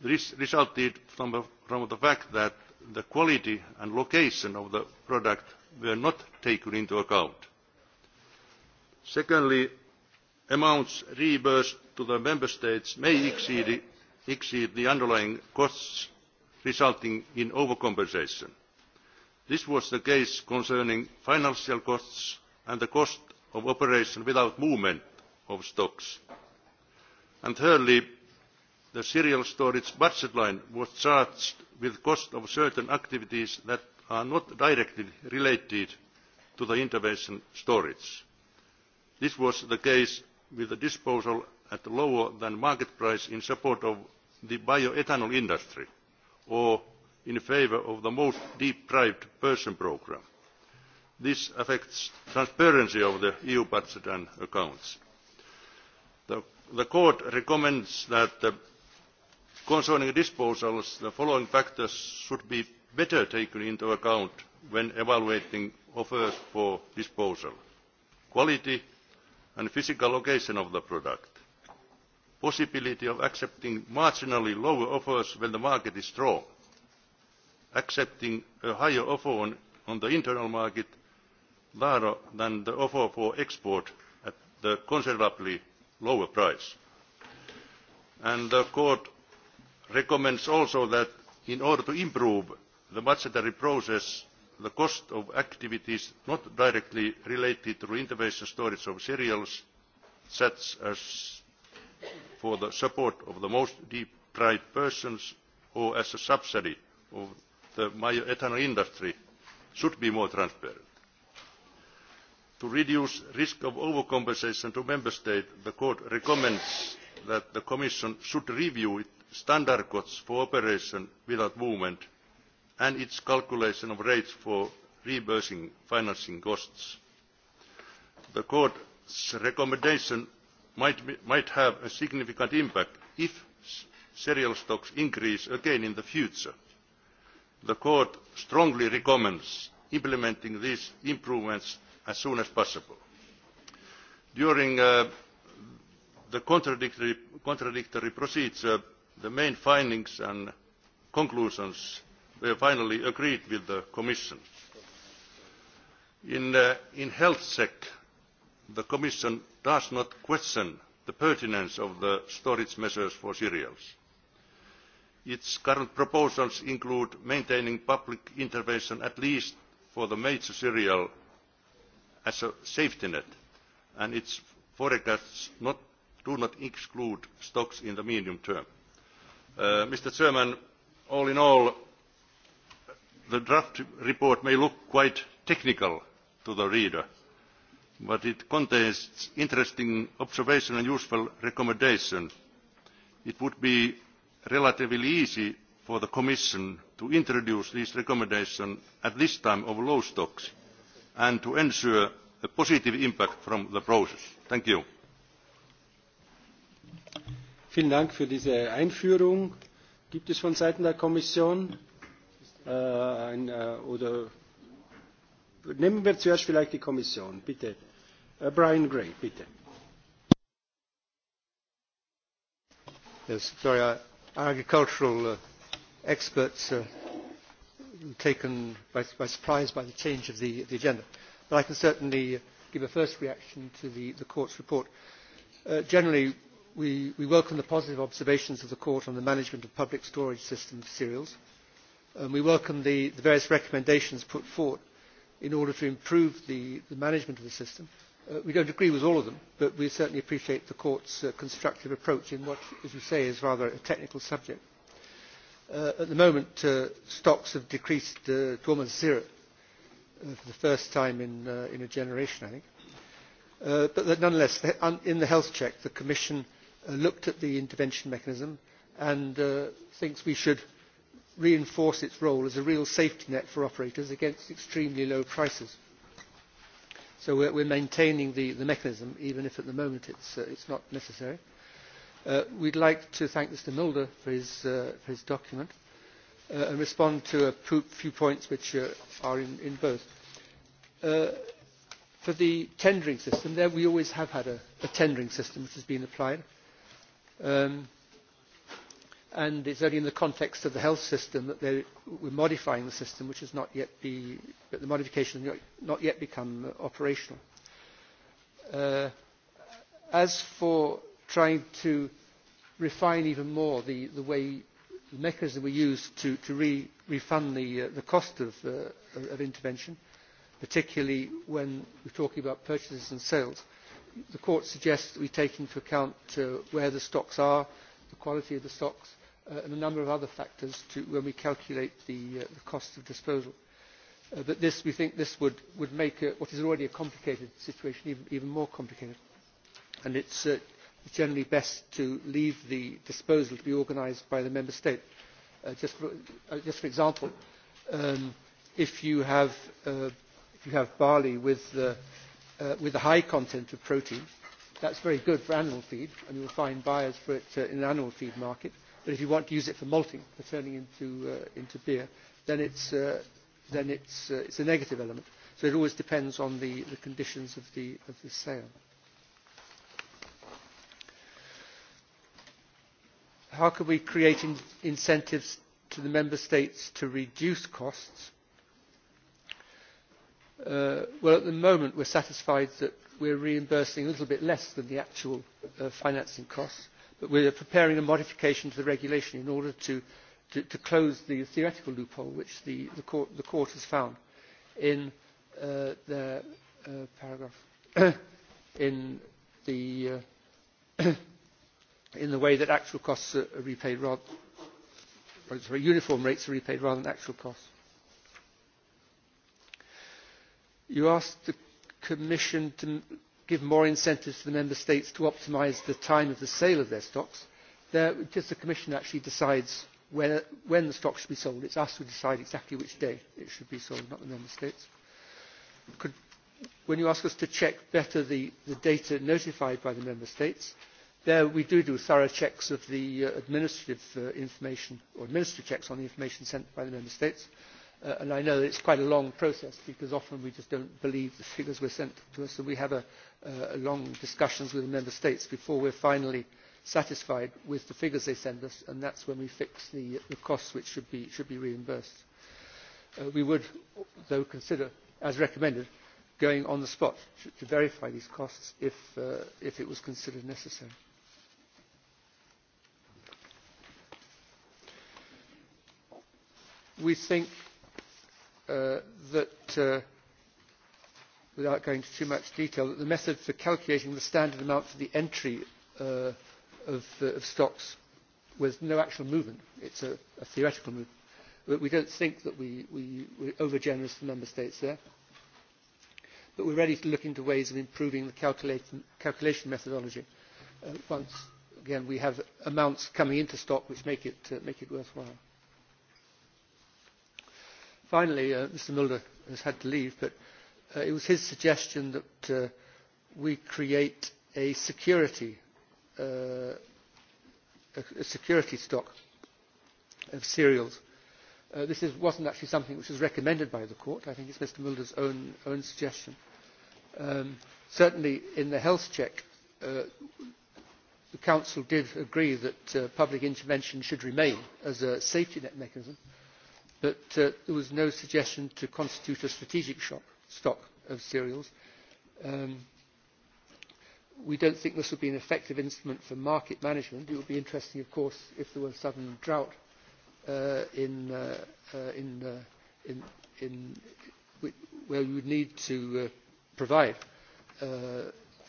this resulted from, a, from the fact that the quality and location of the product were not taken into account. secondly amounts reimbursed to the member states may exceed exceed the underlying costs resulting in overcompensation. this was the case concerning financial costs and the cost of operation without movement of stocks. And thirdly the cereal storage budget line was charged with the cost of certain activities that are not directly related to the intervention storage. this was the case with the disposal at lower than market price in support of the bioethanol industry or in favour of the most deprived person programme. This affects transparency of the EU budget and accounts. The, Court recommends that uh, concerning disposals, the following factors should be better taken into account when evaluating offers for disposal. Quality and physical location of the product possibility of accepting marginally lower offers when the market is strong accepting a higher offer on, on the internal market rather than the offer for export at the considerably lower price. And the court recommends also that in order to improve the budgetary process the cost of activities not directly related to the storage of cereals such as for the support of the most deprived persons or as a subsidy of the bioethanol industry should be more transparent. To reduce risk of overcompensation to member states, the court recommends that the Commission should review its standard costs for operation without movement and its calculation of rates for reimbursing financing costs. The court's recommendation might, have a significant impact if cereal stocks increase again in the future. the court strongly recommends implementing these improvements as soon as possible. during uh, the contradictory, procedure the main findings and conclusions were finally agreed with the commission. in, uh, in health sec the commission does not question the pertinence of the storage measures for cereals. Its current proposals include maintaining public intervention at least for the major cereal as a safety net, and its forecasts not, do not exclude stocks in the medium term. Uh, Mr. Chairman, all in all, the draft report may look quite technical to the reader, but it contains interesting observations and useful recommendations. it would be relatively easy for the commission to introduce these recommendations at this time of low stocks and to ensure a positive impact from the process. thank you. vielen dank für diese einführung. gibt es von seiten der kommission äh, ein, äh, oder nehmen wir zuerst vielleicht die Kommission. Bitte. Uh, Brian Gray, bitte. Yes, sorry, our uh, agricultural uh, experts uh, taken by, by surprise by the change of the, the agenda. But I can certainly give a first reaction to the, the court's report. Uh, generally, we, we welcome the positive observations of the court on the management of public storage system cereals. And we welcome the, the various recommendations put forward in order to improve the, management of the system. Uh, we do not agree with all of them but we certainly appreciate the court's uh, constructive approach in what as you say is rather a technical subject. Uh, at the moment stocks have decreased to almost zero for the first time in a generation i think. but nonetheless in the health check the commission looked at the intervention mechanism and thinks we should reinforce its role as a real safety net for operators against extremely low prices. So we are maintaining the, the mechanism, even if at the moment it's, uh, it's not necessary. we uh, we'd like to thank Mr Mulder for his, uh, for his document uh, and respond to a few points which uh, are in, in both. for the tendering system, there we always have had a, tendering system which has been applied. Um, and it is only in the context of the health system that they are modifying the system which has not yet be, but the modification has not yet become operational. Uh, as for trying to refine even more the, the way the mechanism we use to, to re, refund the, uh, the cost of, uh, of intervention, particularly when we're talking about purchases and sales, the court suggests that we take into account uh, where the stocks are, the quality of the stocks, Uh, and a number of other factors when we calculate the, uh, cost of disposal. Uh, but this, we think this would, make what is already a complicated situation even, more complicated. And it is generally best to leave the disposal to be organised by the member state. just, for, example, um, if, you have, barley with, a high content of protein, that is very good for animal feed, and you will find buyers for it in the animal feed market But if you want to use it for malting, for turning into, uh, into beer, then, it's, uh, then it's, uh, it's a negative element. So it always depends on the, the conditions of the, of the sale. How can we create in incentives to the member states to reduce costs? Uh, well, at the moment, we're satisfied that we're reimbursing a little bit less than the actual uh, financing costs we are preparing a modification to the regulation in order to, to, to close the theoretical loophole which the, the, court, the court has found in uh, the uh, paragraph (coughs) in the uh, (coughs) in the way that actual costs are repaid rather oh, sorry, uniform rates are repaid rather than actual costs. You asked the Commission to give more incentives to the member states to optimise the time of the sale of their stocks. It is the Commission actually decides where, when the stock should be sold. it is us who decide exactly which day it should be sold, not the member states. Could, when you ask us to check better the, the data notified by the member states, there we do do thorough checks of the uh, administrative uh, information or administrative checks on the information sent by the member states Uh, and I know that is quite a long process because often we just do not believe the figures were sent to us and we have uh, a, long discussions with the member states before we are finally satisfied with the figures they send us and that is when we fix the, costs which should be, reimbursed. Uh, we would, though, consider, as recommended, going on the spot to, verify these costs if, if it was considered necessary. We think Uh, that, uh, without going into too much detail, that the method for calculating the standard amount for the entry uh, of, stocks with no actual movement, it's a, a theoretical movement. but we don't think that we, we, we're over-generous to member states there. But we're ready to look into ways of improving the calculation, calculation methodology once, again, we have amounts coming into stock which make it, make it worthwhile finally uh, mr mulder has had to leave but uh, it was his suggestion that uh, we create a security stock of cereals. this was wasn't actually something which was recommended by the court. I think it is Mr. Mulder's own, own suggestion. Um, certainly, in the health check, the Council did agree that public intervention should remain as a safety net mechanism but uh, there was no suggestion to constitute a strategic stock of cereals. Um, we do not think this would be an effective instrument for market management. It would be interesting, of course, if there were a sudden drought uh, in, uh, uh, uh in, in, where you would need to provide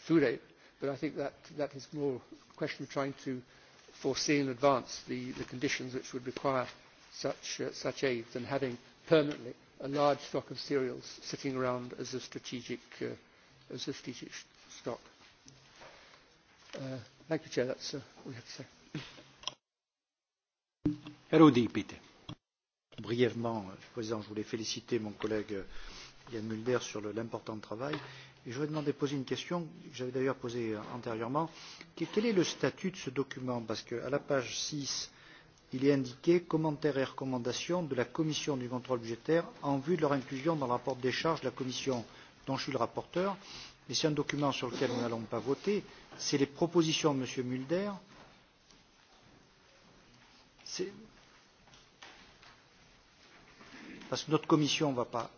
food aid. But I think that, that is more a question of trying to foresee in advance the, the conditions which would require such, uh, aid than having permanently a large stock of cereals sitting around as a strategic, uh, as a strategic stock. Uh, thank you, Chair. That's uh, all I have to say. Herodi, bitte. Brièvement, euh, Président, je voulais féliciter mon collègue euh, Yann Mulder sur l'important travail. Et je voudrais demander poser une question que j'avais d'ailleurs posée euh, antérieurement. Quel est le statut de ce document Parce qu'à la page 6, euh, il est indiqué commentaires et recommandations de la commission du contrôle budgétaire en vue de leur inclusion dans le rapport des charges de la commission dont je suis le rapporteur mais c'est un document sur lequel nous n'allons pas voter c'est les propositions de m. mulder parce que notre commission ne va pas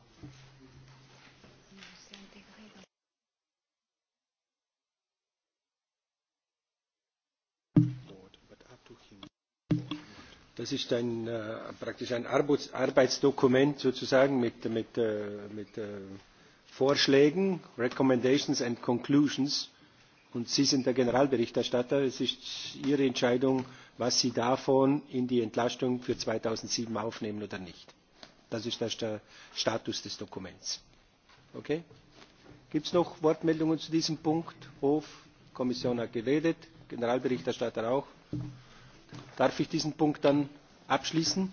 Das ist ein, äh, praktisch ein Arbeitsdokument sozusagen mit, mit, äh, mit äh, Vorschlägen, Recommendations and Conclusions. Und Sie sind der Generalberichterstatter. Es ist Ihre Entscheidung, was Sie davon in die Entlastung für 2007 aufnehmen oder nicht. Das ist der Status des Dokuments. Okay? Gibt es noch Wortmeldungen zu diesem Punkt? Hof, Kommission hat geredet, Generalberichterstatter auch. Darf ich diesen Punkt dann abschließen?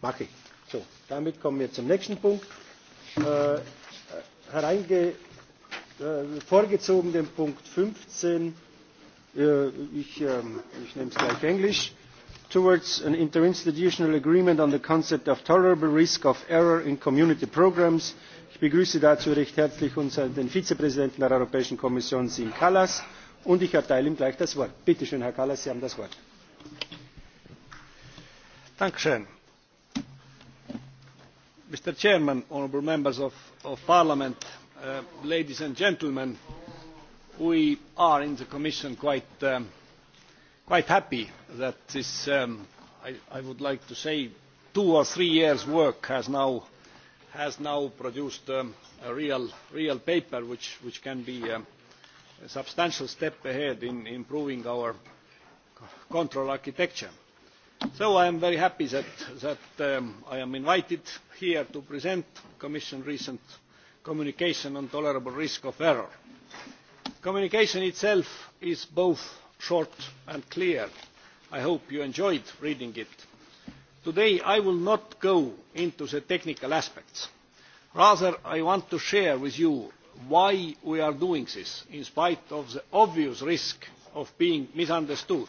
Mache ich. So, damit kommen wir zum nächsten Punkt. Äh, äh hereinge, äh, vorgezogen den Punkt 15. Äh, ich, äh, ich nehme es gleich Englisch towards an interinstitutional agreement on the concept of tolerable risk of error in community programmes. Ich begrüße dazu recht herzlich unseren, den Vizepräsidenten der Europäischen Kommission, Sim Kallas und ich erteile ihm gleich das wort. bitte schön herr kallas sie haben das wort. mr president honourable members of, of parliament uh, ladies and gentlemen we are in the commission quite, um, quite happy that this um, I, i would like to say two or three years' work has now, has now produced um, a real, real paper which, which can be um, a substantial step ahead in improving our control architecture. So I am very happy that, that um, I am invited here to present the Commission's recent communication on tolerable risk of error. Communication itself is both short and clear. I hope you enjoyed reading it. Today I will not go into the technical aspects. Rather, I want to share with you why we are doing this in spite of the obvious risk of being misunderstood.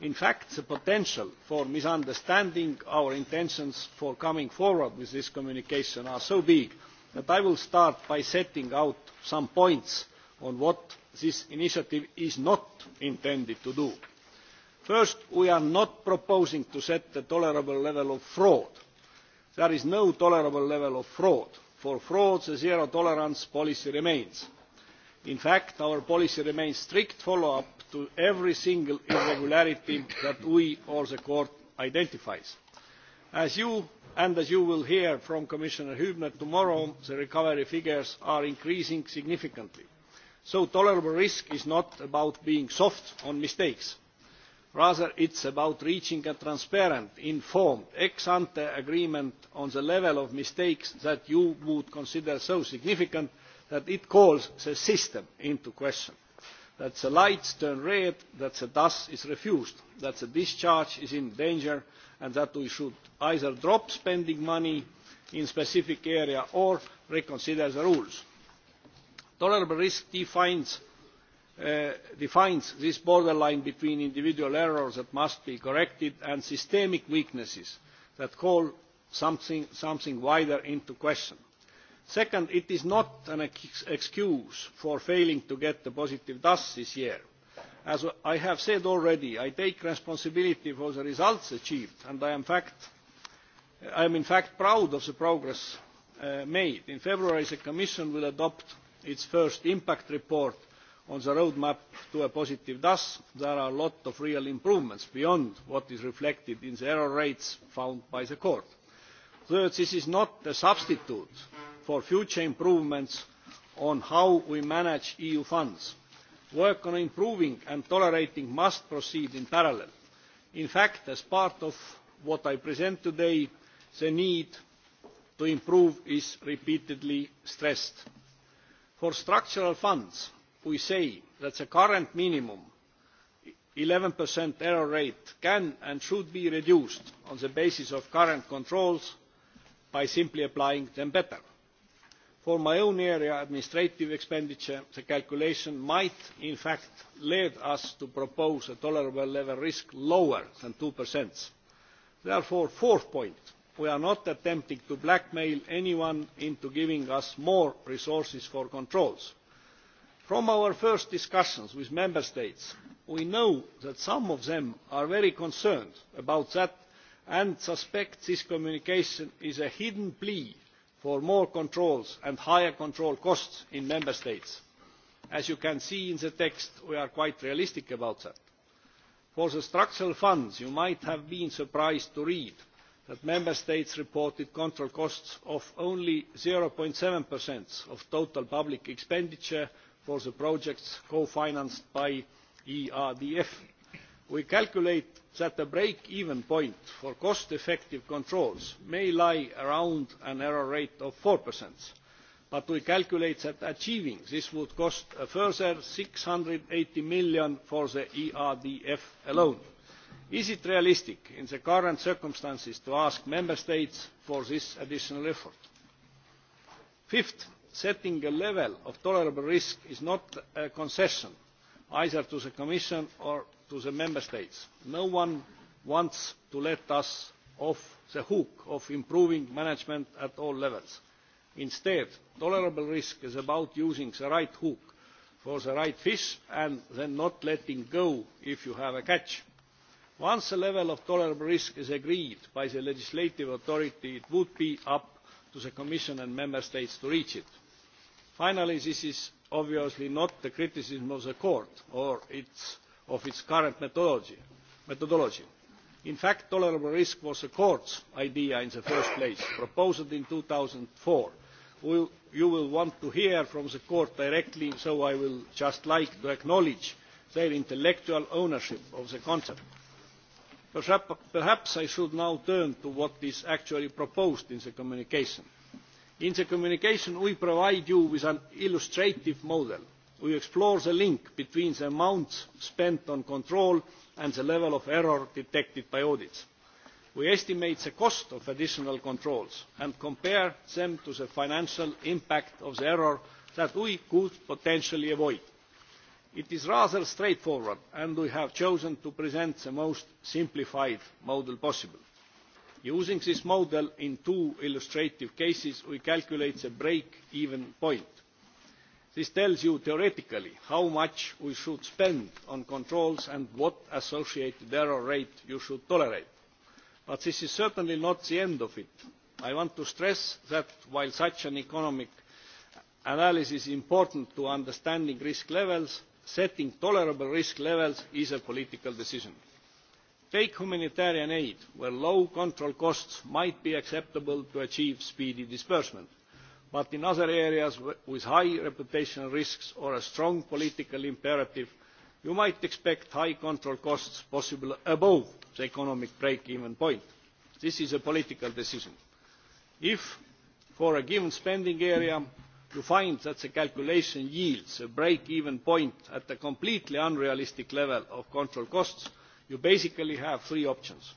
in fact the potential for misunderstanding our intentions for coming forward with this communication is so big that i will start by setting out some points on what this initiative is not intended to do. first we are not proposing to set a tolerable level of fraud. there is no tolerable level of fraud for fraud the zero tolerance policy remains. in fact our policy remains strict follow up to every single irregularity that we or the court identifies. as you and as you will hear from commissioner hbner tomorrow the recovery figures are increasing significantly so tolerable risk is not about being soft on mistakes. Rather, it is about reaching a transparent, informed, ex-ante agreement on the level of mistakes that you would consider so significant that it calls the system into question, that the lights turn red, that the dust is refused, that the discharge is in danger, and that we should either drop spending money in a specific area or reconsider the rules. Tolerable risk defines Uh, defines this borderline between individual errors that must be corrected and systemic weaknesses that call something, something wider into question. Second, it is not an ex excuse for failing to get the positive Dust this year. As I have said already, I take responsibility for the results achieved and I am, fact, I am in fact proud of the progress uh, made. In February, the Commission will adopt its first impact report on the roadmap to a positive DAS, there are a lot of real improvements beyond what is reflected in the error rates found by the court. Third, this is not a substitute for future improvements on how we manage EU funds. Work on improving and tolerating must proceed in parallel. In fact, as part of what I present today, the need to improve is repeatedly stressed. For structural funds, we say that the current minimum 11% error rate can and should be reduced on the basis of current controls by simply applying them better. For my own area, administrative expenditure, the calculation might in fact lead us to propose a tolerable level risk lower than 2%. Therefore, fourth point, we are not attempting to blackmail anyone into giving us more resources for controls from our first discussions with member states we know that some of them are very concerned about that and suspect this communication is a hidden plea for more controls and higher control costs in member states. as you can see in the text we are quite realistic about that. for the structural funds you might have been surprised to read that member states reported control costs of only. zero seven of total public expenditure for the projects co-financed by ERDF. We calculate that the break-even point for cost-effective controls may lie around an error rate of 4%, but we calculate that achieving this would cost a further EUR six hundred and eighty million for the ERDF alone. Is it realistic in the current circumstances to ask member states for this additional effort? Fifth, setting a level of tolerable risk is not a concession either to the commission or to the member states. no one wants to let us off the hook of improving management at all levels. instead tolerable risk is about using the right hook for the right fish and then not letting go if you have a catch. once a level of tolerable risk is agreed by the legislative authority it would be up to the commission and member states to reach it finally this is obviously not the criticism of the court or its, of its current methodology. methodology. in fact tolerable risk was the court's idea in the first place proposed in. two thousand and four you will want to hear from the court directly so i will just like to acknowledge their intellectual ownership of the concept. perhaps i should now turn to what is actually proposed in the communication. In the communication, we provide you with an illustrative model. We explore the link between the amount spent on control and the level of error detected by audits. We estimate the cost of additional controls and compare them to the financial impact of the error that we could potentially avoid. It is rather straightforward, and we have chosen to present the most simplified model possible using this model in two illustrative cases we calculate the break even point. this tells you theoretically how much we should spend on controls and what associated error rate you should tolerate but this is certainly not the end of it. i want to stress that while such an economic analysis is important to understanding risk levels setting tolerable risk levels is a political decision. Take humanitarian aid, where low control costs might be acceptable to achieve speedy disbursement, but in other areas with high reputational risks or a strong political imperative, you might expect high control costs possible above the economic break-even point. This is a political decision. If, for a given spending area, you find that the calculation yields a break-even point at a completely unrealistic level of control costs, you basically have three options.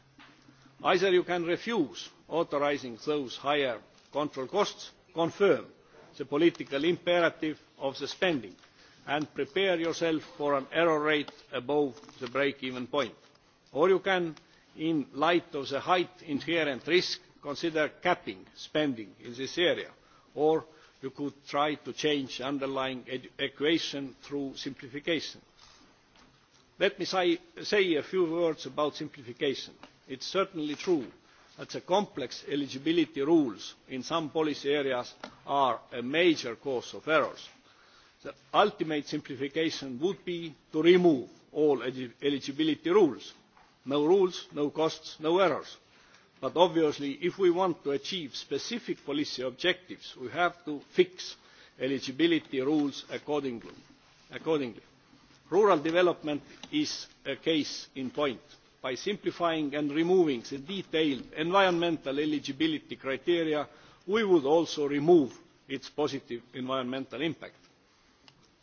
Either you can refuse authorising those higher control costs, confirm the political imperative of the spending, and prepare yourself for an error rate above the break-even point. Or you can, in light of the high inherent risk, consider capping spending in this area, or you could try to change the underlying equation through simplification let me say a few words about simplification. it is certainly true that the complex eligibility rules in some policy areas are a major cause of errors. the ultimate simplification would be to remove all eligibility rules no rules no costs no errors. but obviously if we want to achieve specific policy objectives we have to fix eligibility rules accordingly rural development is a case in point. by simplifying and removing the detailed environmental eligibility criteria we would also remove its positive environmental impact.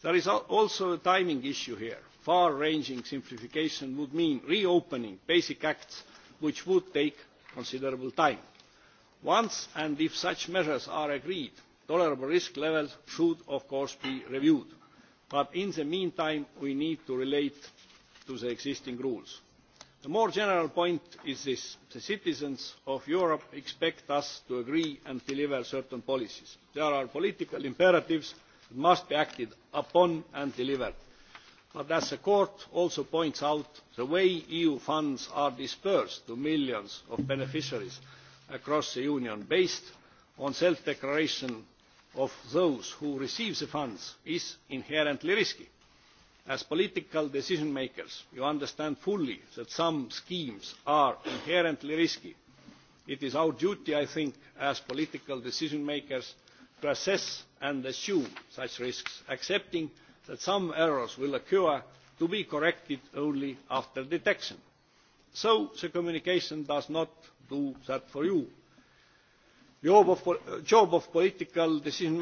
there is also a timing issue here. far ranging simplification would mean reopening basic acts which would take considerable time. once and if such measures are agreed tolerable risk levels should of course be reviewed but in the meantime we need to relate to the existing rules. the more general point is this the citizens of europe expect us to agree and deliver certain policies. there are political imperatives that must be acted upon and delivered but as the court also points out the way eu funds are dispersed to millions of beneficiaries across the union based on self declaration of those who receive the funds is inherently risky. as political decision makers you understand fully that some schemes are inherently risky. it is our duty i think as political decision makers to assess and assume such risks accepting that some errors will occur to be corrected only after detection. so the communication does not do that for you job of, job of political decision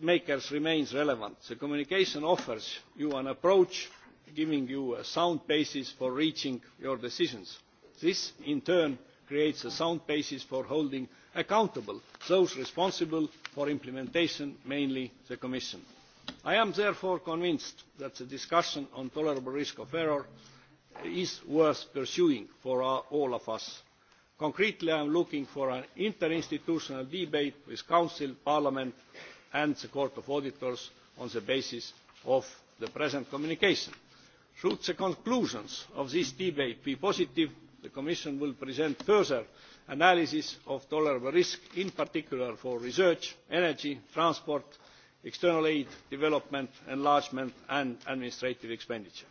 makers remains relevant. the communication offers you an approach giving you a sound basis for reaching your decisions. this in turn creates a sound basis for holding accountable those responsible for implementation mainly the commission. i am therefore convinced that the discussion on tolerable risk of error is worth pursuing for all of us concretely i am looking for an interinstitutional debate with the council parliament and the court of auditors on the basis of the present communication. should the conclusions of this debate be positive the commission will present further analysis of tolerable risk in particular for research energy transport external aid development enlargement and administrative expenditure.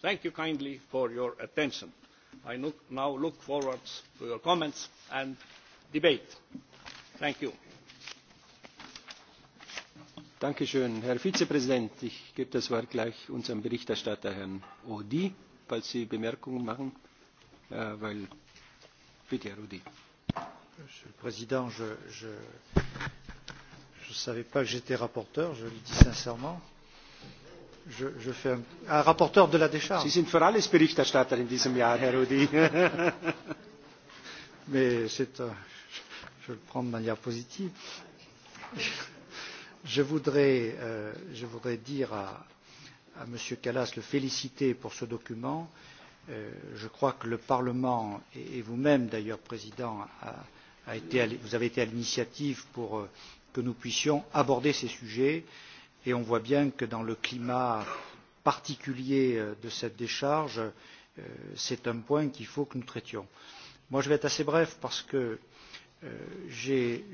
thank you kindly for your attention. I now look forward to your comments and debate. Thank you. Dankeschön. Herr Vizepräsident, ich gebe das Wort gleich unserem Berichterstatter, Herrn Odi, falls Sie Bemerkungen machen. Äh, weil... Bitte, Herr Odi. Monsieur le Président, je ne savais pas que j'étais rapporteur, je le dis sincèrement je, je fais un, un rapporteur de la décharge. Sie sind für alles Berichterstatter in diesem Jahr, Herr Rudi. (laughs) Mais c'est, euh, je le prends de manière positive. Je voudrais, euh, je voudrais dire à, à M. Callas le féliciter pour ce document. Euh, je crois que le Parlement et, et vous-même, d'ailleurs, Président, a, a été, vous avez été à l'initiative pour euh, que nous puissions aborder ces sujets. Euh, et on voit bien que dans le climat particulier euh, de cette décharge, euh, c'est un point qu'il faut que nous traitions. Moi, je vais être assez bref parce que euh, j'ai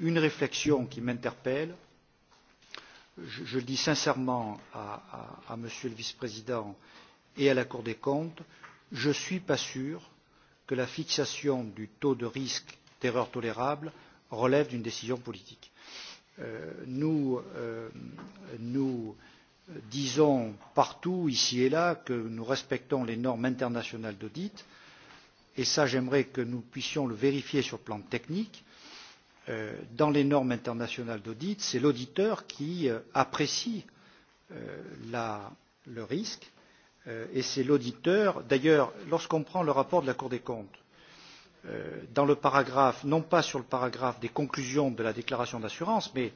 une réflexion qui m'interpelle. Je, je le dis sincèrement à, à, à Monsieur le Vice-président et à la Cour des comptes, je ne suis pas sûr que la fixation du taux de risque d'erreur tolérable relève d'une décision politique. Euh, nous, euh, nous disons partout, ici et là, que nous respectons les normes internationales d'audit, et ça j'aimerais que nous puissions le vérifier sur le plan technique, euh, dans les normes internationales d'audit, c'est l'auditeur qui apprécie la, le risque et c'est l'auditeur. D'ailleurs, lorsqu'on prend le rapport de la Cour des comptes, Euh, dans le paragraphe non pas sur le paragraphe des conclusions de la déclaration d'assurance mais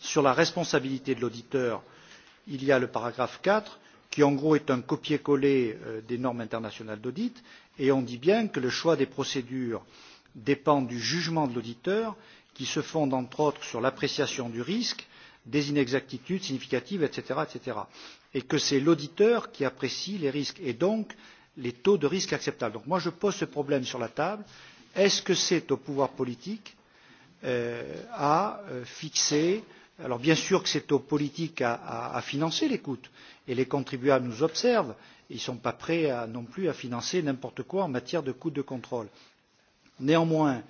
sur la responsabilité de l'auditeur il y a le paragraphe quatre qui en gros est un copier coller euh, des normes internationales d'audit et on dit bien que le choix des procédures dépend du jugement de l'auditeur qui se fonde entre autres sur l'appréciation du risque des inexactitudes significatives etc. etc. et que c'est l'auditeur qui apprécie les risques et donc les taux de risque acceptables. Donc moi je pose ce problème sur la table. Est-ce que c'est au pouvoir politique euh, à euh, fixer alors bien sûr que c'est aux politiques à, à, à financer l'écoute et les contribuables nous observent ils ne sont pas prêts à, non plus à financer n'importe quoi en matière de coûts de contrôle. Néanmoins,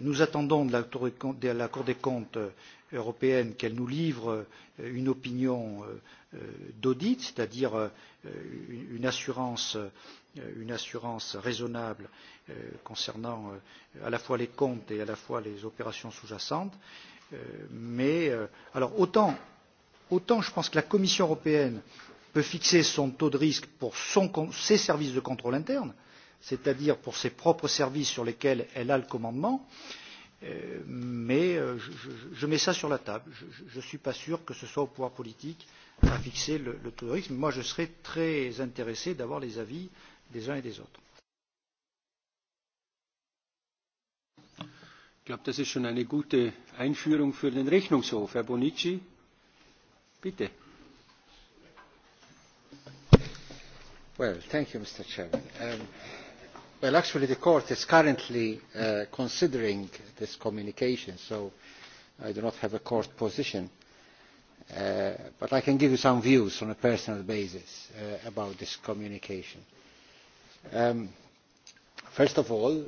nous attendons de la, cour des comptes euh, européenne qu'elle nous livre euh, une opinion euh, d'audit c'est à dire une assurance, une assurance raisonnable concernant à la fois les comptes et à la fois les opérations sous jacentes mais alors autant, autant je pense que la commission européenne peut fixer son taux de risque pour son, ses services de contrôle interne c'est à dire pour ses propres services sur lesquels elle a le commandement euh, mais euh, je, je, je mets ça sur la table. Je ne suis pas sûr que ce soit au pouvoir politique à fixer le, le taux de risque. Moi, je serais très intéressé d'avoir les avis des uns et des autres. Ich glaube, das ist schon eine gute Einführung für den Rechnungshof. Herr Bonici, bitte. Well, thank you, Mr. Chairman. Um, Well, actually, the court is currently uh, considering this communication, so I do not have a court position. Uh, but I can give you some views on a personal basis uh, about this communication. Um, first of all,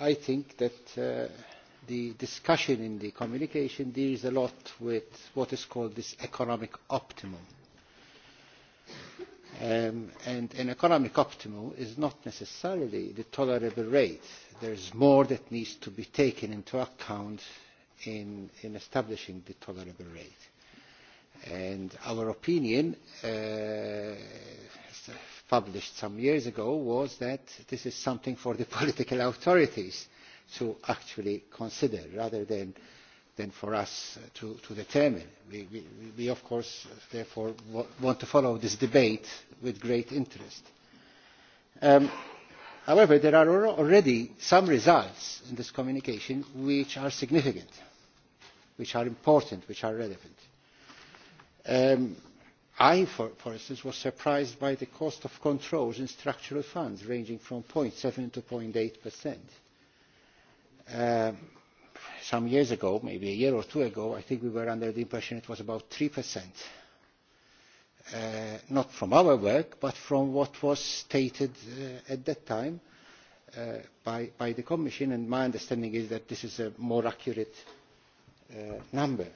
I think that the discussion in the communication deals a lot with what is called this economic optimum Um, and an economic optimum is not necessarily the tolerable rate. There is more that needs to be taken into account in, in establishing the tolerable rate. And our opinion, uh, published some years ago, was that this is something for the (laughs) political authorities to actually consider rather than uh, than for us uh, to, to determine. We, we, we, of course, therefore, want to follow this debate with great interest. Um, however, there are already some results in this communication which are significant, which are important, which are relevant. Um, I, for, for instance, was surprised by the cost of controls in structural funds ranging from 0.7 to 0.8 percent. Um, some years ago, maybe a year or two ago, I think we were under the impression it was about 3%, uh, not from our work, but from what was stated uh, at that time uh, by, by the Commission, and my understanding is that this is a more accurate uh, number.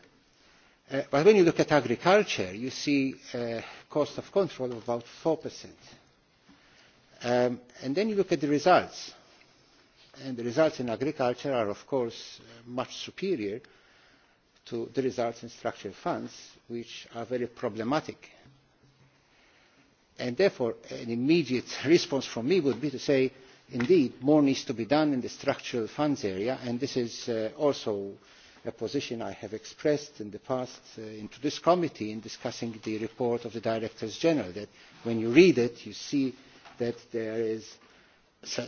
Uh, but when you look at agriculture, you see a uh, cost of control of about 4%. Um, and then you look at the results and the results in agriculture are of course uh, much superior to the results in structural funds which are very problematic. therefore an immediate (laughs) response from me would be to say indeed more needs to be done in the structural funds area and this is uh, also a position i have expressed in the past uh, in this committee in discussing the report of the directors general that when you read it you see that there is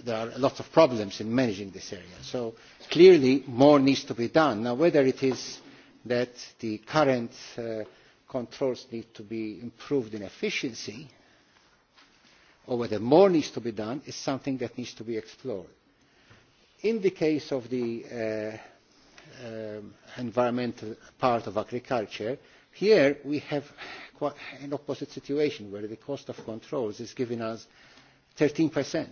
there are a lot of problems in managing this area. So clearly more needs to be done. Now whether it is that the current uh, controls need to be improved in efficiency or whether more needs to be done is something that needs to be explored. In the case of the uh, um, environmental part of agriculture, here we have quite an opposite situation where the cost of controls is giving us thirteen percent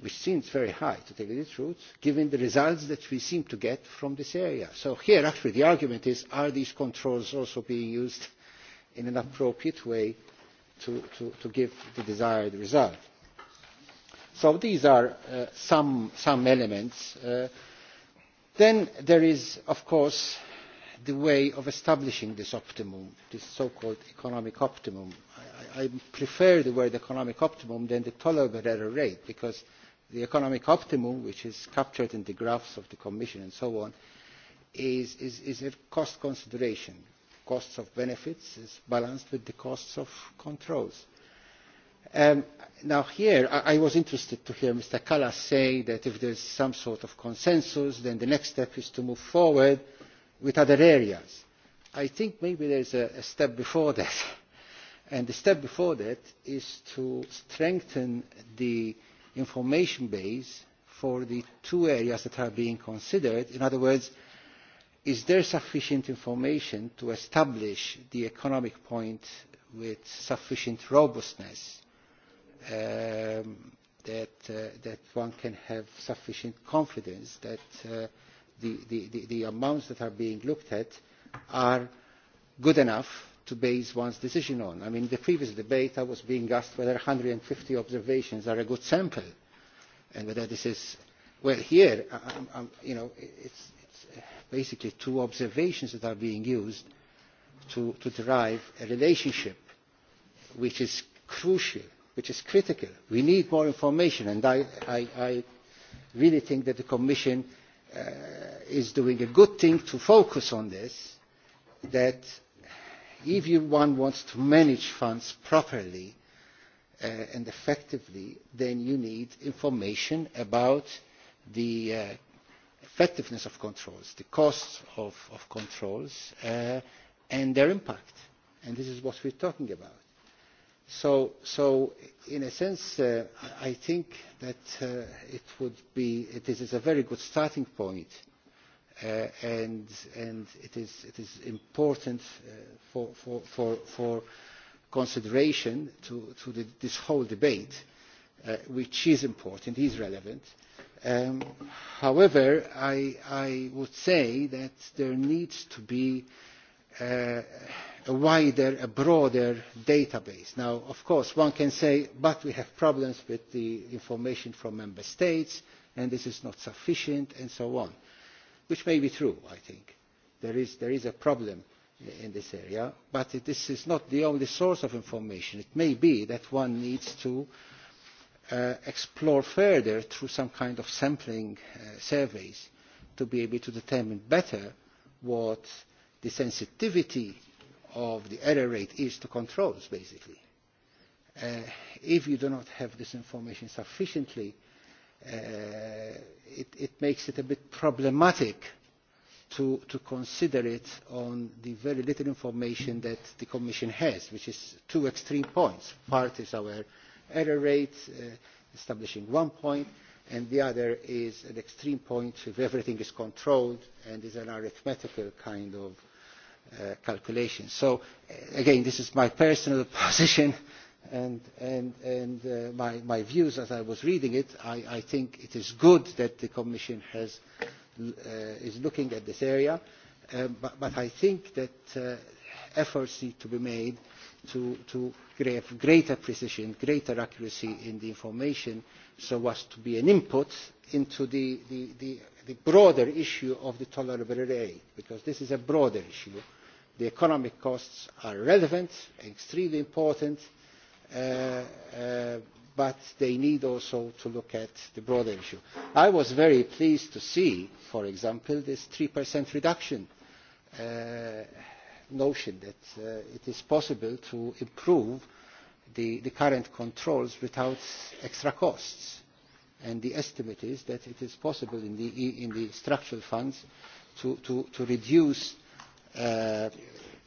which seems very high, to tell you the truth, given the results that we seem to get from this area. So here, actually, the argument is, are these controls also being used in an appropriate way to, to, to give the desired result? So these are uh, some, some elements. Uh, then there is, of course, the way of establishing this optimum, this so-called economic optimum. I, I prefer the word economic optimum than the tolerable error rate because – the economic optimum, which is captured in the graphs of the Commission and so on, is, is, a cost consideration. Costs of benefits is balanced with the costs of controls. Um, now here, I, I was interested to hear Mr. Kallas say that if there is some sort of consensus, then the next step is to move forward with other areas. I think maybe there is a, a step before that. (laughs) And the step before that is to strengthen the information base for the two areas that are being considered? In other words, is there sufficient information to establish the economic point with sufficient robustness um, that, uh, that one can have sufficient confidence that uh, the, the, the, the amounts that are being looked at are good enough to base one's decision on. I mean, in the previous debate, I was being asked whether one hundred and fifty observations are a good sample and whether this is, well, here, I'm, I'm, you know, it's, it's basically two observations that are being used to, to derive a relationship which is crucial, which is critical. We need more information, and I, I, I really think that the Commission uh, is doing a good thing to focus on this, that if you, one wants to manage funds properly uh, and effectively, then you need information about the uh, effectiveness of controls, the costs of, of controls, uh, and their impact. And this is what we're talking about. So, so in a sense, uh, I think that uh, it would be, this is a very good starting point uh, Uh, and, it, is, important uh, for, consideration to, this whole debate, uh, which is important, is relevant. Um, however, I, would say that there needs to be a wider, a broader database. Now, of course, one can say, but we have problems with the information from member states, and this is not sufficient, and so on which may be true, I think. There is, a problem in this area, but this is not the only source of information. It may be that one needs to uh, explore further through some kind of sampling uh, surveys to be able to determine better what the sensitivity of the error rate is to controls, basically. Uh, if you do not have this information sufficiently Uh, it, it makes it a bit problematic to, to consider it on the very little information that the Commission has, which is two extreme points. Part is our error rate, uh, establishing one point, and the other is an extreme point if everything is controlled and is an arithmetical kind of uh, calculation. So, uh, again, this is my personal (laughs) position and, and, and uh, my, my views as I was reading it, I, I think it is good that the Commission has, uh, is looking at this area, uh, but, but I think that uh, efforts need to be made to, to have greater precision, greater accuracy in the information so as to be an input into the, the, the, the broader issue of the tolerable rate, because this is a broader issue. The economic costs are relevant, extremely important, Uh, uh, but they need also to look at the broader issue. I was very pleased to see, for example, this 3% reduction uh, notion that uh, it is possible to improve the, the current controls without extra costs. And the estimate is that it is possible in the, e, in the structural funds to, to, to reduce uh,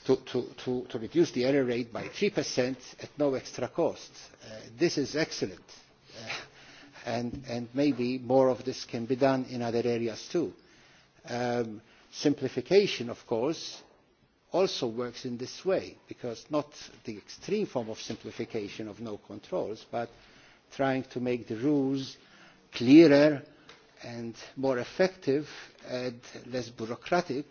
to, to, to reduce the error rate by three cent at no extra cost. Uh, this is excellent. Uh, and, and maybe more of this can be done in other areas too. Um, simplification, of course, also works in this way because not the extreme form of simplification of no controls, but trying to make the rules clearer and more effective and less bureaucratic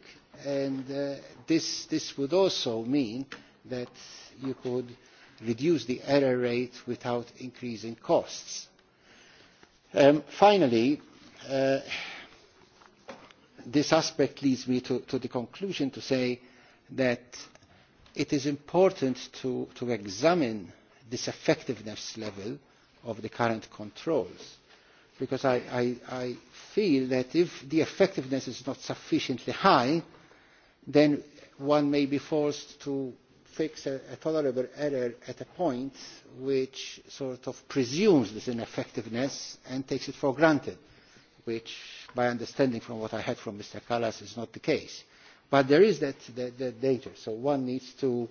and uh, this, would also mean that you could reduce the error rate without increasing costs. Um, finally, uh, this aspect leads me to, the conclusion to say that it is important to, examine this effectiveness level of the current controls because I feel that if the effectiveness is not sufficiently high, then one may be forced to fix a, tolerable error at a point which sort of presumes this ineffectiveness and takes it for granted, which, my understanding from what I had from Mr. Kallas, is not the case. But there is that, that, that danger, so one needs to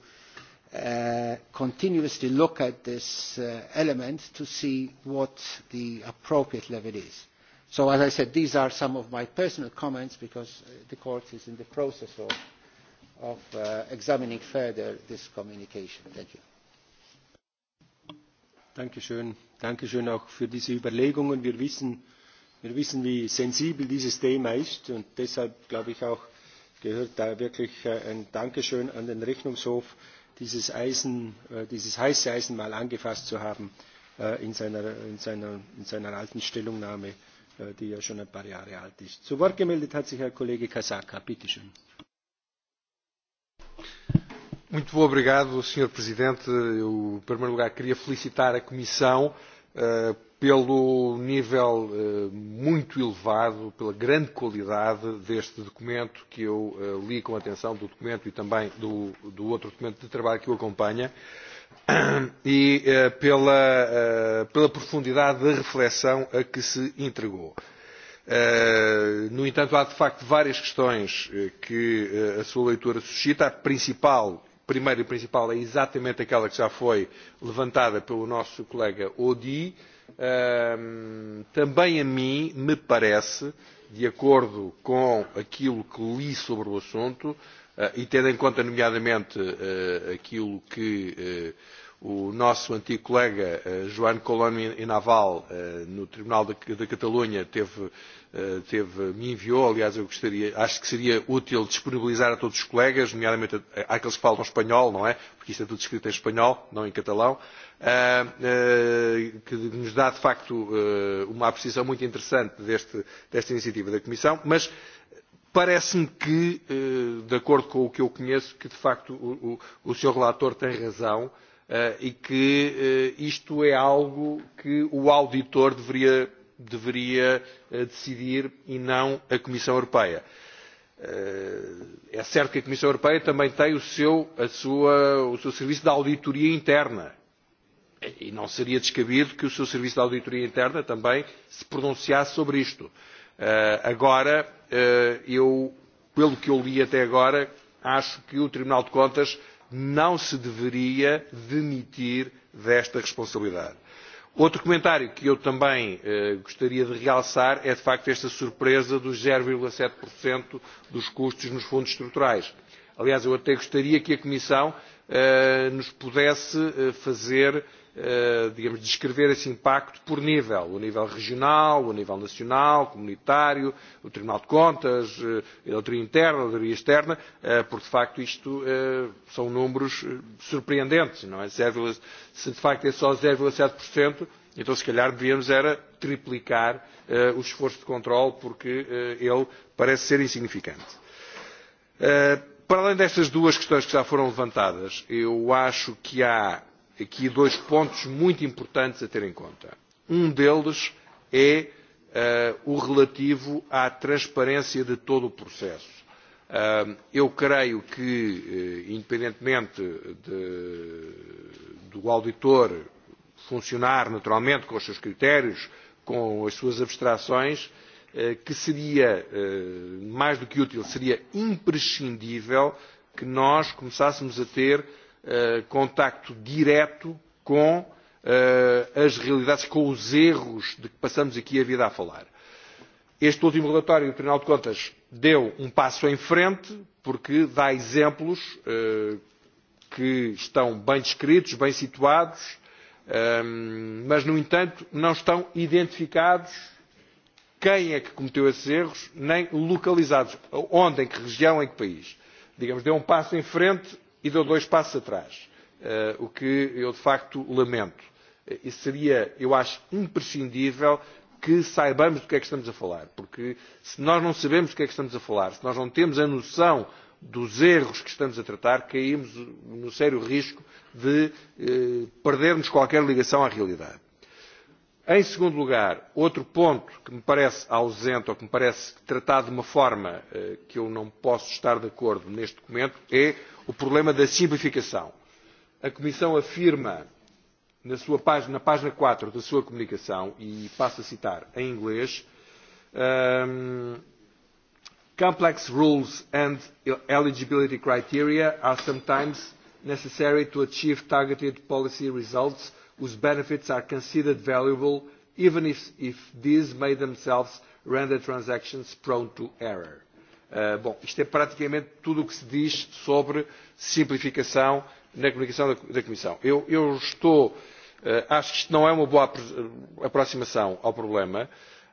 uh, continuously look at this uh, element to see what the appropriate level is so as i said these are some of my personal comments because uh, the court is in the process of, uh, examining further this communication. thank you. Dankeschön. Dankeschön auch für diese Überlegungen. Wir wissen, wir wissen, wie sensibel dieses Thema ist und deshalb glaube ich auch gehört da wirklich äh, ein Dankeschön an den Rechnungshof, dieses, Eisen, äh, dieses heiße Eisen mal angefasst zu haben äh, in seiner, in seiner, in seiner alten Stellungnahme Äh, die ja schon ein paar Jahre alt ist. Zu Wort gemeldet hat sich Herr Kollege Kasaka. Bitte schön. Muito obrigado, Sr. Presidente. Eu, em primeiro lugar, queria felicitar a Comissão uh, pelo nível uh, muito elevado, pela grande qualidade deste documento que eu uh, li com atenção, do documento e também do, do outro documento de trabalho que o acompanha. Uh, e eh, pela, eh, pela profundidade da reflexão a que se entregou. Eh, no entanto, há de facto várias questões que a sua leitura suscita. A principal, primeira e principal, é exatamente aquela que já foi levantada pelo nosso colega Odi. Ehm, também a mim me parece, de acordo com aquilo que li sobre o assunto, Eh, e tendo em conta, nomeadamente, eh, aquilo que eh, o nosso antigo colega João colom e Naval, no Tribunal da Catalunha, me enviou, aliás, eu gostaria, acho que seria útil disponibilizar a todos os colegas, nomeadamente àqueles que falam espanhol, não é? Porque isto é tudo escrito em espanhol, não em catalão, que nos dá, de facto, uma apreciação muito interessante desta iniciativa da Comissão, mas Parece-me que, eh, de acordo com o que eu conheço, que de facto o, o, o Sr. Relator tem razão eh, e que eh, isto é algo que o auditor deveria, deveria decidir e não a Comissão Europeia. É certo que a Comissão Europeia também tem o seu, a sua, o seu serviço de auditoria interna e não seria descabido que o seu serviço de auditoria interna também se pronunciasse sobre isto. Agora, Eh, eu, pelo que eu li até agora, acho que o Tribunal de Contas não se deveria demitir desta responsabilidade. Outro comentário que eu também eh, gostaria de realçar é, de facto, esta surpresa dos 0,7% dos custos nos fundos estruturais. Aliás, eu até gostaria que a Comissão eh, nos pudesse fazer Eh, digamos, descrever esse impacto por nível, o nível regional, o nível nacional, comunitário, o Tribunal de Contas, eh, a auditoria interna, a auditoria externa, eh, porque de facto isto são números surpreendentes, não é? se de facto é só 0,7%, então se calhar devíamos era triplicar o esforço de controle, porque ele parece ser insignificante. Para além destas duas questões que já foram levantadas, eu acho que há aqui dois pontos muito importantes a ter em conta. Um deles é uh, o relativo à transparência de todo o processo. Uh, eu creio que, uh, independentemente de, do auditor funcionar naturalmente com os seus critérios, com as suas abstrações, uh, que seria, mais do que útil, seria imprescindível que nós começássemos a ter Eh, contacto direto com eh, as realidades, com os erros de que passamos aqui a vida a falar. Este último relatório do Tribunal de Contas deu um passo em frente, porque dá exemplos eh, que estão bem descritos, bem situados, mas, no entanto, não estão identificados quem é que cometeu esses erros, nem localizados, onde, em que região, em que país. Digamos, deu um passo em frente e deu dois passos atrás, eh, o que eu de facto lamento. E seria, eu acho, imprescindível que saibamos do que é que estamos a falar, porque se nós não sabemos do que é que estamos a falar, se nós não temos a noção dos erros que estamos a tratar, caímos no sério risco de eh, perdermos qualquer ligação à realidade. Em segundo lugar, outro ponto que me parece ausente ou que me parece tratado de uma forma eh, que eu não posso estar de acordo neste documento é o problema da simplificação. A Comissão afirma na, sua página, na página 4 da sua comunicação, e passo a citar em inglês, um, complex rules and eligibility criteria are sometimes necessary to achieve targeted policy results whose benefits are considered valuable even if, if these may themselves render transactions prone to error. Uh, bom, isto é praticamente tudo o que se diz sobre simplificação na comunicação da, da Comissão. Eu, eu estou, uh, acho que isto não é uma boa eh, aproximação ao problema.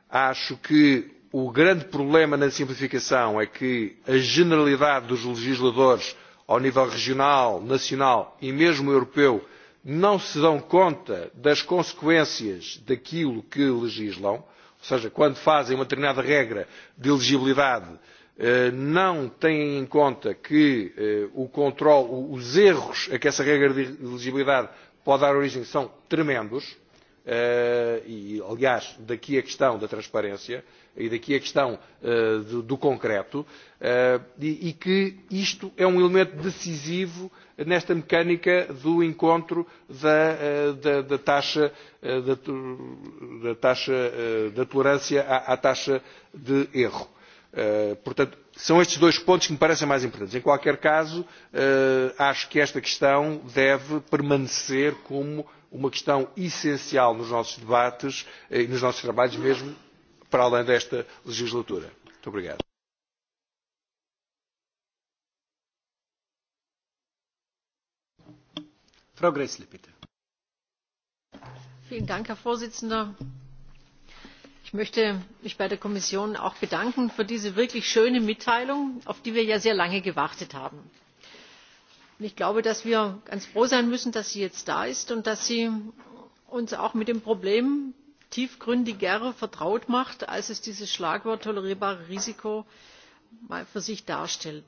Acho que o grande problema na simplificação é que a generalidade dos legisladores, ao nível regional, nacional e mesmo europeu, não se dão conta das consequências daquilo que legislam, ou seja, quando fazem uma determinada regra de elegibilidade, eh, não têm em conta que eh, o controle, os erros a que essa regra de elegibilidade pode dar origem são tremendos, eh, e aliás, daqui a questão da transparência, e daqui a questão eh, do, concreto, eh, e, e, que isto é um elemento decisivo nesta mecânica do encontro da, eh, da, da taxa, da, da, taxa da tolerância à, à taxa de erro. portanto, são estes dois pontos que me parecem mais importantes. Em qualquer caso, acho que esta questão deve permanecer como uma questão essencial nos nossos debates e nos nossos trabalhos mesmo para além desta legislatura. Muito obrigado. Frau Gressle, bitte. Vielen Dank, Herr Vorsitzender. Ich möchte mich bei der Kommission auch bedanken für diese wirklich schöne Mitteilung, auf die wir ja sehr lange gewartet haben. Und ich glaube, dass wir ganz froh sein müssen, dass sie jetzt da ist und dass sie uns auch mit dem Problem tiefgründiger vertraut macht als es dieses schlagwort tolerierbares risiko für sich darstellt.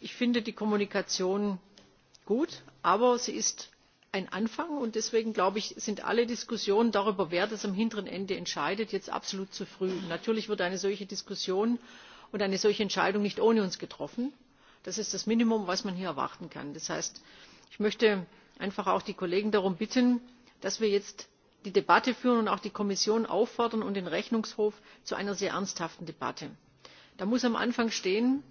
ich finde die kommunikation gut aber sie ist ein anfang und deswegen ich, sind alle diskussionen darüber wer das am hinteren ende entscheidet jetzt absolut zu früh. natürlich wird eine solche diskussion und eine solche entscheidung nicht ohne uns getroffen. das ist das minimum was man hier erwarten kann. das heißt ich möchte einfach auch die kollegen darum bitten dass wir jetzt die debatte führen und auch die kommission auffordern und den rechnungshof zu einer sehr ernsthaften debatte. da muss am anfang stehen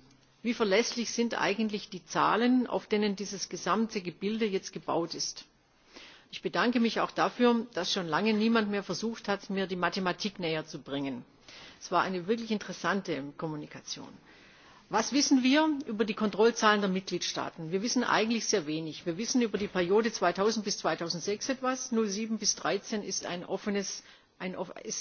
wie verlässlich sind eigentlich die zahlen auf denen dieses gesamte gebilde jetzt gebaut ist? ich bedanke mich auch dafür dass schon lange niemand mehr versucht hat mir die mathematik näherzubringen. es war eine wirklich interessante kommunikation was wissen wir über die kontrollzahlen der mitgliedstaaten? wir wissen eigentlich sehr wenig. wir wissen über die periode zweitausend bis zweitausendsechs etwas sieben bis dreizehn ist,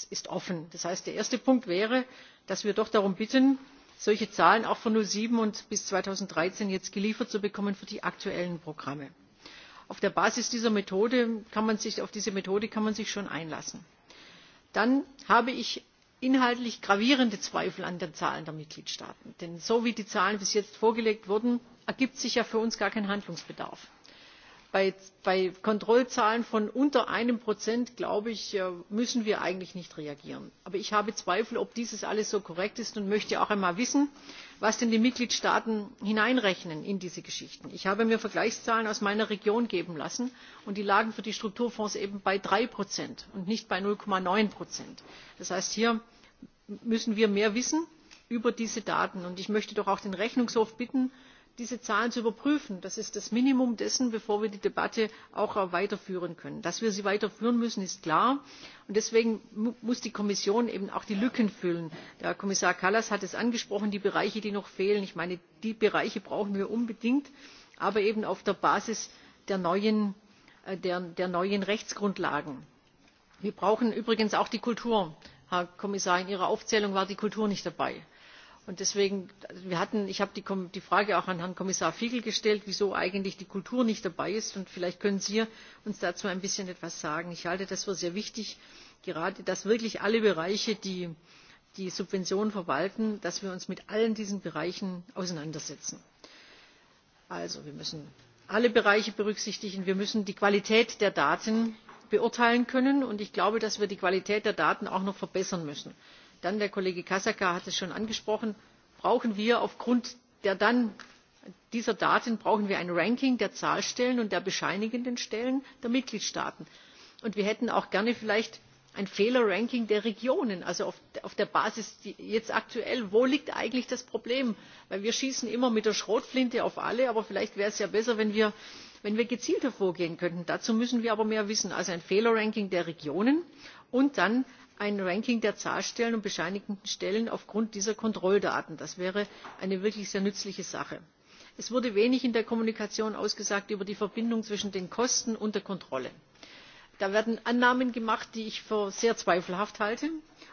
ist offen. das heißt der erste punkt wäre dass wir doch darum bitten solche zahlen auch für sieben und bis zweitausenddreizehn jetzt geliefert zu bekommen für die aktuellen programme. auf der basis dieser methode kann man sich, auf diese methode schon einlassen. dann habe ich inhaltlich gravierende zweifel an den zahlen der mitgliedstaaten denn so wie die zahlen bis jetzt vorgelegt wurden ergibt sich ja für uns gar kein handlungsbedarf. bei, kontrollzahlen von unter einem prozent äh, müssen wir eigentlich nicht reagieren. aber ich habe zweifel ob dies alles so korrekt ist und möchte auch einmal wissen was denn die mitgliedstaaten hineinrechnen in diese geschichten. ich habe mir vergleichszahlen aus meiner region geben lassen und die lagen für die strukturfonds eben bei drei und nicht bei. null neun das heißt hier müssen wir mehr wissen über diese daten. ich möchte doch auch den rechnungshof bitten diese zahlen zu überprüfen das ist das minimum dessen bevor wir die debatte auch äh, weiterführen können. dass wir sie weiterführen müssen ist klar und deswegen muss die kommission eben auch die lücken füllen. der kommissar kallas hat es angesprochen die bereiche die noch fehlen ich meine die bereiche brauchen wir unbedingt aber eben auf der basis der neuen, äh, der neuen rechtsgrundlagen. wir brauchen übrigens auch die kultur herr kommissar in ihrer aufzählung war die kultur nicht dabei. Und deswegen, habe ich habe die, Frage auch an Herrn Kommissar Figel gestellt, wieso eigentlich die Kultur nicht dabei ist. Und vielleicht können Sie uns dazu ein bisschen etwas sagen. Ich halte das für sehr wichtig, gerade dass wirklich alle Bereiche, die die Subventionen verwalten, dass wir uns mit allen diesen Bereichen auseinandersetzen. Also wir müssen alle Bereiche berücksichtigen. Wir müssen die Qualität der Daten beurteilen können. Und ich glaube, dass wir die Qualität der Daten auch noch verbessern müssen dann der kollege casaca hat es schon angesprochen brauchen wir aufgrund dieser daten ein ranking der zahlstellen und der bescheinigenden stellen der mitgliedstaaten. und wir hätten auch gerne vielleicht ein fehlerranking der regionen also auf der basis jetzt aktuell wo liegt eigentlich das problem? denn wir schießen immer mit der schrotflinte auf alle aber vielleicht wäre es ja besser wenn wir gezielter vorgehen könnten. dazu müssen wir aber mehr wissen also ein fehlerranking der regionen und dann ein ranking der zahlstellen und bescheinigten stellen aufgrund dieser kontrolldaten. das wäre eine wirklich sehr nützliche sache. es wurde wenig in der kommunikation ausgesagt über die verbindung zwischen den kosten und der kontrolle. da werden annahmen gemacht die ich für sehr zweifelhaft halte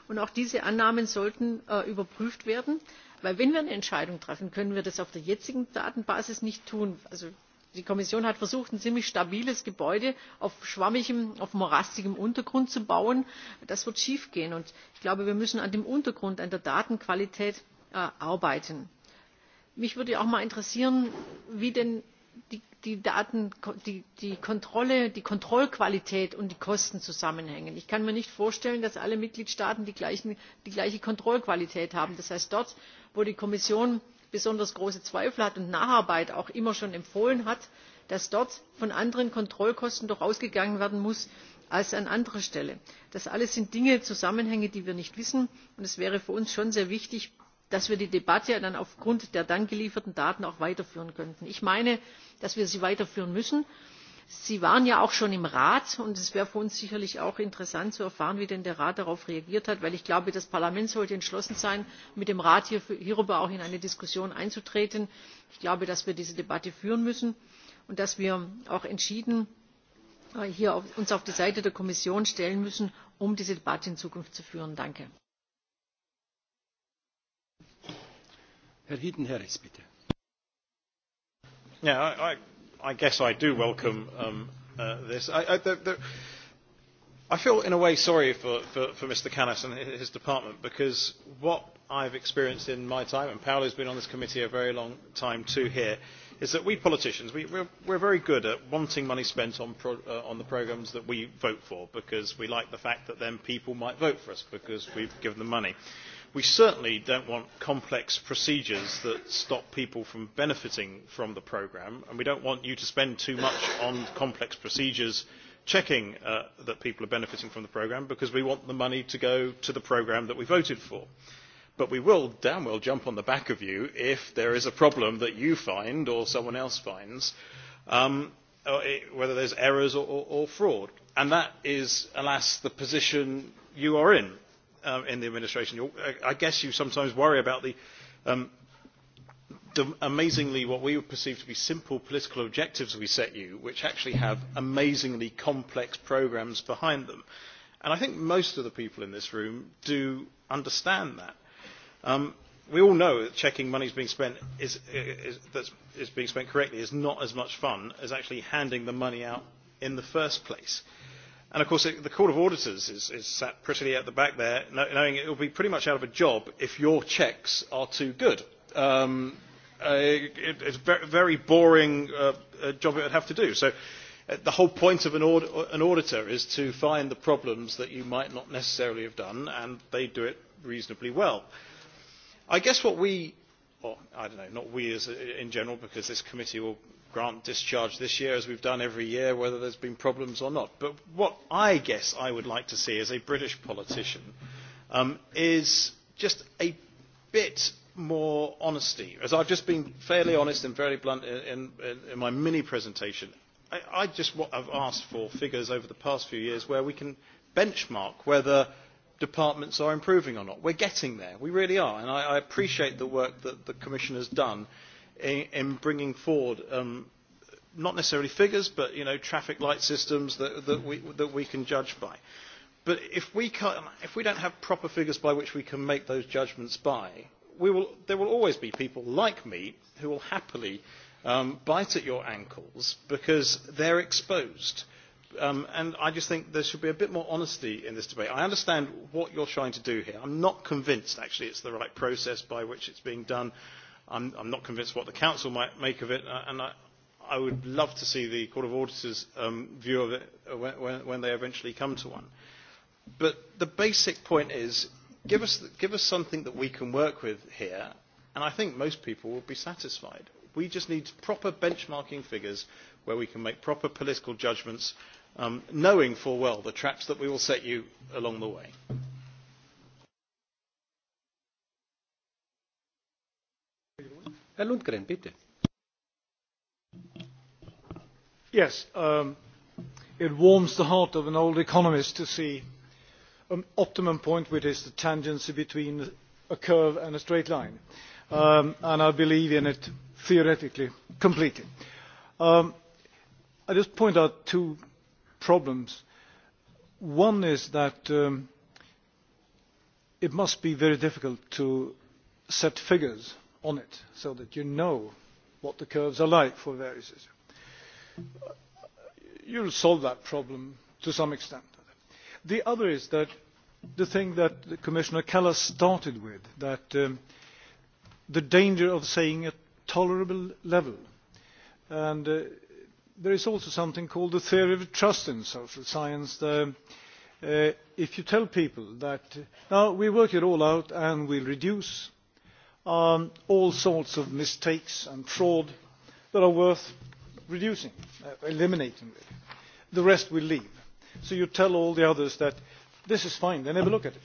und auch diese annahmen sollten äh, überprüft werden denn wenn wir eine entscheidung treffen können wir das auf der jetzigen datenbasis nicht tun die kommission hat versucht ein ziemlich stabiles gebäude auf schwammigem auf morastigem untergrund zu bauen. das wird schiefgehen und ich glaube wir müssen an dem untergrund an der datenqualität äh, arbeiten. mich würde auch mal interessieren wie denn die, kontrolle die kontrollqualität und die kosten zusammenhängen. ich kann mir nicht vorstellen dass alle mitgliedstaaten die gleiche kontrollqualität haben. das heißt dort wo die kommission besonders große zweifel hat und nacharbeit auch immer schon empfohlen hat dass dort von anderen kontrollkosten doch ausgegangen werden muss als an anderer stelle. das alles sind dinge zusammenhänge die wir nicht kennen und es wäre für uns schon sehr wichtig dass wir die debatte dann aufgrund der dann gelieferten daten auch weiterführen könnten. ich meine dass wir sie weiterführen müssen sie waren ja auch schon im rat und es wäre für uns sicherlich auch interessant zu erfahren wie denn der rat darauf reagiert hat denn ich glaube das parlament sollte entschlossen sein mit dem rat hierüber auch in eine diskussion einzutreten. ich glaube dass wir diese debatte führen müssen und dass wir uns auch entschieden äh, hier auf, die seite der kommission stellen müssen um diese debatte in zukunft zu führen. danke. herr hidden harris bitte. I guess I do welcome um, uh, this. I, I, the, the, I feel, in a way, sorry for, for, for Mr. Canis and his department because what I've experienced in my time, and Paolo's been on this committee a very long time too here, is that we politicians, we, we're, we're very good at wanting money spent on, pro, uh, on the programmes that we vote for because we like the fact that then people might vote for us because we've given them money. Uh, we certainly do not want complex procedures that stop people from benefiting from the programme and we do not want you to spend too much on complex procedures checking uh, that people are benefiting from the programme because we want the money to go to the programme that we voted for but we will damn well jump on the back of you if there is a problem that you find or someone else finds, um, uh, whether is errors or, or, or fraud. And that is, alas, the position you are in uh, in the administration. You're, I guess you sometimes worry about the, um, the amazingly what we would perceive to be simple political objectives we set you, which actually have amazingly complex programmes behind them. And I think most of the people in this room do understand that. Um, we all know that checking money is being spent is, is, that's, is being spent correctly is not as much fun as actually handing the money out in the first place. Uh, And of course, the Court of Auditors is, is sat prettily at the back there, knowing it will be pretty much out of a job if your checks are too good. Um, uh, it, it's a very, very boring uh, uh, job it would have to do. So uh, the whole point of an, aud- an auditor is to find the problems that you might not necessarily have done, and they do it reasonably well. I guess what we, or I don't know, not we as in general, because this committee will grant discharge this year as we have done every year whether there have been problems or not. but what i guess i would like to see as a british politician um, is just a bit more honesty. as i have just been fairly honest and very blunt in, in, in my mini presentation i, I just have asked for figures over the past few years where we can benchmark whether departments are improving or not. we are getting there we really are and I, i appreciate the work that the commission has done in, in bringing forward um, not necessarily figures, but you know, traffic light systems that, that, we, that we can judge by. But if we, can't, if we don't have proper figures by which we can make those judgments by, we will, there will always be people like me who will happily um, bite at your ankles because they're exposed. Um, and I just think there should be a bit more honesty in this debate. I understand what you're trying to do here. I'm not convinced, actually, it's the right process by which it's being done. I'm, I'm not convinced what the Council might make of it, uh, and I, I would love to see the Court of Auditors' um, view of it uh, when, when, when they eventually come to one. But the basic point is, give us, give us something that we can work with here, and I think most people will be satisfied. We just need proper benchmarking figures where we can make proper political judgments, um, knowing full well the traps that we will set you along the way. Herr Lundgren, bitte. Um, it warms the heart of an old economist to see an optimum point, which is the tangency between a curve and a straight line. Um, and I believe in it theoretically completely. Um, I just point out two problems. One is that it must be very difficult to set figures on it so that you know what the curves are like for varices. Uh, you'll solve that problem to some extent. The other is that the thing that Commissioner Callas started with, that um, the danger of saying a tolerable level. And uh, there is also something called the theory of trust in social science. The, uh, if you tell people that, uh, now we work it all out and we'll reduce um, all sorts of mistakes and fraud that are worth reducing, uh, eliminating. The rest will leave. So you tell all the others that this is fine, they never look at it.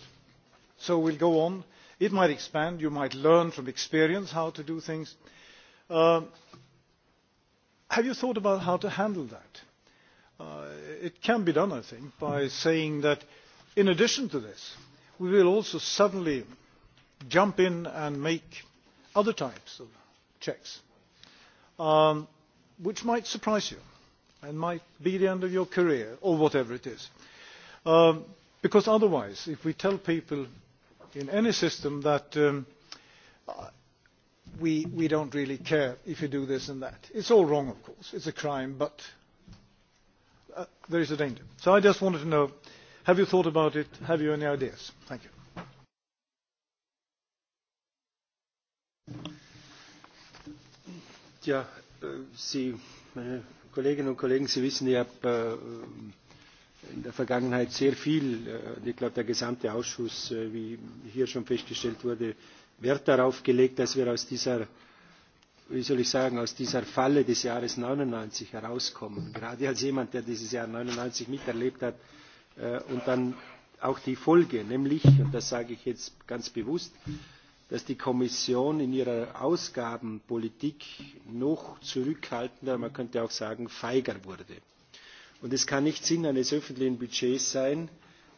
So we'll go on. It might expand, you might learn from experience how to do things. Um, have you thought about how to handle that? Uh, it can be done, I think, by saying that in addition to this, we will also suddenly jump in and make other types of checks, um, which might surprise you and might be the end of your career or whatever it is. Um, because otherwise, if we tell people in any system that um, we, we don't really care if you do this and that, it's all wrong, of course. It's a crime, but uh, there is a danger. So I just wanted to know, have you thought about it? Have you any ideas? Thank you. Äh, Sie, meine Kolleginnen und Kollegen, Sie wissen, ich habe äh, in der Vergangenheit sehr viel, äh, ich glaube, der gesamte Ausschuss, wie hier schon festgestellt wurde, Wert darauf gelegt, dass wir aus dieser, wie soll ich sagen, aus dieser Falle des Jahres eintausendneunhundertneunundneunzig herauskommen. Gerade als jemand, der dieses Jahr eintausendneunhundertneunundneunzig miterlebt hat und dann auch die Folge, nämlich, und das sage ich jetzt ganz bewusst, dass die Kommission in ihrer Ausgabenpolitik noch zurückhaltender, man könnte auch sagen, feiger wurde. Und es kann nicht Sinn eines öffentlichen Budgets sein,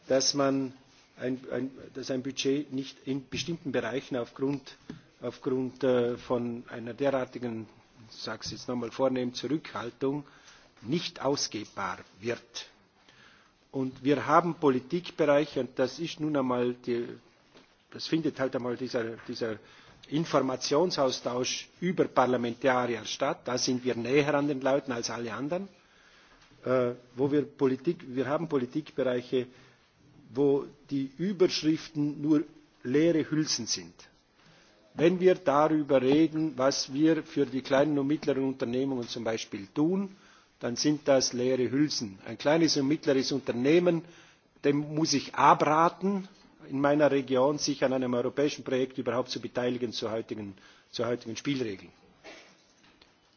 dass, man ein, ein, dass ein Budget nicht in bestimmten Bereichen aufgrund, aufgrund äh, von einer derartigen, ich sage es jetzt nochmal vornehm, Zurückhaltung nicht ausgebbar wird. Und wir haben Politikbereiche, und das ist nun einmal die, das findet halt einmal dieser, dieser Informationsaustausch über Parlamentarier statt. Da sind wir näher an den Leuten als alle anderen. Äh, wo wir, Politik, wir haben Politikbereiche, wo die Überschriften nur leere Hülsen sind. Wenn wir darüber reden, was wir für die kleinen und mittleren Unternehmungen zum Beispiel tun, dann sind das leere Hülsen. Ein kleines und mittleres Unternehmen, dem muss ich abraten, in meiner Region, sich an einem europäischen Projekt überhaupt zu beteiligen zu heutigen, zu heutigen Spielregeln.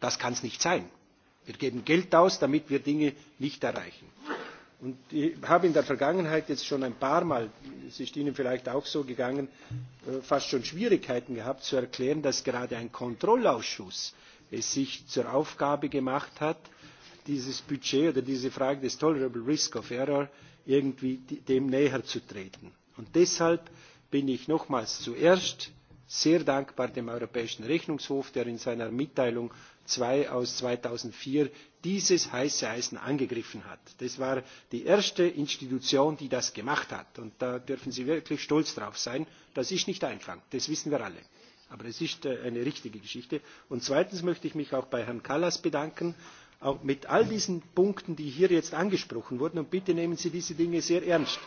Das kann es nicht sein. Wir geben Geld aus, damit wir Dinge nicht erreichen. Und ich habe in der Vergangenheit jetzt schon ein paar Mal, es ist Ihnen vielleicht auch so gegangen, äh, fast schon Schwierigkeiten gehabt zu erklären, dass gerade ein Kontrollausschuss es sich zur Aufgabe gemacht hat, dieses Budget oder diese Frage des Tolerable Risk of Error irgendwie dem näher zu treten. Und deshalb bin ich nochmals zuerst sehr dankbar dem Europäischen Rechnungshof, der in seiner Mitteilung 2 aus 2004 dieses heiße Eisen angegriffen hat. Das war die erste Institution, die das gemacht hat. Und da dürfen Sie wirklich stolz drauf sein. Das ist nicht einfach. Das wissen wir alle. Aber es ist äh, eine richtige Geschichte. Und zweitens möchte ich mich auch bei Herrn Kallas bedanken. Auch mit all diesen Punkten, die hier jetzt angesprochen wurden. Und bitte nehmen Sie diese Dinge sehr ernst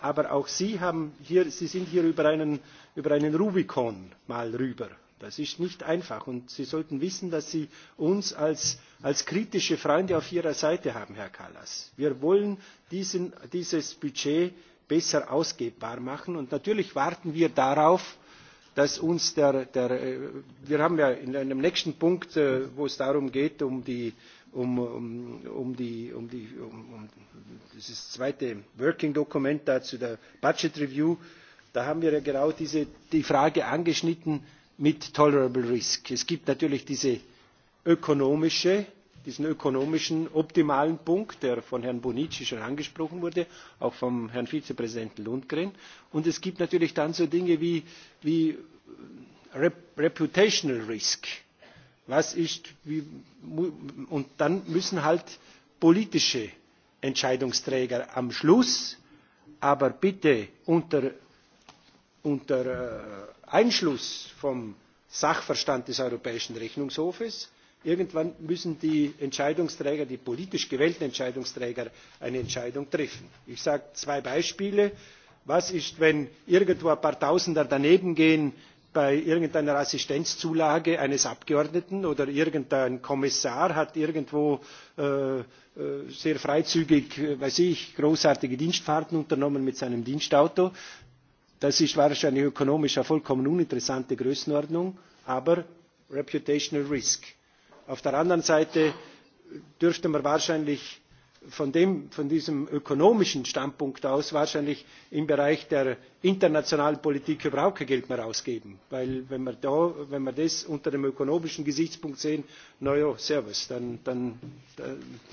Aber auch Sie, haben hier, Sie sind hier über einen, über einen Rubikon mal rüber. Das ist nicht einfach. Und Sie sollten wissen, dass Sie uns als, als kritische Freunde auf Ihrer Seite haben, Herr Kallas. Wir wollen diesen, dieses Budget besser ausgebbar machen. Und natürlich warten wir darauf, dass uns der, der äh, wir haben ja in einem nächsten Punkt, äh, wo es darum geht, um die Um, um, um, die, um, die, um, um das, ist zweite Working Dokument da zu der Budget Review. Da haben wir ja genau diese, die Frage angeschnitten mit Tolerable Risk. Es gibt natürlich diese ökonomische, diesen ökonomischen optimalen Punkt, der von Herrn Bonici schon angesprochen wurde, auch vom Herrn Vizepräsidenten Lundgren. Und es gibt natürlich dann so Dinge wie, wie Reputational Risk was ist, wie, und dann müssen halt politische Entscheidungsträger am Schluss, aber bitte unter, unter äh, Einschluss vom Sachverstand des Europäischen Rechnungshofes, irgendwann müssen die Entscheidungsträger, die politisch gewählten Entscheidungsträger, eine Entscheidung treffen. Ich sage zwei Beispiele. Was ist, wenn irgendwo ein paar Tausender daneben gehen, bei irgendeiner assistenzzulage eines abgeordneten oder irgendein kommissar hat irgendwo äh, äh sehr freizügig äh, weiß ich großartige dienstfahrten unternommen mit seinem dienstauto das ist wahrscheinlich ökonomisch eine vollkommen uninteressante größenordnung aber reputational risk. auf der anderen seite dürfte man wahrscheinlich von, dem, von diesem ökonomischen Standpunkt aus wahrscheinlich im Bereich der internationalen Politik überhaupt kein Geld mehr ausgeben. Weil wenn wir, da, wenn wir das unter dem ökonomischen Gesichtspunkt sehen, naja, Servus, dann, dann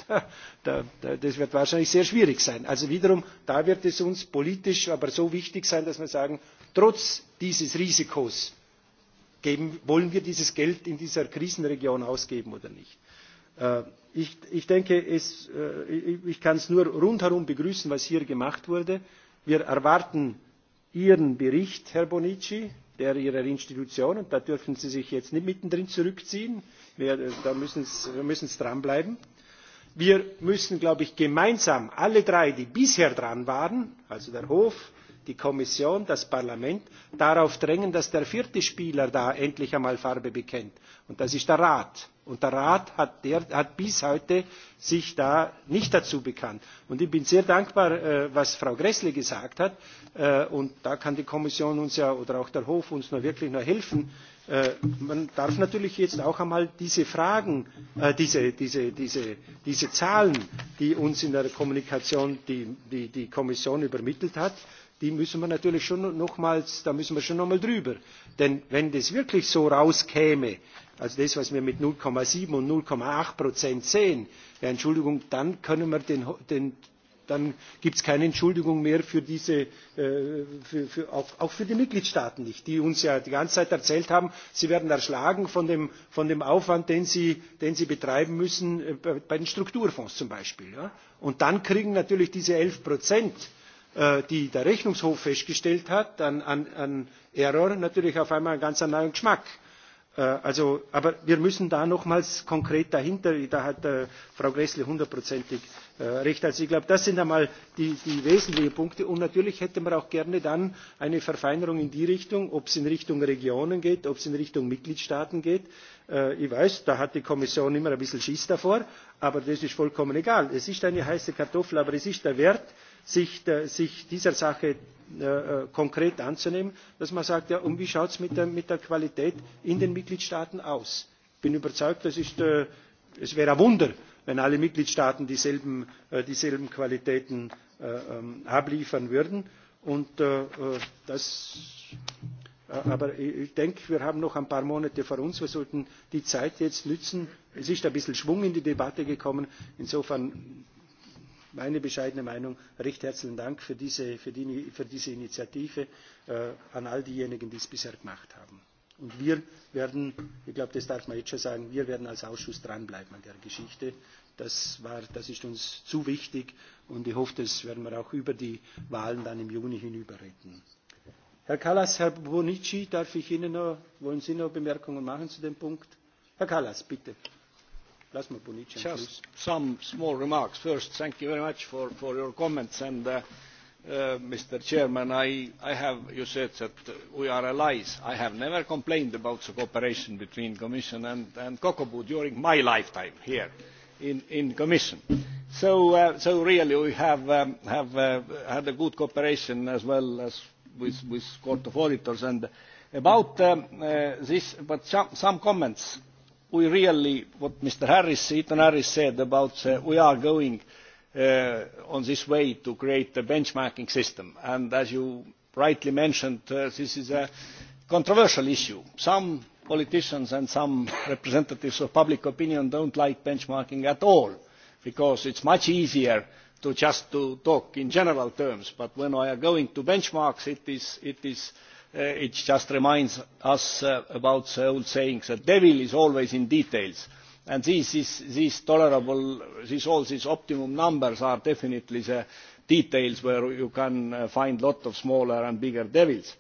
da, da, da, das wird wahrscheinlich sehr schwierig sein. Also wiederum, da wird es uns politisch aber so wichtig sein, dass wir sagen, trotz dieses Risikos geben, wollen wir dieses Geld in dieser Krisenregion ausgeben oder nicht. Äh, ich, denke, äh, ich kann es nur rundherum begrüßen, was hier gemacht wurde. Wir erwarten Ihren Bericht, Herr Bonici, der Ihrer Institution, und da dürfen Sie sich jetzt nicht mittendrin zurückziehen. Äh, da müssen Sie dranbleiben. Wir müssen, glaube ich, gemeinsam alle drei, die bisher dran waren, also der Hof, die Kommission, das Parlament, darauf drängen, dass der vierte Spieler da endlich einmal Farbe bekennt. Und das ist der Rat Und der Rat hat, sich bis heute da nicht dazu bekannt. Und ich bin sehr dankbar, äh, was Frau gräßle gesagt hat. Äh, und da kann die Kommission uns ja oder auch der Hof uns wirklich nur helfen. Äh, man darf natürlich jetzt auch einmal diese Fragen, diese, diese, diese, diese Zahlen, die uns in der Kommunikation die, die Kommission übermittelt hat, die müssen wir natürlich schon no-, nochmals, da müssen wir schon nochmal drüber. Denn wenn das wirklich so rauskäme, also das, was wir mit 0,7 und 0,8 Prozent sehen, ja, Entschuldigung, dann können wir den, den dann gibt es keine Entschuldigung mehr für diese, äh, für, für, auch, auch für die Mitgliedstaaten nicht, die uns ja die ganze Zeit erzählt haben, sie werden erschlagen von dem, von dem Aufwand, den sie, den sie betreiben müssen, äh, bei den Strukturfonds zum Beispiel. Ja? Und dann kriegen natürlich diese elf Prozent, äh, Äh, die der Rechnungshof festgestellt hat, an, an, an Error natürlich auf einmal einen ganz neuen Geschmack. Äh, also, aber wir müssen da nochmals konkret dahinter, da hat äh, Frau Gressle hundertprozentig äh, recht. Also ich glaube, das sind einmal die, die wesentlichen Punkte. Und natürlich hätte man auch gerne dann eine Verfeinerung in die Richtung, ob es in Richtung Regionen geht, ob es in Richtung Mitgliedstaaten geht. Äh, ich weiß, da hat die Kommission immer ein bisschen Schiss davor, aber das ist vollkommen egal. Es ist eine heiße Kartoffel, aber es ist der Wert, sich, dieser Sache äh, konkret anzunehmen, dass man sagt, ja, und wie schaut es mit der, mit der Qualität in den Mitgliedstaaten aus? Ich bin überzeugt, das ist, äh, es wäre ein Wunder, wenn alle Mitgliedstaaten dieselben, äh, dieselben Qualitäten ähm, abliefern würden. Und das, aber ich denke, wir haben noch ein paar Monate vor uns. Wir sollten die Zeit jetzt nützen. Es ist ein bisschen Schwung in die Debatte gekommen. Insofern meine bescheidene Meinung. Recht herzlichen Dank für diese, für die, für diese Initiative äh, an all diejenigen, die es bisher gemacht haben. Und wir werden, ich glaube, das darf man jetzt schon sagen, wir werden als Ausschuss dranbleiben an der Geschichte. Das, war, das ist uns zu wichtig und ich hoffe, das werden wir auch über die Wahlen dann im Juni hinüber retten. Herr Kallas, Herr Bonici, darf ich Ihnen noch, wollen Sie noch Bemerkungen machen zu dem Punkt? Herr Kallas, bitte. Just some small remarks. First, thank you very much for, for your comments. And uh, uh, Mr. Chairman, I, I have, you said that we are allies. I have never complained about the cooperation between Commission and, and Kokobu during my lifetime here in, in Commission. So, uh, so really we have, um, have uh, had a good cooperation as well as with, with Court of Auditors. And about um, uh, this, but some, some comments we really, what Mr. Harris, Ethan Harris said about uh, we are going uh, on this way to create a benchmarking system. And as you rightly mentioned, uh, this is a controversial issue. Some politicians and some (laughs) representatives of public opinion don't like benchmarking at all because it's much easier to just to talk in general terms. But when we are going to benchmarks, it is, it is uh, Uh, it just reminds us uh, about the old saying the devil is always in details and these, these, these tolerable these, all these optimum numbers are definitely the details where you can uh, find a lot of smaller and bigger devils.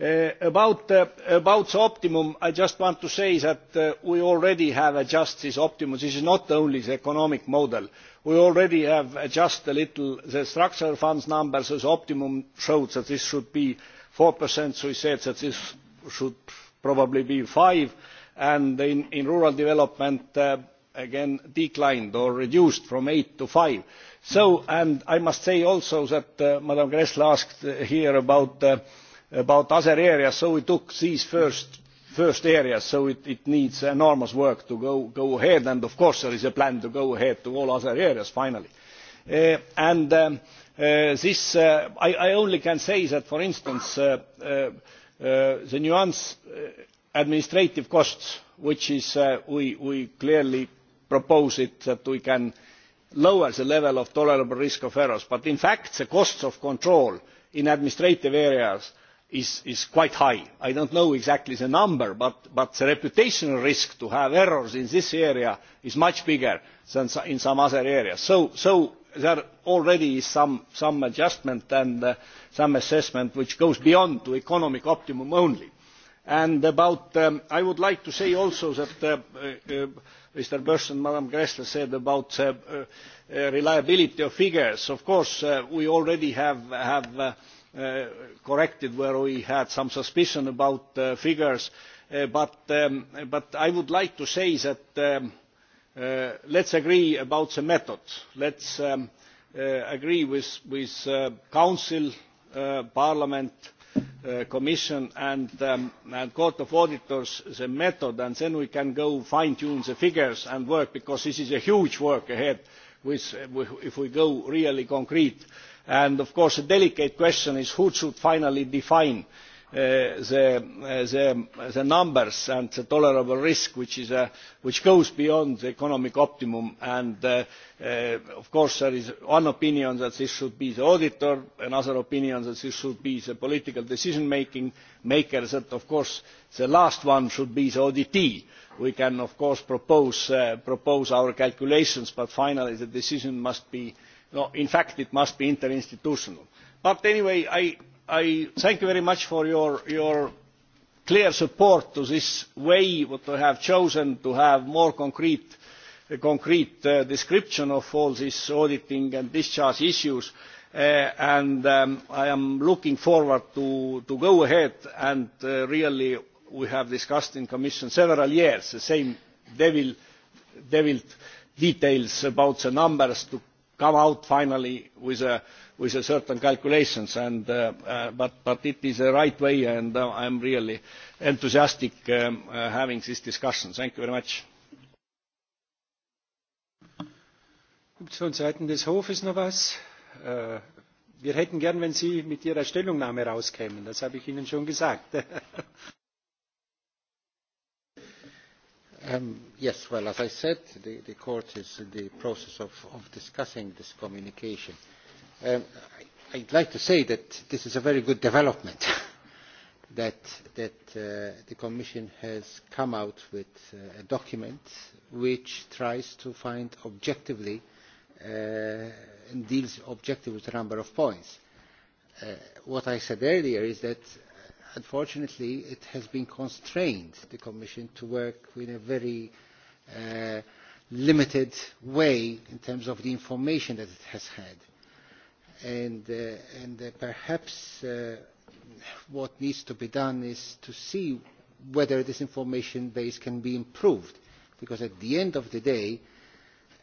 Uh, about, uh, about the optimum i just want to say that uh, we already have adjusted this optimum this is not only the economic model we already have adjusted a little the structural funds numbers so the optimum shows that this should be four so he said that this should probably be five and in, in rural development uh, again declined or reduced from eight to five. So, and I must say also that Ms uh, Madam Gressler asked uh, here about, about other areas, so we took these first, first areas, so it, it needs enormous work to go, go ahead, and of course there is a plan to go ahead to all other areas finally. and um, Uh, uh, I, can only say that for instance uh, the nuanced administrative costs which is we, clearly propose it that we can lower the level of tolerable risk of errors but in fact the costs of control in administrative areas is, quite high. i do not know exactly the number but, the reputational risk to have errors in this area is much bigger than in some other areas. so there already is some, some adjustment and uh, some assessment which goes beyond to economic optimum only. And about, um, I would like to say also that uh, uh, uh Mr. Burst and Madam Gressler said about uh, uh, reliability of figures. Of course, uh, we already have, have uh, uh, corrected where we had some suspicion about uh, figures, uh, but, um, but I would like to say that um, Uh, let us agree about the method let us um, uh, agree with the uh, council parliament commission and the um, court of auditors the method and then we can go fine tune the figures and work because this is a huge work ahead if we go really concrete and of course a delicate question is who should finally define the, the, numbers and the tolerable risk which, is, which goes beyond the economic optimum and uh, uh, of course there is one opinion that this should be the auditor another opinion that this should be the political decision making maker that of course the last one should be the auditee. we can of course propose, uh, our calculations but finally the decision must be no, in fact it must be interinstitutional. but anyway I i thank you very much for your, your clear support to this way what I have chosen to have more concrete, concrete uh, description of all these auditing and discharge issues. Uh, and um, I am looking forward to, to go ahead and uh, really we have discussed in Commission several years the same devil, devil details about the numbers to come out finally with a with a certain calculations, and, uh, uh, but, but it is the right way, and uh, I am really enthusiastic um, uh, having this discussion. Thank you very much. Gibt von Seiten des Hofes noch was? Äh, wir hätten gern, wenn Sie mit Ihrer Stellungnahme rauskämen. Das habe ich Ihnen schon gesagt. (laughs) Um, yes, well, as I said, the, the court is in the process of, of discussing this communication. Uh, Um, I would like to say that this is a very good development (laughs) that, that uh, the Commission has come out with uh, a document which tries to find objectively uh, and deals objectively with a number of points. Uh, what I said earlier is that uh, unfortunately it has been constrained, the Commission, to work in a very uh, limited way in terms of the information that it has had and, uh, and uh, perhaps uh, what needs to be done is to see whether this information base can be improved because at the end of the day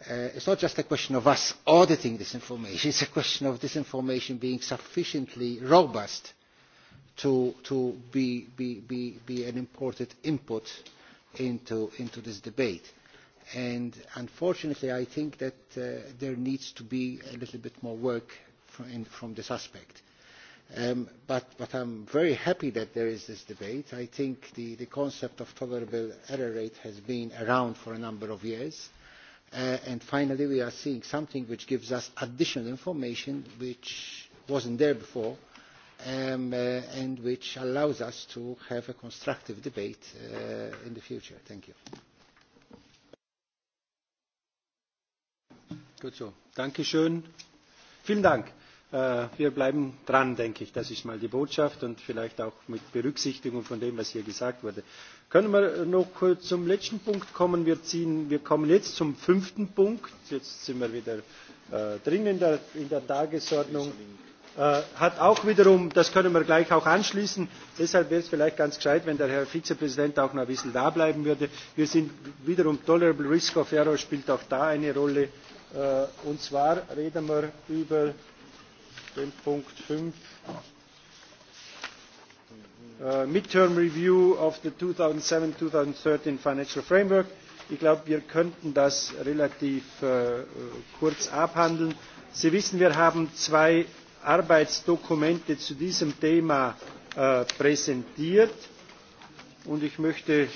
uh, it's not just a question of us auditing this information it's a question of this information being sufficiently robust to, to be, be, be, be an important input into, into this debate and unfortunately i think that uh, there needs to be a little bit more work from, this aspect. Um, but, but I'm very happy that there is this debate. I think the, the concept of tolerable error rate has been around for a number of years. Uh, and finally, we are seeing something which gives us additional information which wasn't there before um, uh, and which allows us to have a constructive debate uh, in the future. Thank you. Gut so. Dankeschön. Vielen Dank. Äh, wir bleiben dran, denke ich. Das ist mal die Botschaft und vielleicht auch mit Berücksichtigung von dem, was hier gesagt wurde. Können wir noch zum letzten Punkt kommen? Wir, kommen jetzt zum fünften Punkt. Jetzt sind wir wieder äh, drin in der, in der Tagesordnung. Äh, hat auch wiederum, das können wir gleich auch anschließen, deshalb wäre es vielleicht ganz gescheit, wenn der Herr Vizepräsident auch noch ein bisschen da bleiben würde. Wir sind wiederum, Tolerable Risk of Error spielt auch da eine Rolle. und zwar reden wir über den Punkt 5. Uh, äh, Midterm Review of the 2007-2013 Financial Framework. Ich glaube, wir könnten das relativ uh, kurz abhandeln. Sie wissen, wir haben zwei Arbeitsdokumente zu diesem Thema uh, präsentiert und ich möchte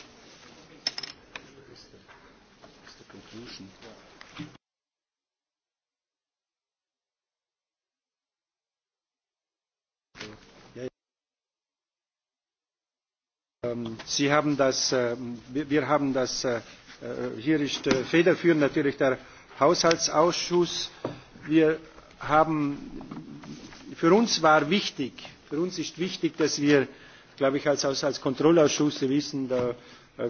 Ähm, Sie haben das, äh, wir haben das, äh, äh, hier ist federführend natürlich der Haushaltsausschuss. Wir haben, für uns war wichtig, für uns ist wichtig, dass wir, glaube ich, als Haushaltskontrollausschuss, Sie wissen, da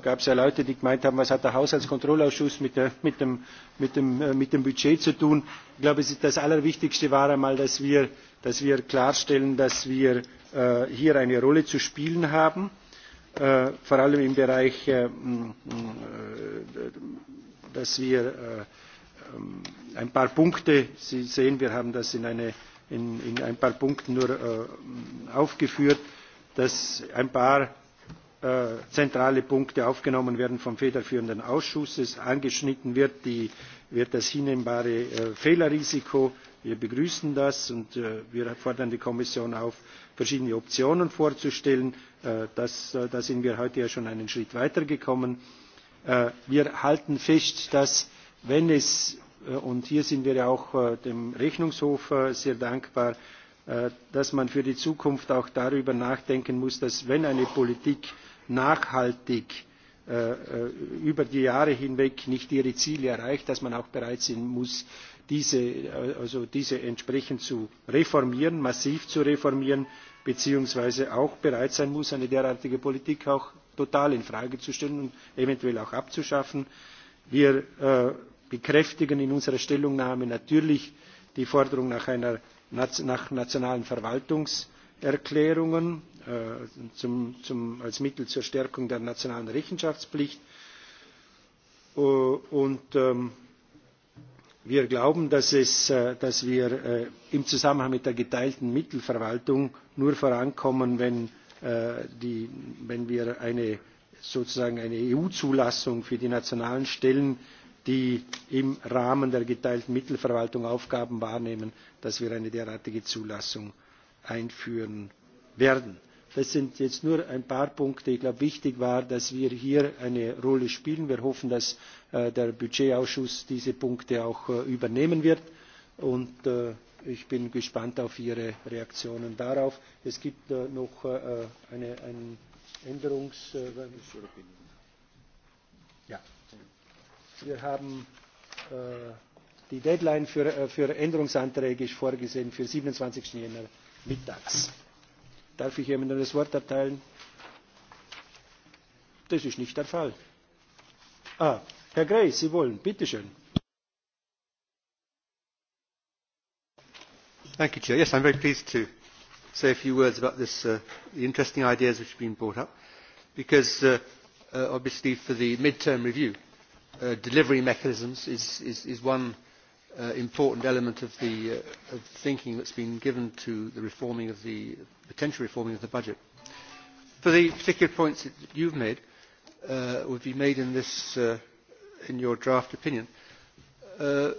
gab es ja Leute, die gemeint haben, was hat der Haushaltskontrollausschuss mit, der, mit, dem, mit, dem, mit dem Budget zu tun. Ich glaube, das Allerwichtigste war einmal, dass wir, dass wir klarstellen, dass wir hier eine Rolle zu spielen haben vor allem im Bereich, dass wir eh, eh, ein paar Punkte, Sie sehen, wir haben das in, ein paar Punkten nur eh, aufgeführt, dass ein paar zentrale Punkte aufgenommen werden vom federführenden Ausschuss. Angeschnitten wird, wird das hinnehmbare Fehlerrisiko wir begrüßen das und äh, wir fordern die kommission auf verschiedene optionen vorzustellen. Äh, äh, da sind wir heute ja schon einen schritt weiter gekommen. wir halten fest dass wenn es und hier sind wir ja auch dem rechnungshof sehr dankbar dass man für die zukunft auch darüber nachdenken muss dass wenn eine politik nachhaltig über die jahre hinweg nicht ihre ziele erreicht dass man auch bereit sein muss Äh, diese, entsprechend zu reformieren, massiv zu reformieren, beziehungsweise auch bereit sein muss, eine derartige Politik auch total in Frage zu stellen und eventuell auch abzuschaffen. Wir äh, bekräftigen in unserer Stellungnahme natürlich die Forderung nach, nationalen Verwaltungserklärungen äh, als Mittel zur Stärkung der nationalen Rechenschaftspflicht. und ähm, wir glauben dass, es, äh, dass wir äh, im zusammenhang mit der geteilten mittelverwaltung nur vorankommen wenn, äh, die, wenn wir eine, sozusagen eine eu zulassung für die nationalen stellen die im rahmen der geteilten mittelverwaltung aufgaben wahrnehmen dass wir eine derartige zulassung einführen werden. Das sind jetzt nur ein paar Punkte. Ich glaube, wichtig war, dass wir hier eine Rolle spielen. Wir hoffen, dass äh, der Budgetausschuss diese Punkte auch äh, übernehmen wird. Und äh, ich bin gespannt auf Ihre Reaktionen darauf. Es gibt noch eine, einen Änderungs... Ja. Wir haben die Deadline für, für Änderungsanträge ist vorgesehen für 27. Jänner mittags. Darf ich jemandem das Wort erteilen? Das ist nicht der Fall. Ah, Herr Grey, Sie wollen. Bitte schön. Thank you, Chair. Yes, I'm very pleased to say a few words about this, uh, the interesting ideas which have been brought up, because uh, uh, obviously for the mid-term review, uh, delivery mechanisms is, is, is one Uh, important element of the, uh, of has thinking that's been given to the reforming of the potential reforming of the budget. For the particular points that you've made, uh, would be made in this uh, in your draft opinion. Uh,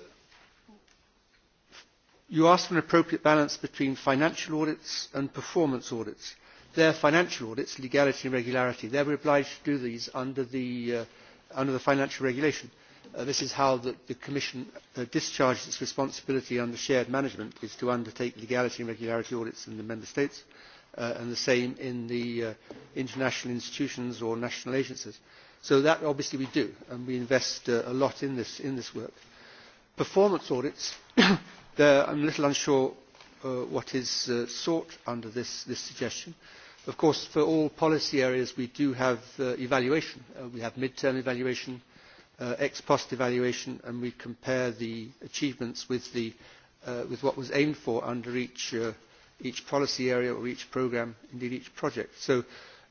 you asked for an appropriate balance between financial audits and performance audits. Their financial audits, legality and regularity, they are obliged to do these under the, uh, under the financial regulation. Uh, Uh, this is how the Commission uh, discharges its responsibility under shared management is to undertake legality and regularity audits in the Member States uh, and the same in the international institutions or national agencies. So that obviously we do and we invest a lot in this, in this work. Performance audits, (coughs) I am a little unsure what is sought under this, this suggestion. Of course, for all policy areas we do have evaluation. we have mid-term evaluation, uh, ex post evaluation and we compare the achievements with, the, uh, with what was aimed for under each, uh, each policy area or each programme, indeed each project. So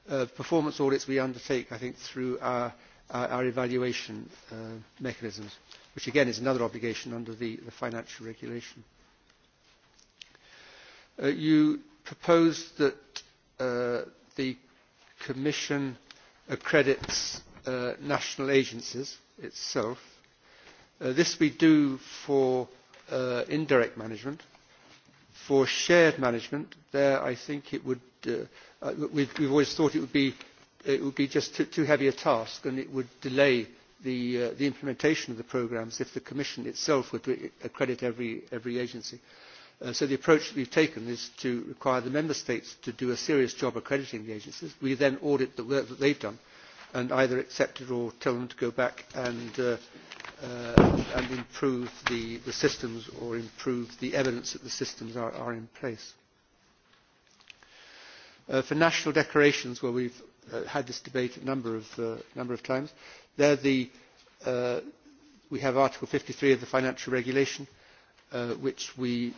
uh, performance audits we undertake, I think, through our, our, our evaluation uh, mechanisms, which again is another obligation under the, the financial regulation. Uh, you proposed that uh, the Commission accredits uh, national agencies itself. Uh, this we do for uh, indirect management. For shared management, there I think it would, uh, uh, we've, we've always thought it would be, it would be just too, too heavy a task and it would delay the, uh, the implementation of the programmes if the Commission itself were to accredit every, every agency. Uh, so the approach that we have taken is to require the member states to do a serious job accrediting the agencies. we then audit the work that they have done and either accept it or tell them to go back and, uh, uh, improve the, systems or improve the evidence that the systems are, are in place. Uh, for national decorations, where we've uh, had this debate a number of, uh, number of times, there the, uh, we have Article 53 of the Financial Regulation, uh, which we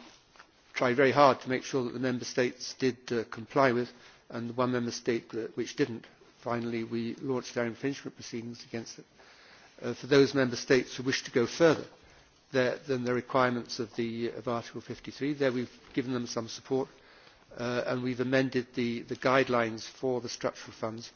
tried very hard to make sure that the member states did uh, comply with, and the one member state that, which didn't finally we launched our infringement proceedings against it uh, for those member states who wish to go further there, than the requirements of, the, of Article 53. There we've given them some support uh, and we've amended the, the guidelines for the structural funds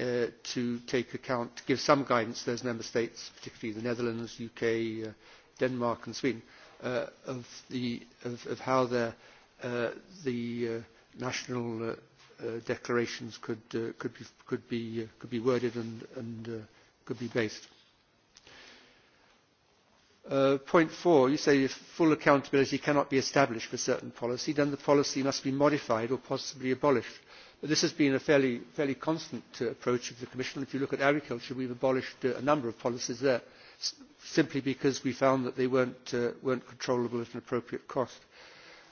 uh, to take account, to give some guidance to those member states, particularly the Netherlands, UK, uh, Denmark and Sweden, uh, of, the, of, of how their, uh, the uh, national uh, Uh, declarations could, uh, could, be, could, be, uh, could be worded and, and could be based. Uh, point four you say if full accountability cannot be established for certain policy then the policy must be modified or possibly abolished. But this has been a fairly, fairly constant uh, approach of the commission. if you look at agriculture we have abolished uh, a number of policies there simply because we found that they were not controllable at an appropriate cost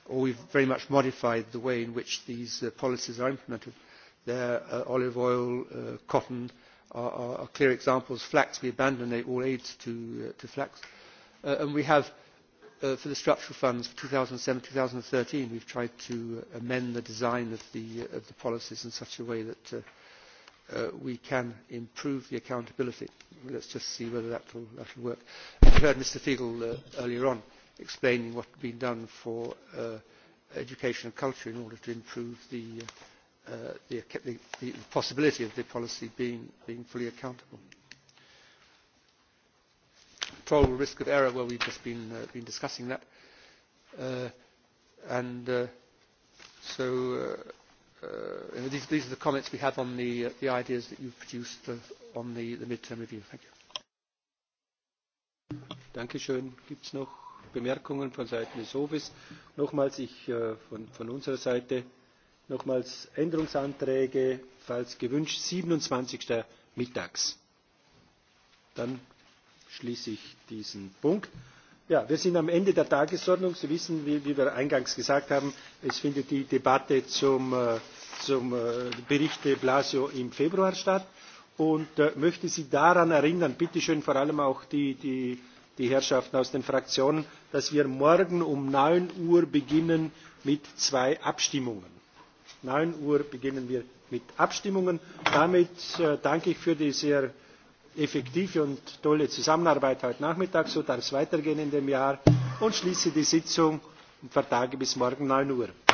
or we have very much modified the way in which these uh, policies are implemented. There, uh, olive oil, uh, cotton are, are, are clear examples. Flax, we abandon all aids to, uh, to flax. Uh, and we have, uh, for the structural funds for 2007 2013, we've tried to uh, amend the design of the, uh, of the policies in such a way that uh, uh, we can improve the accountability. Let's just see whether that will work. We heard Mr. Fiegel uh, earlier on explaining what has been done for uh, education and culture in order to improve the, uh, the, the, the possibility of the policy being, being fully accountable. Tolerable risk of error, well, we've just been, uh, been discussing that. Uh, and uh, so uh, uh, these, these are the comments we have on the, uh, the ideas that you've produced uh, on the, the midterm review. Thank you. Dankeschön. Gibt es noch Bemerkungen von Seiten des Hofes. Nochmals, ich äh, von, unserer Seite nochmals Änderungsanträge, falls gewünscht, 27. mittags. Dann schließe ich diesen Punkt. Ja, wir sind am Ende der Tagesordnung. Sie wissen, wie, wie wir eingangs gesagt haben, es findet die Debatte zum, äh, zum äh, Bericht de Blasio im Februar statt und äh, möchte Sie daran erinnern, bitte schön vor allem auch die, die die Herrschaften aus den Fraktionen, dass wir morgen um 9 Uhr beginnen mit zwei Abstimmungen. 9 Uhr beginnen wir mit Abstimmungen. Damit äh, danke ich für die sehr effektive und tolle Zusammenarbeit heute Nachmittag. So darf es weitergehen in dem Jahr und schließe die Sitzung und vertage bis morgen 9 Uhr.